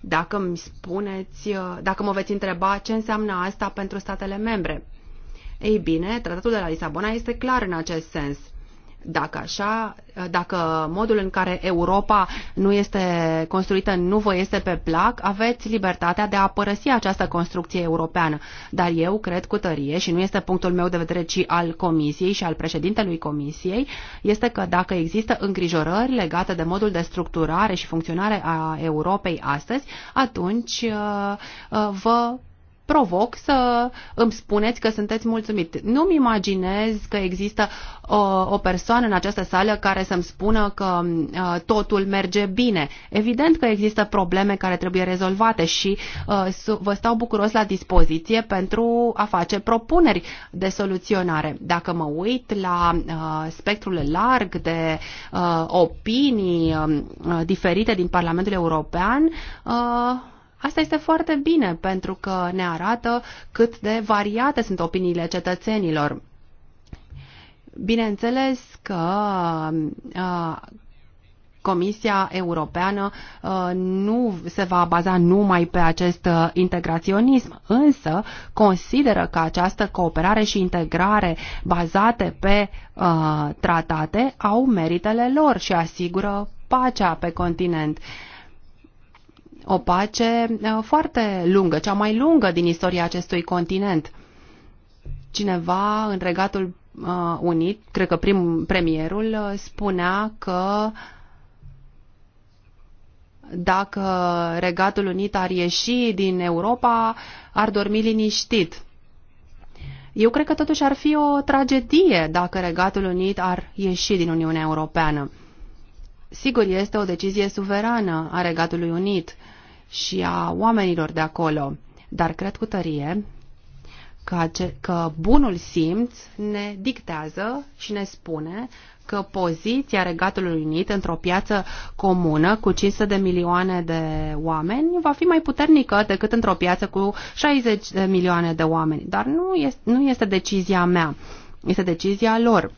Dacă îmi spuneți, uh, dacă mă veți întreba ce înseamnă asta pentru statele membre. Ei bine, tratatul de la Lisabona este clar în acest sens. Dacă așa, dacă modul în care Europa nu este construită nu vă este pe plac, aveți libertatea de a părăsi această construcție europeană. Dar eu cred cu tărie, și nu este punctul meu de vedere, ci al Comisiei și al președintelui Comisiei, este că dacă există îngrijorări legate de modul de structurare și funcționare a Europei astăzi, atunci uh, uh, vă provoc să îmi spuneți că sunteți mulțumit. Nu-mi imaginez că există o, uh, o persoană în această sală care să-mi spună că uh, totul merge bine. Evident că există probleme care trebuie rezolvate și uh, vă stau bucuros la dispoziție pentru a face propuneri de soluționare. Dacă mă uit la uh, spectrul larg de uh, opinii uh, diferite din Parlamentul European, uh, Asta este foarte bine pentru că ne arată cât de variate sunt opiniile cetățenilor. Bineînțeles că a, uh, Comisia Europeană uh, nu se va baza numai pe acest uh, integraționism, însă consideră că această cooperare și integrare bazate pe tratate au meritele lor și asigură pacea pe continent o pace uh, foarte lungă, cea mai lungă din istoria acestui continent. Cineva în Regatul uh, Unit, cred că prim, premierul, uh, spunea că dacă Regatul Unit ar ieși din Europa, ar dormi liniștit. Eu cred că totuși ar fi o tragedie dacă Regatul Unit ar ieși din Uniunea Europeană. Sigur, este o decizie suverană a Regatului Unit, și a oamenilor de acolo. Dar cred cu tărie că, că bunul simț ne dictează și ne spune că poziția Regatului Unit într-o piață comună cu 500 de milioane de oameni va fi mai puternică decât într-o piață cu 60 de milioane de oameni. Dar nu este, nu este decizia mea, este decizia lor.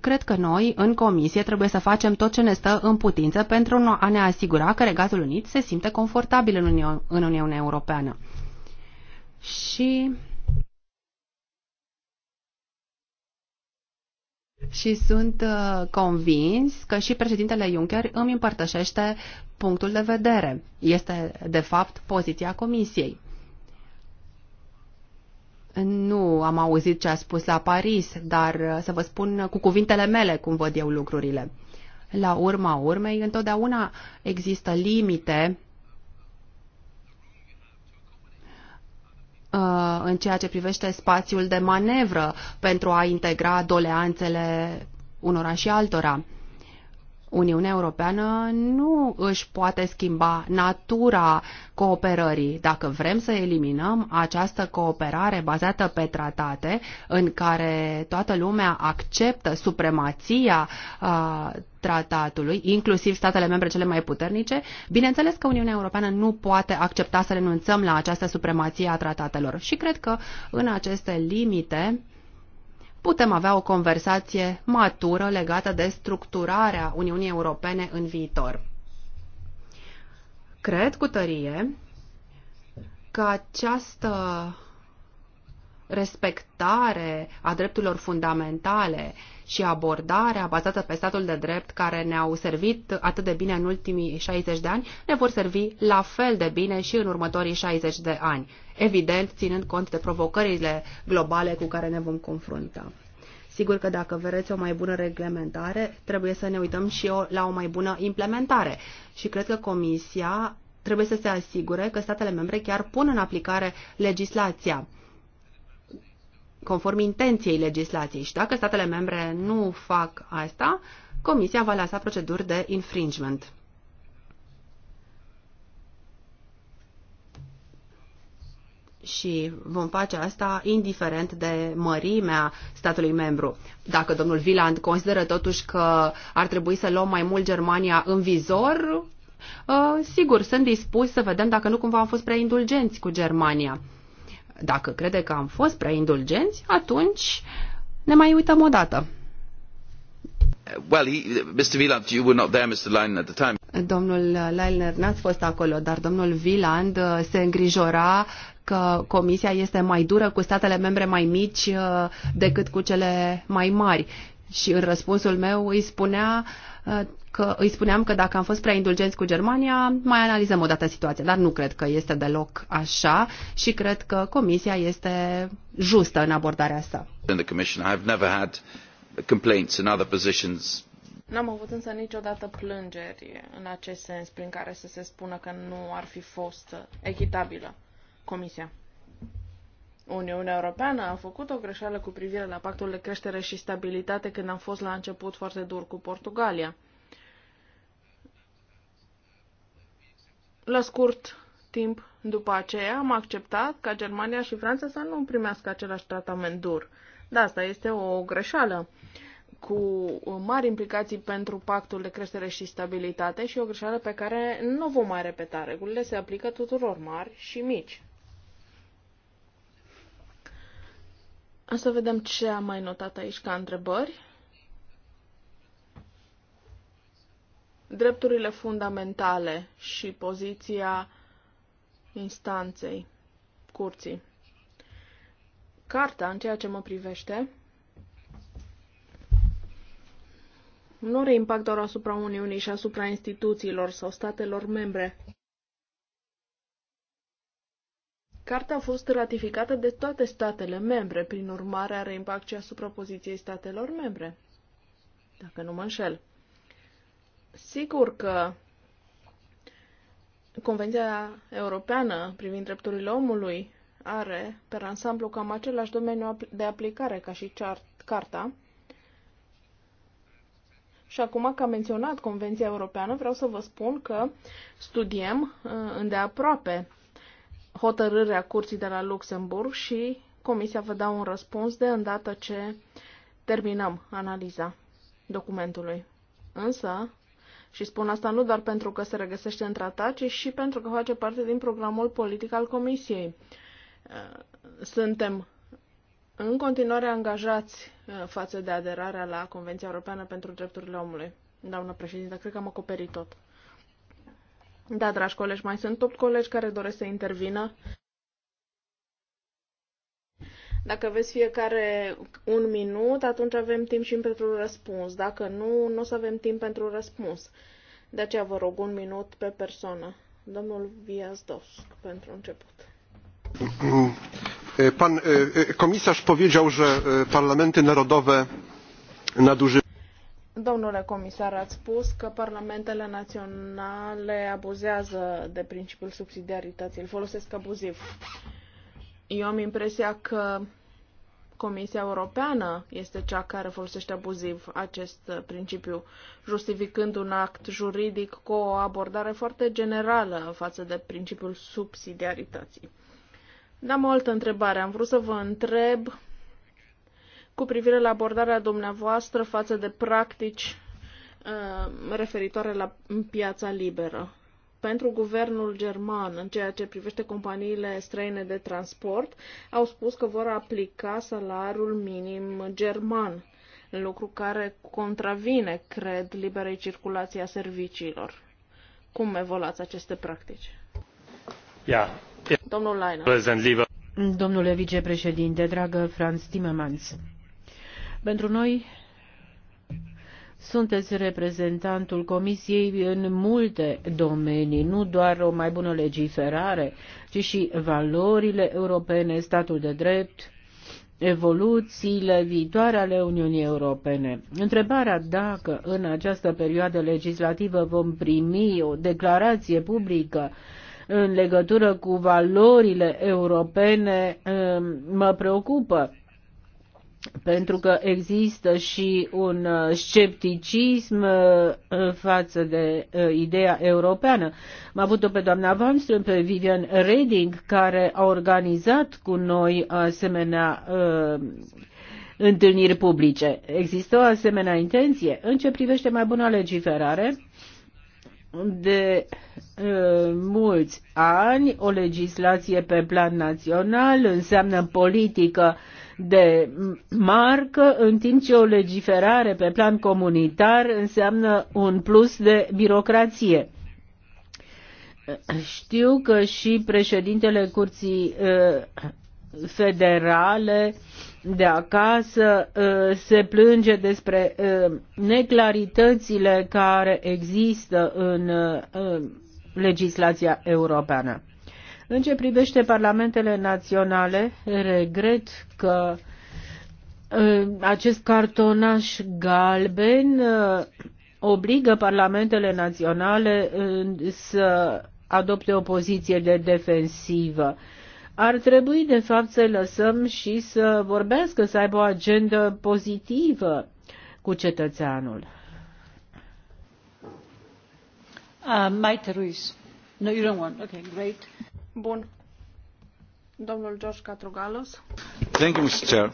Cred că noi, în comisie, trebuie să facem tot ce ne stă în putință pentru a ne asigura că Regatul Unit se simte confortabil în, Uni- în Uniunea Europeană. Și și sunt uh, convins că și președintele Juncker îmi împărtășește punctul de vedere. Este, de fapt, poziția Comisiei. Nu am auzit ce a spus la Paris, dar uh, să vă spun uh, cu cuvintele mele cum văd eu lucrurile. La urma urmei, întotdeauna există limite uh, în ceea ce privește spațiul de manevră pentru a integra doleanțele unora și altora. Uniunea Europeană nu își poate schimba natura cooperării. Dacă vrem să eliminăm această cooperare bazată pe tratate, în care toată lumea acceptă supremația a, uh, tratatului, inclusiv statele membre cele mai puternice, bineînțeles că Uniunea Europeană nu poate accepta să renunțăm la această supremație a tratatelor. Și cred că în aceste limite, putem avea o conversație matură legată de structurarea Uniunii Europene în viitor. Cred cu tărie că această respectare a drepturilor fundamentale și abordarea bazată pe statul de drept care ne-au servit atât de bine în ultimii 60 de ani, ne vor servi la fel de bine și în următorii 60 de ani, evident ținând cont de provocările globale cu care ne vom confrunta. Sigur că dacă vreți o mai bună reglementare, trebuie să ne uităm și o, la o mai bună implementare. Și cred că Comisia trebuie să se asigure că statele membre chiar pun în aplicare legislația conform intenției legislației și dacă statele membre nu fac asta, Comisia va lansa proceduri de infringement. și vom face asta indiferent de mărimea statului membru. Dacă domnul Viland consideră totuși că ar trebui să luăm mai mult Germania în vizor, uh, sigur, sunt dispus să vedem dacă nu cumva am fost prea indulgenți cu Germania. Dacă crede că am fost prea indulgenți, atunci ne mai uităm o dată. Well, he, Mr. Wieland, you were not there, Mr. Leinen, at the time. Domnul Leiner, n-ați fost acolo, dar domnul Wieland uh, se îngrijora că Comisia este mai dură cu statele membre mai mici uh, decât cu cele mai mari. Și în răspunsul meu îi spunea uh, că îi spuneam că dacă am fost prea indulgenți cu Germania, mai analizăm o dată situația, dar nu cred că este deloc așa și cred că Comisia este justă în abordarea sa. N-am avut însă niciodată plângeri în acest sens prin care să se spună că nu ar fi fost echitabilă Comisia. Uniunea Europeană a făcut o greșeală cu privire la pactul de creștere și stabilitate când am fost la început foarte dur cu Portugalia. La scurt timp după aceea am acceptat ca Germania și Franța să nu primească același tratament dur. Da, asta este o greșeală cu mari implicații pentru pactul de creștere și stabilitate și o greșeală pe care nu vom mai repeta. Regulile se aplică tuturor mari și mici. Să vedem ce am mai notat aici ca întrebări. Drepturile fundamentale și poziția instanței, curții. Carta, în ceea ce mă privește, nu are impact doar asupra Uniunii și asupra instituțiilor sau statelor membre, Carta a fost ratificată de toate statele membre, prin urmare are impact și asupra poziției statelor membre, dacă nu mă înșel. Sigur că Convenția Europeană privind drepturile omului are, pe ansamblu, cam același domeniu de aplicare ca și Carta. Și acum că am menționat Convenția Europeană, vreau să vă spun că studiem uh, îndeaproape hotărârea curții de la Luxemburg și comisia vă da un răspuns de îndată ce terminăm analiza documentului. Însă, și spun asta nu doar pentru că se regăsește în tratat, ci și pentru că face parte din programul politic al Comisiei. Uh, suntem în continuare angajați uh, față de aderarea la Convenția Europeană pentru Drepturile Omului. Doamnă președintă, cred că am acoperit tot. Da, dragi colegi, mai sunt 8 colegi care doresc să intervină. Dacă aveți fiecare un minut, atunci avem timp și pentru răspuns. Dacă nu, nu o să avem timp pentru răspuns. De aceea vă rog un minut pe persoană. Domnul Viazdowsk, pentru început. Pan komisarz powiedział, że parlamenty narodowe nadużywają. Domnule comisar, ați spus că parlamentele naționale abuzează de principiul subsidiarității, îl folosesc abuziv. Eu am impresia că Comisia Europeană este cea care folosește abuziv acest principiu, justificând un act juridic cu o abordare foarte generală față de principiul subsidiarității. Dar am o altă întrebare. Am vrut să vă întreb cu privire la abordarea dumneavoastră față de practici uh, referitoare la piața liberă. Pentru guvernul german, în ceea ce privește companiile străine de transport, au spus că vor aplica salariul minim german, lucru care contravine, cred, liberei circulații a serviciilor. Cum evoluați aceste practici? Yeah. Domnul Leiner. Domnule vicepreședinte, dragă Franz Timmermans, pentru noi sunteți reprezentantul Comisiei în multe domenii, nu doar o mai bună legiferare, ci și valorile europene, statul de drept, evoluțiile viitoare ale Uniunii Europene. Întrebarea dacă în această perioadă legislativă vom primi o declarație publică în legătură cu valorile europene mă preocupă pentru că există și un uh, scepticism uh, față de uh, ideea europeană. Am avut-o pe doamna Wallström, pe Vivian Reding, care a organizat cu noi asemenea uh, întâlniri publice. Există o asemenea intenție. În ce privește mai bună legiferare, de uh, mulți ani o legislație pe plan național înseamnă politică uh, de marcă, în timp ce o legiferare pe plan comunitar înseamnă un plus de birocrație. Știu că și președintele Curții uh, Federale de acasă uh, se plânge despre uh, neclaritățile care există în legislația europeană. În ce privește parlamentele naționale, regret că ă, acest cartonaș galben ă, obligă parlamentele naționale ă, să adopte o poziție de defensivă. Ar trebui, de fapt, să lăsăm și să vorbească, să aibă o agendă pozitivă cu cetățeanul. Uh, Maite Ruiz. No, you don't want. Okay, great. Bun. Domnul George Catrugalos. Thank you, Mr. Chair.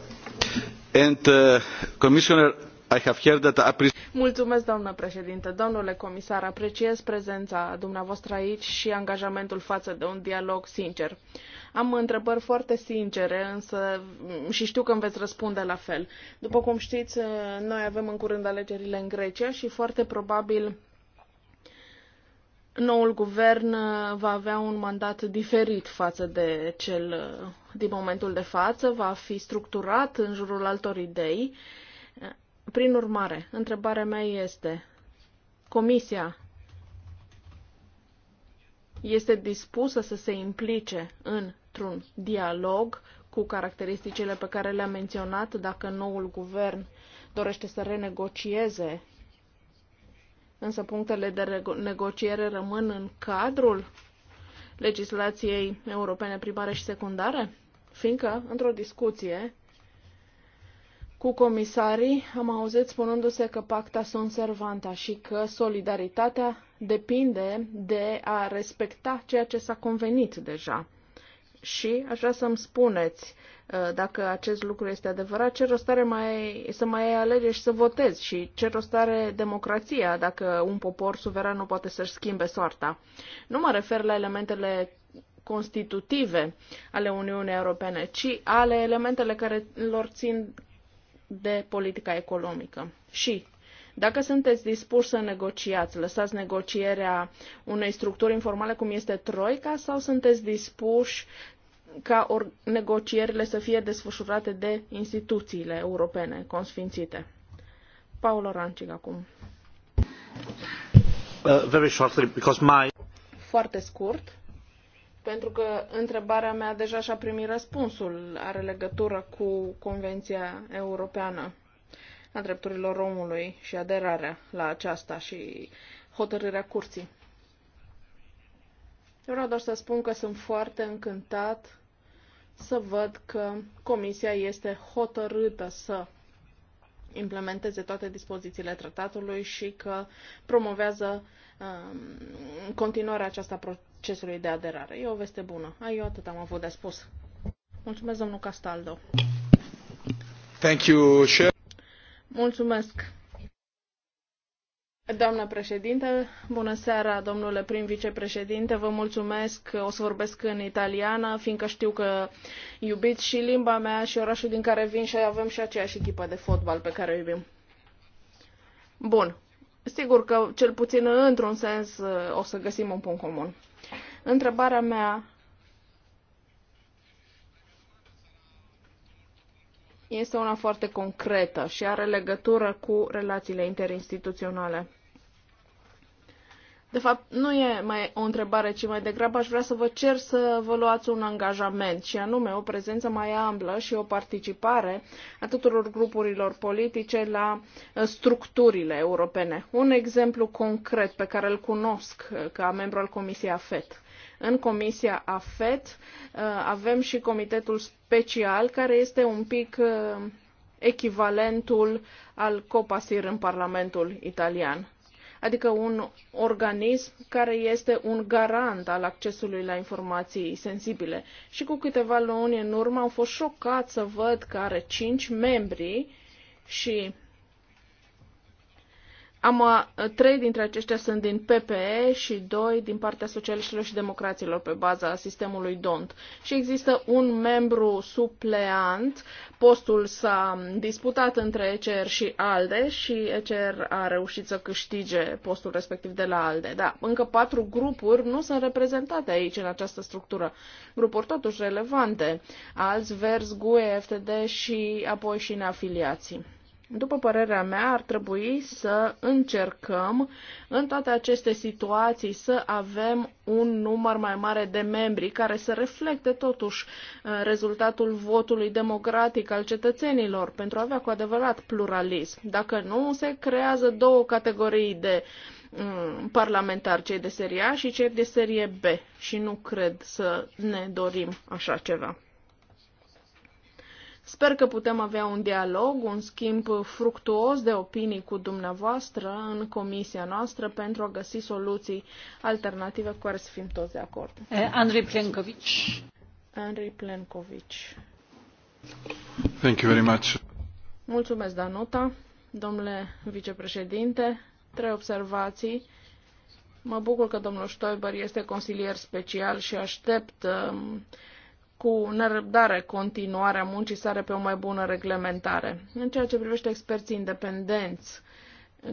And, uh, Commissioner, I have heard that I Mulțumesc, doamnă președinte. Domnule comisar, apreciez prezența dumneavoastră aici și angajamentul față de un dialog sincer. Am întrebări foarte sincere, însă mm, și știu că îmi veți răspunde la fel. După cum știți, uh, noi avem în curând alegerile în Grecia și foarte probabil noul guvern uh, va avea un mandat diferit față de cel uh, din momentul de față, va fi structurat în jurul altor idei. Uh, prin urmare, întrebarea mea este, Comisia este dispusă să se implice într-un dialog cu caracteristicile pe care le-am menționat dacă noul guvern dorește să renegocieze Însă punctele de negociere rămân în cadrul legislației europene primare și secundare? Fiindcă, într-o discuție cu comisarii, am auzit spunându-se că pacta sunt servanta și că solidaritatea depinde de a respecta ceea ce s-a convenit deja. Și aș vrea să-mi spuneți Uh, dacă acest lucru este adevărat, ce rost are mai, să mai alege și să votezi și ce rost are democrația dacă un popor suveran nu poate să-și schimbe soarta. Nu mă refer la elementele constitutive ale Uniunii Europene, ci ale elementele care lor țin de politica economică. Și dacă sunteți dispuși să negociați, lăsați negocierea unei structuri informale cum este Troica sau sunteți dispuși ca negocierile să fie desfășurate de instituțiile europene consfințite. Paolo Rancic acum. Uh, very shortly, because my... Foarte scurt, pentru că întrebarea mea deja și-a primit răspunsul, are legătură cu Convenția Europeană a Drepturilor Omului și aderarea la aceasta și hotărârea curții. Eu vreau doar să spun că sunt foarte încântat să văd că Comisia este hotărâtă să implementeze toate dispozițiile tratatului și că promovează um, continuarea aceasta procesului de aderare. E o veste bună. A, eu atât am avut de spus. Mulțumesc, domnul Castaldo. Thank you, Mulțumesc, Doamnă președintă, bună seara, domnule prim vicepreședinte, vă mulțumesc, o să vorbesc în italiană, fiindcă știu că iubiți și limba mea și orașul din care vin și avem și aceeași echipă de fotbal pe care o iubim. Bun, sigur că cel puțin într-un sens o să găsim un punct comun. Întrebarea mea este una foarte concretă și are legătură cu relațiile interinstituționale. De fapt, nu e mai o întrebare, ci mai degrabă aș vrea să vă cer să vă luați un angajament, și anume o prezență mai amplă și o participare a tuturor grupurilor politice la uh, structurile europene. Un exemplu concret pe care îl cunosc uh, ca membru al Comisiei AFET. În Comisia AFET uh, avem și Comitetul Special, care este un pic uh, echivalentul al COPASIR în Parlamentul Italian adică un organism care este un garant al accesului la informații sensibile. Și cu câteva luni în urmă am fost șocat să văd că are cinci membri și am, uh, trei dintre aceștia sunt din PPE și doi din partea socialiștilor și democraților pe baza sistemului DONT. Și există un membru supleant, postul s-a disputat între ECR și ALDE și ECR a reușit să câștige postul respectiv de la ALDE. Da, încă patru grupuri nu sunt reprezentate aici în această structură. Grupuri totuși relevante, alți, Vers, GUE, FTD și apoi și neafiliații. După părerea mea, ar trebui să încercăm în toate aceste situații să avem un număr mai mare de membri care să reflecte totuși uh, rezultatul votului democratic al cetățenilor pentru a avea cu adevărat pluralism. Dacă nu, se creează două categorii de mm, parlamentari, cei de serie A și cei de serie B și nu cred să ne dorim așa ceva. Sper că putem avea un dialog, un schimb fructuos de opinii cu dumneavoastră în comisia noastră pentru a găsi soluții alternative cu care să fim toți de acord. Eh, Andrei Plenković. Andrei Plenković. Thank you very much. Mulțumesc, Danuta. Domnule vicepreședinte, trei observații. Mă bucur că domnul Stoiber este consilier special și aștept uh, cu nerăbdare continuarea muncii sare pe o mai bună reglementare. În ceea ce privește experții independenți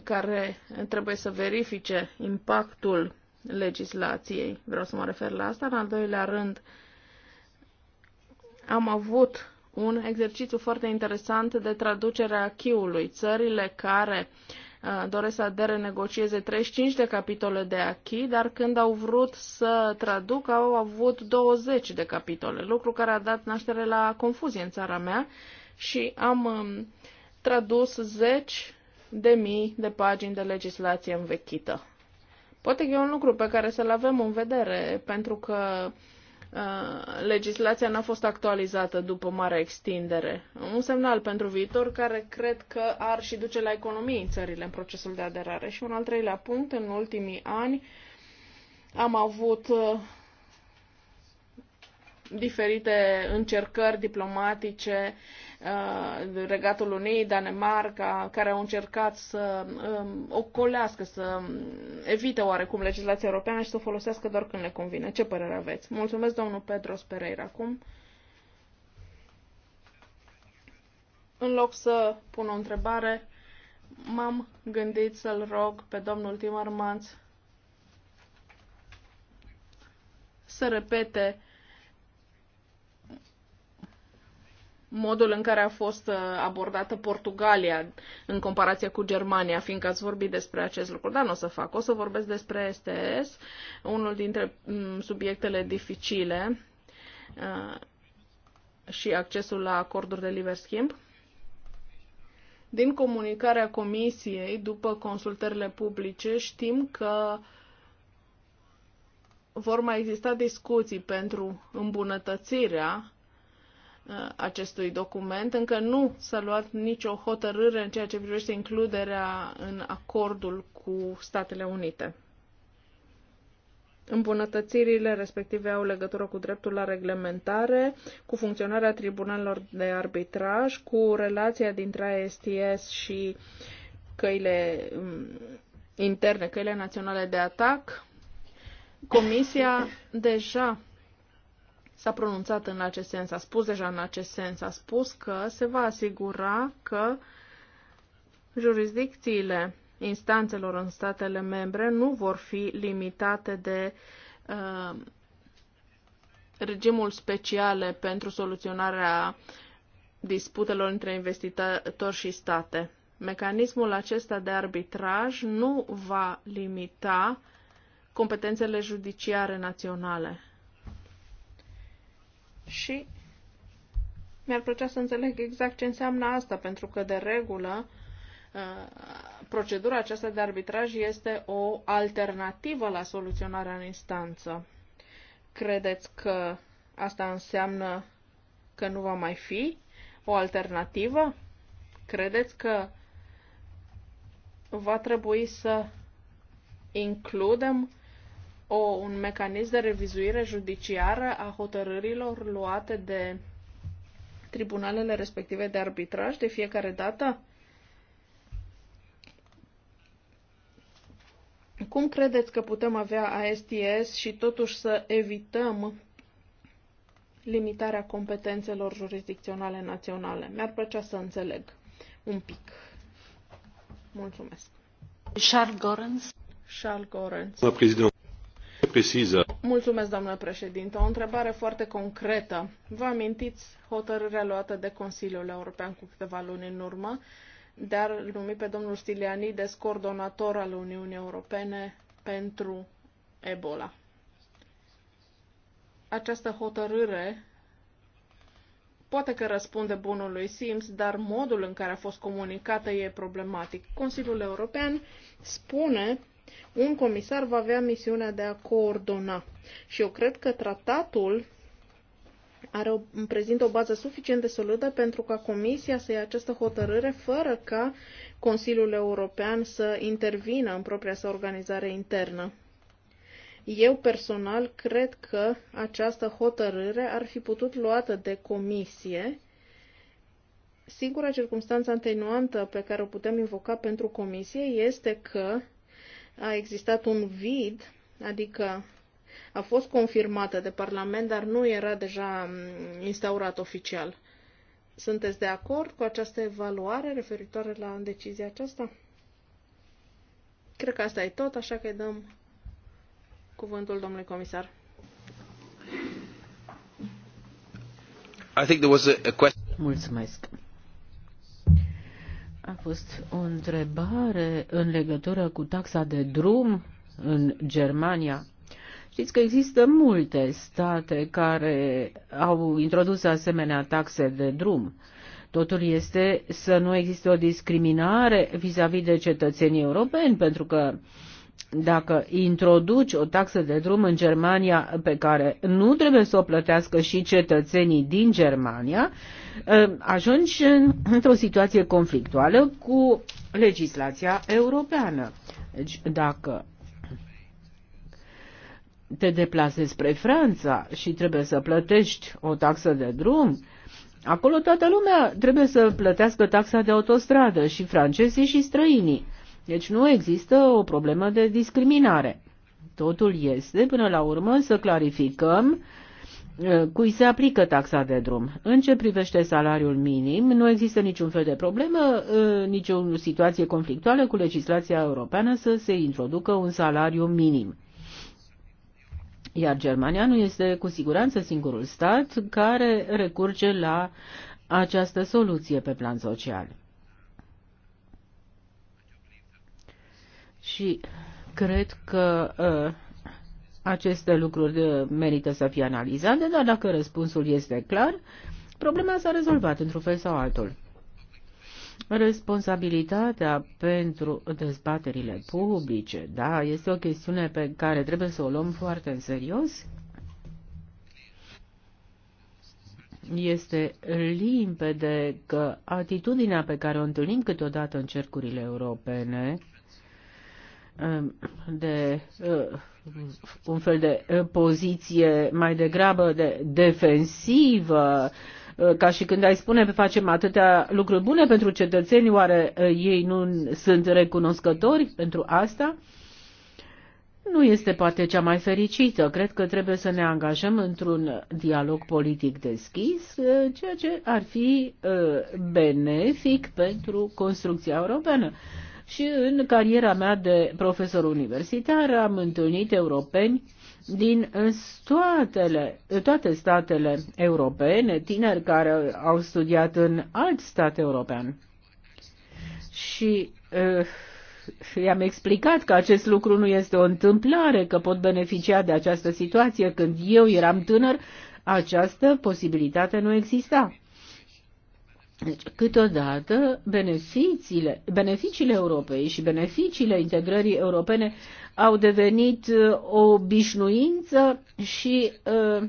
care trebuie să verifice impactul legislației, vreau să mă refer la asta, în al doilea rând am avut un exercițiu foarte interesant de traducere a chiului. Țările care uh, doresc să renegocieze 35 de capitole de achi, dar când au vrut să traduc au avut 20 de capitole, lucru care a dat naștere la confuzie în țara mea și am um, tradus 10 de mii de pagini de legislație învechită. Poate că e un lucru pe care să-l avem în vedere, pentru că Uh, legislația n-a fost actualizată după marea extindere. Un semnal pentru viitor care cred că ar și duce la economii în țările în procesul de aderare. Și un al treilea punct, în ultimii ani am avut uh, diferite încercări diplomatice Uh, Regatul Unii, Danemarca, care au încercat să um, ocolească, să evite oarecum legislația europeană și să o folosească doar când le convine. Ce părere aveți? Mulțumesc, domnul Pedro Pereira. Acum, în loc să pun o întrebare, m-am gândit să-l rog pe domnul Timmermans să repete modul în care a fost uh, abordată Portugalia în comparație cu Germania, fiindcă ați vorbit despre acest lucru, dar nu o să fac. O să vorbesc despre STS, unul dintre mm, subiectele dificile uh, și accesul la acorduri de liber schimb. Din comunicarea Comisiei, după consultările publice, știm că vor mai exista discuții pentru îmbunătățirea Uh, acestui document. Încă nu s-a luat nicio hotărâre în ceea ce privește includerea în acordul cu Statele Unite. Îmbunătățirile respective au legătură cu dreptul la reglementare, cu funcționarea tribunalelor de arbitraj, cu relația dintre ASTS și căile um, interne, căile naționale de atac. Comisia deja s-a pronunțat în acest sens, a spus deja în acest sens, a spus că se va asigura că jurisdicțiile instanțelor în statele membre nu vor fi limitate de uh, regimul speciale pentru soluționarea disputelor între investitori și state. Mecanismul acesta de arbitraj nu va limita competențele judiciare naționale și mi-ar plăcea să înțeleg exact ce înseamnă asta, pentru că de regulă uh, procedura aceasta de arbitraj este o alternativă la soluționarea în instanță. Credeți că asta înseamnă că nu va mai fi o alternativă? Credeți că va trebui să includem o, un mecanism de revizuire judiciară a hotărârilor luate de tribunalele respective de arbitraj de fiecare dată? Cum credeți că putem avea ASTS și totuși să evităm limitarea competențelor jurisdicționale naționale? Mi-ar plăcea să înțeleg un pic. Mulțumesc. Charles Gorens. Charles Gorens. Mulțumesc, domnule președinte. O întrebare foarte concretă. Vă amintiți hotărârea luată de Consiliul European cu câteva luni în urmă de a numi pe domnul Stilianides coordonator al Uniunii Europene pentru Ebola. Această hotărâre Poate că răspunde bunului simț, dar modul în care a fost comunicată e problematic. Consiliul European spune un comisar va avea misiunea de a coordona. Și eu cred că tratatul are o, prezintă o bază suficient de solidă pentru ca Comisia să ia această hotărâre fără ca Consiliul European să intervină în propria sa organizare internă. Eu personal cred că această hotărâre ar fi putut luată de Comisie. Singura circunstanță atenuantă pe care o putem invoca pentru Comisie este că a existat un vid, adică a fost confirmată de Parlament, dar nu era deja mm, instaurat oficial. Sunteți de acord cu această evaluare referitoare la decizia aceasta? Cred că asta e tot, așa că îi dăm cuvântul domnului comisar. I think there was a, a question. Mulțumesc. A fost o întrebare în legătură cu taxa de drum în Germania. Știți că există multe state care au introdus asemenea taxe de drum. Totul este să nu existe o discriminare vis-a-vis -vis de cetățenii europeni, pentru că uh, dacă introduci o taxă de drum în Germania pe care nu trebuie să o plătească și cetățenii din Germania, ă, ajungi într-o situație conflictuală cu legislația europeană. Deci, dacă te deplasezi spre Franța și trebuie să plătești o taxă de drum, acolo toată lumea trebuie să plătească taxa de autostradă și francezii și străinii. Deci nu există o problemă de discriminare. Totul este, până la urmă, să clarificăm uh, cui se aplică taxa de drum. În ce privește salariul minim, nu există niciun fel de problemă, uh, nicio situație conflictuală cu legislația europeană să se introducă un salariu minim. Iar Germania nu este cu siguranță singurul stat care recurge la această soluție pe plan social. și cred că uh, aceste lucruri uh, merită să fie analizate, dar dacă răspunsul este clar, problema s-a rezolvat într-un fel sau altul. Responsabilitatea pentru dezbaterile publice, da, este o chestiune pe care trebuie să o luăm foarte în serios. Este limpede că atitudinea pe care o întâlnim câteodată în cercurile europene Um, de uh, un fel de uh, poziție mai degrabă de defensivă, uh, ca și când ai spune facem atâtea lucruri bune pentru cetățeni, oare ei nu sunt recunoscători pentru asta? Nu este poate cea mai fericită. Cred că trebuie să ne angajăm într-un dialog politic deschis, ceea ce ar fi benefic pentru construcția europeană. Și în cariera mea de profesor universitar am întâlnit europeni din toatele, toate statele europene, tineri care au studiat în alt stat european. Și uh, i-am explicat că acest lucru nu este o întâmplare, că pot beneficia de această situație. Când eu eram tânăr, această posibilitate nu exista. Deci, câteodată, beneficiile, beneficiile Europei și beneficiile integrării europene au devenit o uh, obișnuință și uh,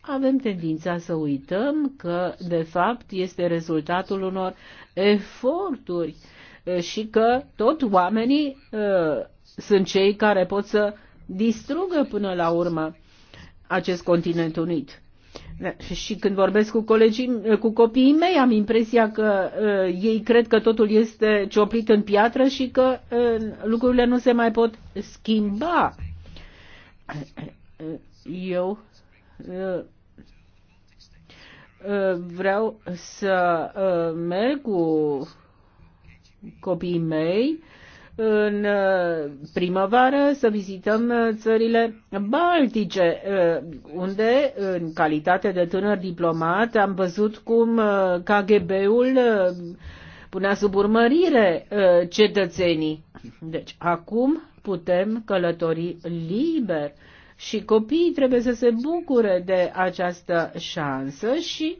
avem tendința să uităm că, de fapt, este rezultatul unor eforturi uh, și că tot oamenii uh, sunt cei care pot să distrugă până la urmă acest continent unit. Și când vorbesc cu, colegii, cu copiii mei, am impresia că uh, ei cred că totul este cioplit în piatră și că uh, lucrurile nu se mai pot schimba. Eu uh, uh, vreau să uh, merg cu copiii mei uh, în uh, primăvară să vizităm uh, țările baltice, uh, unde, în calitate de tânăr diplomat, am văzut cum KGB-ul punea sub urmărire cetățenii. Deci, acum putem călători liber și copiii trebuie să se bucure de această șansă și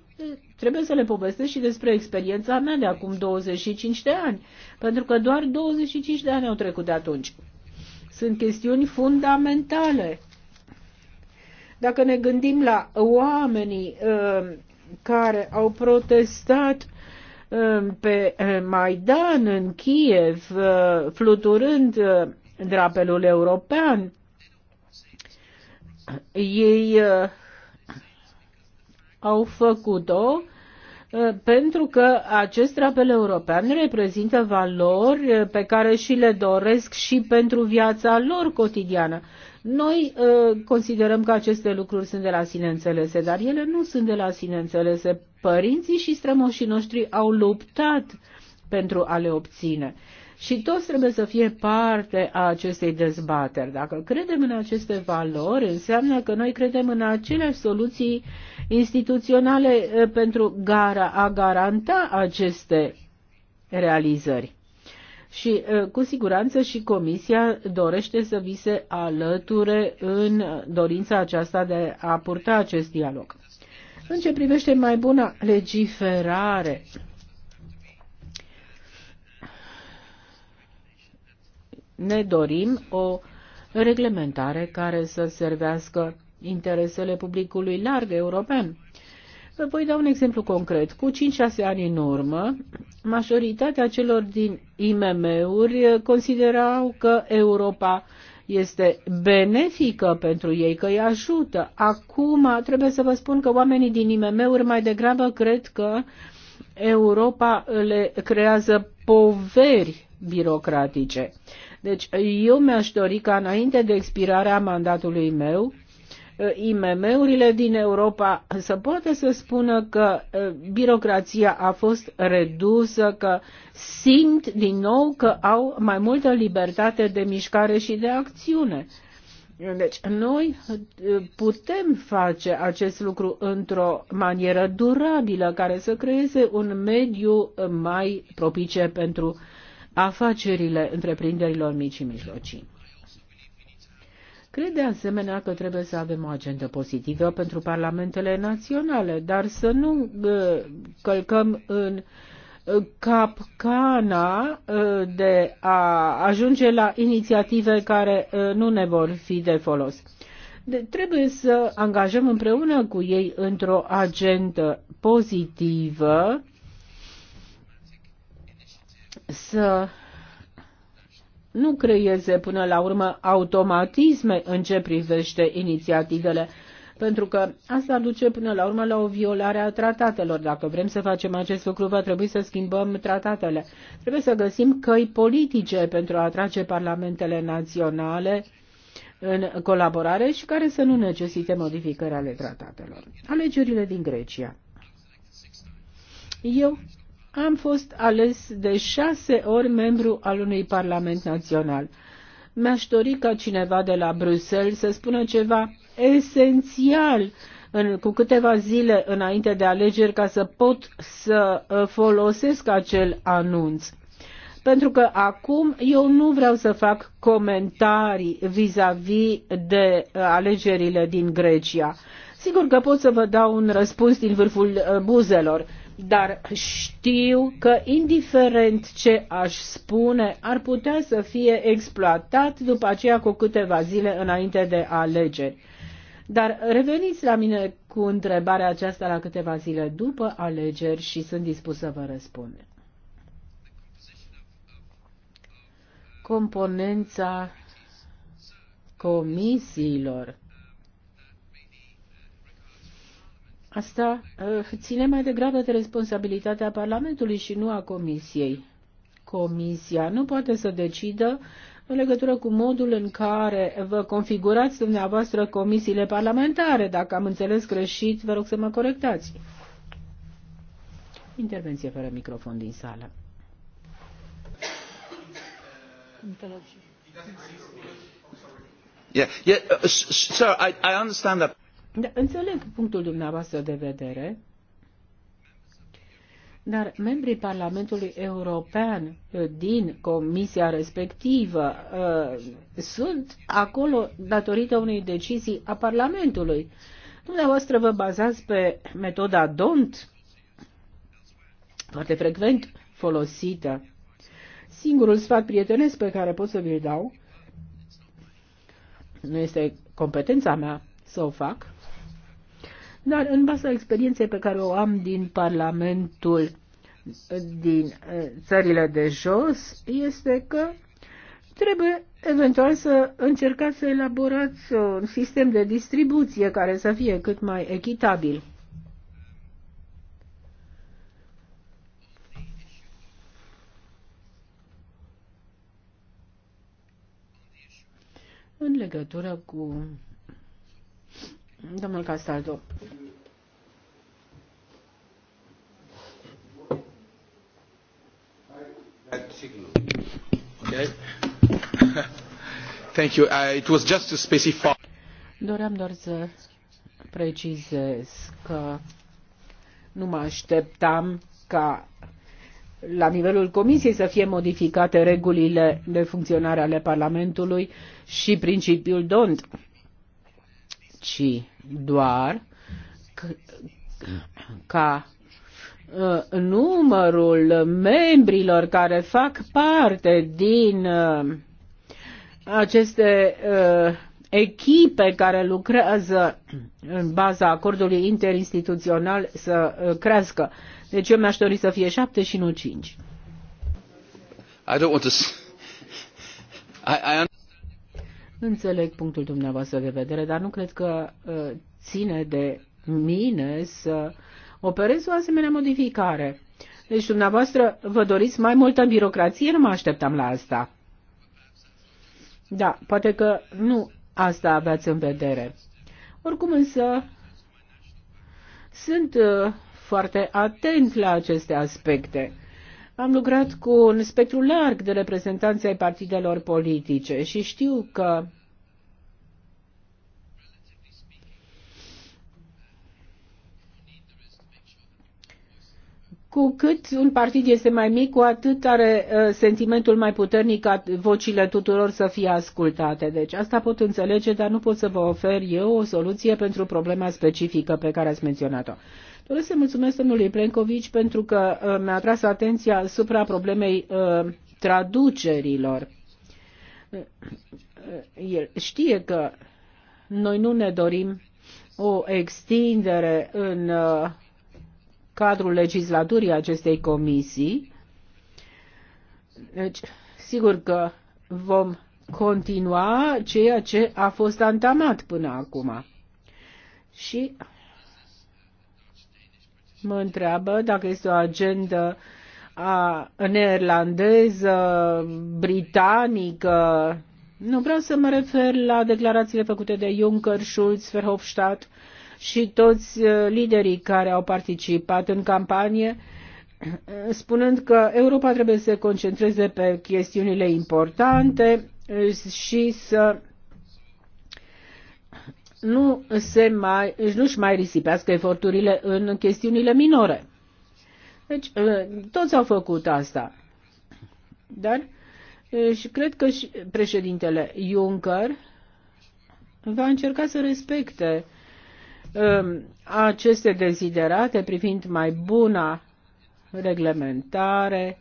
Trebuie să le povestesc și despre experiența mea de acum 25 de ani, pentru că doar 25 de ani au trecut de atunci. Sunt chestiuni fundamentale. Dacă ne gândim la oamenii uh, care au protestat uh, pe uh, Maidan în Kiev, uh, fluturând uh, drapelul european, ei uh, au făcut-o uh, pentru că acest rapel european reprezintă valori uh, pe care și le doresc și pentru viața lor cotidiană. Noi uh, considerăm că aceste lucruri sunt de la sine înțelese, dar ele nu sunt de la sine înțelese. Părinții și strămoșii noștri au luptat pentru a le obține și toți trebuie să fie parte a acestei dezbateri. Dacă credem în aceste valori, înseamnă că noi credem în aceleași soluții instituționale eh, pentru gara, a garanta aceste realizări. Și eh, cu siguranță și Comisia dorește să vi se alăture în dorința aceasta de a purta acest dialog. În ce privește mai buna legiferare Ne dorim o reglementare care să servească interesele publicului larg european. Vă voi da un exemplu concret. Cu 5-6 ani în urmă, majoritatea celor din IMM-uri considerau că Europa este benefică pentru ei, că îi ajută. Acum trebuie să vă spun că oamenii din IMM-uri mai degrabă cred că Europa le creează poveri birocratice. Deci eu mi-aș dori ca înainte de expirarea mandatului meu, eh, IMM-urile din Europa să poată să spună că eh, birocrația a fost redusă, că simt din nou că au mai multă libertate de mișcare și de acțiune. Deci noi eh, putem face acest lucru într-o manieră durabilă care să creeze un mediu mai propice pentru afacerile întreprinderilor mici și mijlocii. Cred de asemenea că trebuie să avem o agendă pozitivă pentru parlamentele naționale, dar să nu uh, călcăm în uh, capcana uh, de a ajunge la inițiative care nu ne vor fi de folos. De, trebuie să angajăm împreună cu ei într-o agendă pozitivă să nu creeze până la urmă automatisme în ce privește inițiativele, pentru că asta duce până la urmă la o violare a tratatelor. Dacă vrem să facem acest lucru, va trebui să schimbăm tratatele. Trebuie să găsim căi politice pentru a atrage parlamentele naționale în colaborare și care să nu necesite modificări ale tratatelor. Alegerile din Grecia. Eu am fost ales de șase ori membru al unui parlament național. Mi-aș dori ca cineva de la Bruxelles să spună ceva esențial în, cu câteva zile înainte de alegeri ca să pot să uh, folosesc acel anunț. Pentru că acum eu nu vreau să fac comentarii vis-a-vis -vis de uh, alegerile din Grecia. Sigur că pot să vă dau un răspuns din vârful uh, buzelor, dar știu că indiferent ce aș spune, ar putea să fie exploatat după aceea cu câteva zile înainte de alegeri. Dar reveniți la mine cu întrebarea aceasta la câteva zile după alegeri și sunt dispus să vă răspund. Componența comisiilor Asta uh, ține mai degrabă de responsabilitatea Parlamentului și nu a Comisiei. Comisia nu poate să decidă în legătură cu modul în care vă configurați dumneavoastră comisiile parlamentare. Dacă am înțeles greșit, vă rog să mă corectați. Intervenție fără microfon din sală. Yeah, yeah, uh, sir, I, I understand that. Da, înțeleg punctul dumneavoastră de vedere, dar membrii Parlamentului European eh, din comisia respectivă eh, sunt acolo datorită unei decizii a Parlamentului. Dumneavoastră vă bazați pe metoda DONT, foarte frecvent folosită. Singurul sfat prietenesc pe care pot să vi-l dau nu este competența mea să o fac, dar în baza experienței pe care o am din Parlamentul din eh, țările de jos este că trebuie eventual să încercați să elaborați un sistem de distribuție care să fie cât mai echitabil. În legătură cu Domnul Castaldo. Thank you. Uh, it was just to specify. Doream doar să precizez că nu mă așteptam ca la nivelul Comisiei să fie modificate regulile de funcționare ale Parlamentului și principiul DONT ci doar ca uh, numărul membrilor care fac parte din uh, aceste uh, echipe care lucrează în baza acordului interinstituțional să crească. Deci eu mi-aș dori să fie șapte și nu cinci. I don't want to... I, I... Înțeleg punctul dumneavoastră de vedere, dar nu cred că uh, ține de mine să operez o asemenea modificare. Deci dumneavoastră vă doriți mai multă birocrație, nu mă așteptam la asta. Da, poate că nu asta aveați în vedere. Oricum însă sunt uh, foarte atent la aceste aspecte. Am lucrat cu un spectru larg de reprezentanți ai partidelor politice și știu că cu cât un partid este mai mic, cu atât are uh, sentimentul mai puternic ca vocile tuturor să fie ascultate. Deci asta pot înțelege, dar nu pot să vă ofer eu o soluție pentru problema specifică pe care ați menționat-o. Doresc să mulțumesc domnului Plencovici pentru că uh, mi-a atras atenția asupra problemei uh, traducerilor. Uh, el știe că noi nu ne dorim o extindere în cadrul legislaturii acestei comisii. Deci, sigur că vom continua ceea ce a fost antamat până acum. Și mă întreabă dacă este o agendă a neerlandeză, britanică. Nu vreau să mă refer la declarațiile făcute de Juncker, Schulz, Verhofstadt și toți uh, liderii care au participat în campanie, spunând că Europa trebuie să se concentreze pe chestiunile importante uh, și să nu se mai, nu-și mai risipească eforturile în chestiunile minore. Deci, ă, toți au făcut asta. Dar ă, și cred că și președintele Juncker va încerca să respecte ă, aceste deziderate privind mai buna reglementare,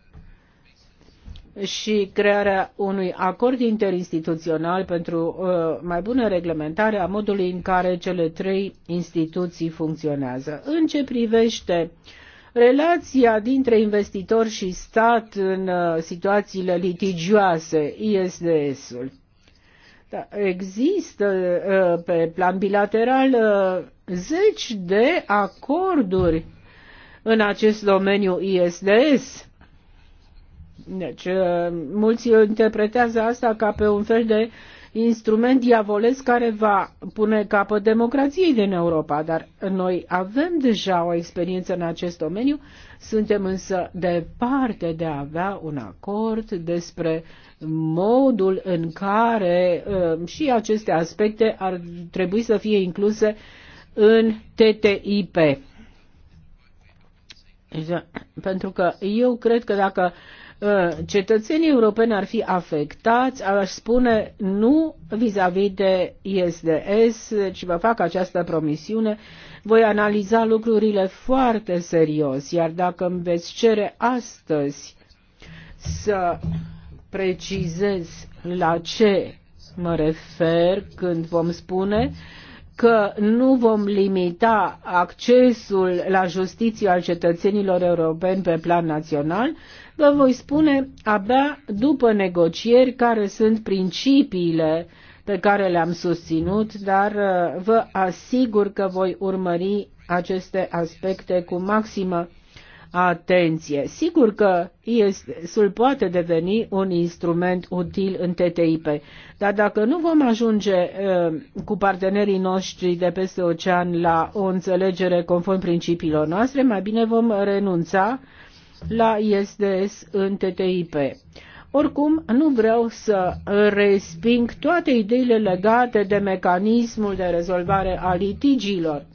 și crearea unui acord interinstituțional pentru uh, mai bună reglementare a modului în care cele trei instituții funcționează. În ce privește relația dintre investitor și stat în uh, situațiile litigioase, ISDS-ul. Da, există uh, pe plan bilateral uh, zeci de acorduri în acest domeniu ISDS deci, uh, mulți interpretează asta ca pe un fel de instrument diavolesc care va pune capăt democrației din Europa, dar noi avem deja o experiență în acest domeniu, suntem însă departe de a avea un acord despre modul în care uh, și aceste aspecte ar trebui să fie incluse în TTIP. Exact. Pentru că eu cred că dacă uh, Ă, cetățenii europeni ar fi afectați, aș spune nu vis-a-vis -vis de ISDS, ci vă fac această promisiune, voi analiza lucrurile foarte serios, iar dacă îmi veți cere astăzi să precizez la ce mă refer când vom spune că nu vom limita accesul la justiție al cetățenilor europeni pe plan național, Vă voi spune abia după negocieri care sunt principiile pe care le-am susținut, dar uh, vă asigur că voi urmări aceste aspecte cu maximă atenție. Sigur că SUL poate deveni un instrument util în TTIP, dar dacă nu vom ajunge uh, cu partenerii noștri de peste ocean la o înțelegere conform principiilor noastre, mai bine vom renunța la ISDS în TTIP. Oricum, nu vreau să resping toate ideile legate de mecanismul de rezolvare a litigiilor.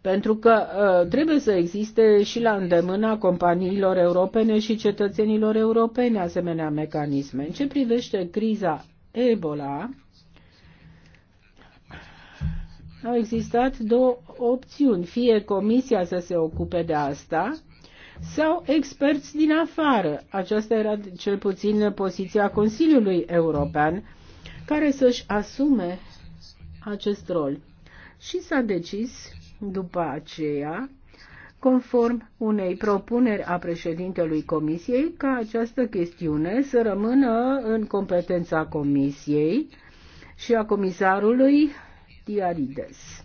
Pentru că uh, trebuie să existe și la îndemâna companiilor europene și cetățenilor europene asemenea mecanisme. În ce privește criza Ebola, au existat două opțiuni. Fie comisia să se ocupe de asta sau experți din afară. Aceasta era cel puțin poziția Consiliului European care să-și asume acest rol. Și s-a decis după aceea, conform unei propuneri a președintelui Comisiei, ca această chestiune să rămână în competența Comisiei și a comisarului Stiarides.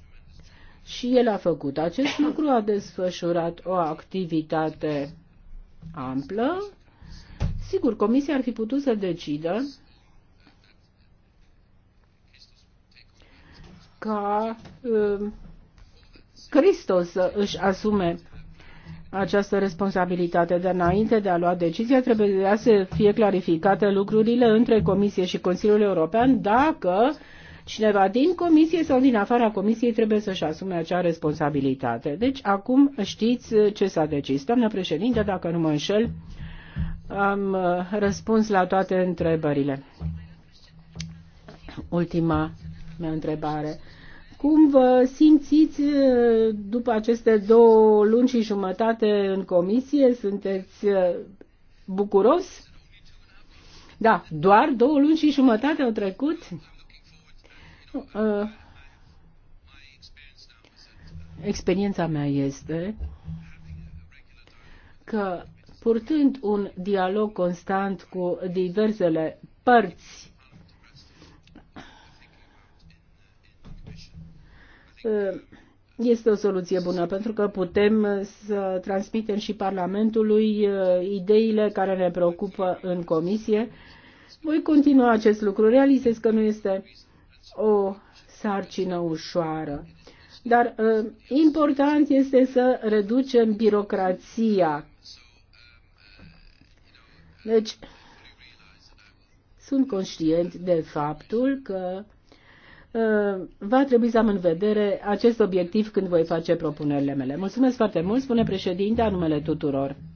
Și el a făcut acest lucru, a desfășurat o activitate amplă. Sigur, comisia ar fi putut să decidă ca uh, Hristos să își asume această responsabilitate, dar înainte de a lua decizia trebuie să fie clarificate lucrurile între Comisie și Consiliul European dacă uh, Cineva din comisie sau din afara comisiei trebuie să-și asume acea responsabilitate. Deci acum știți uh, ce s-a decis. Doamnă președinte, dacă nu mă înșel, am uh, răspuns la toate întrebările. Ultima mea întrebare. Cum vă simțiți uh, după aceste două luni și jumătate în comisie? Sunteți bucuros? Da, doar două luni și jumătate au trecut? Uh, experiența mea este că purtând un dialog constant cu diversele părți uh, este o soluție bună pentru că putem să transmitem și Parlamentului uh, ideile care ne preocupă în comisie. Voi continua acest lucru. Realizez că nu este o sarcină ușoară. Dar ă, important este să reducem birocrația. Deci, sunt conștient de faptul că ă, va trebui să am în vedere acest obiectiv când voi face propunerile mele. Mulțumesc foarte mult, spune președinte, numele tuturor.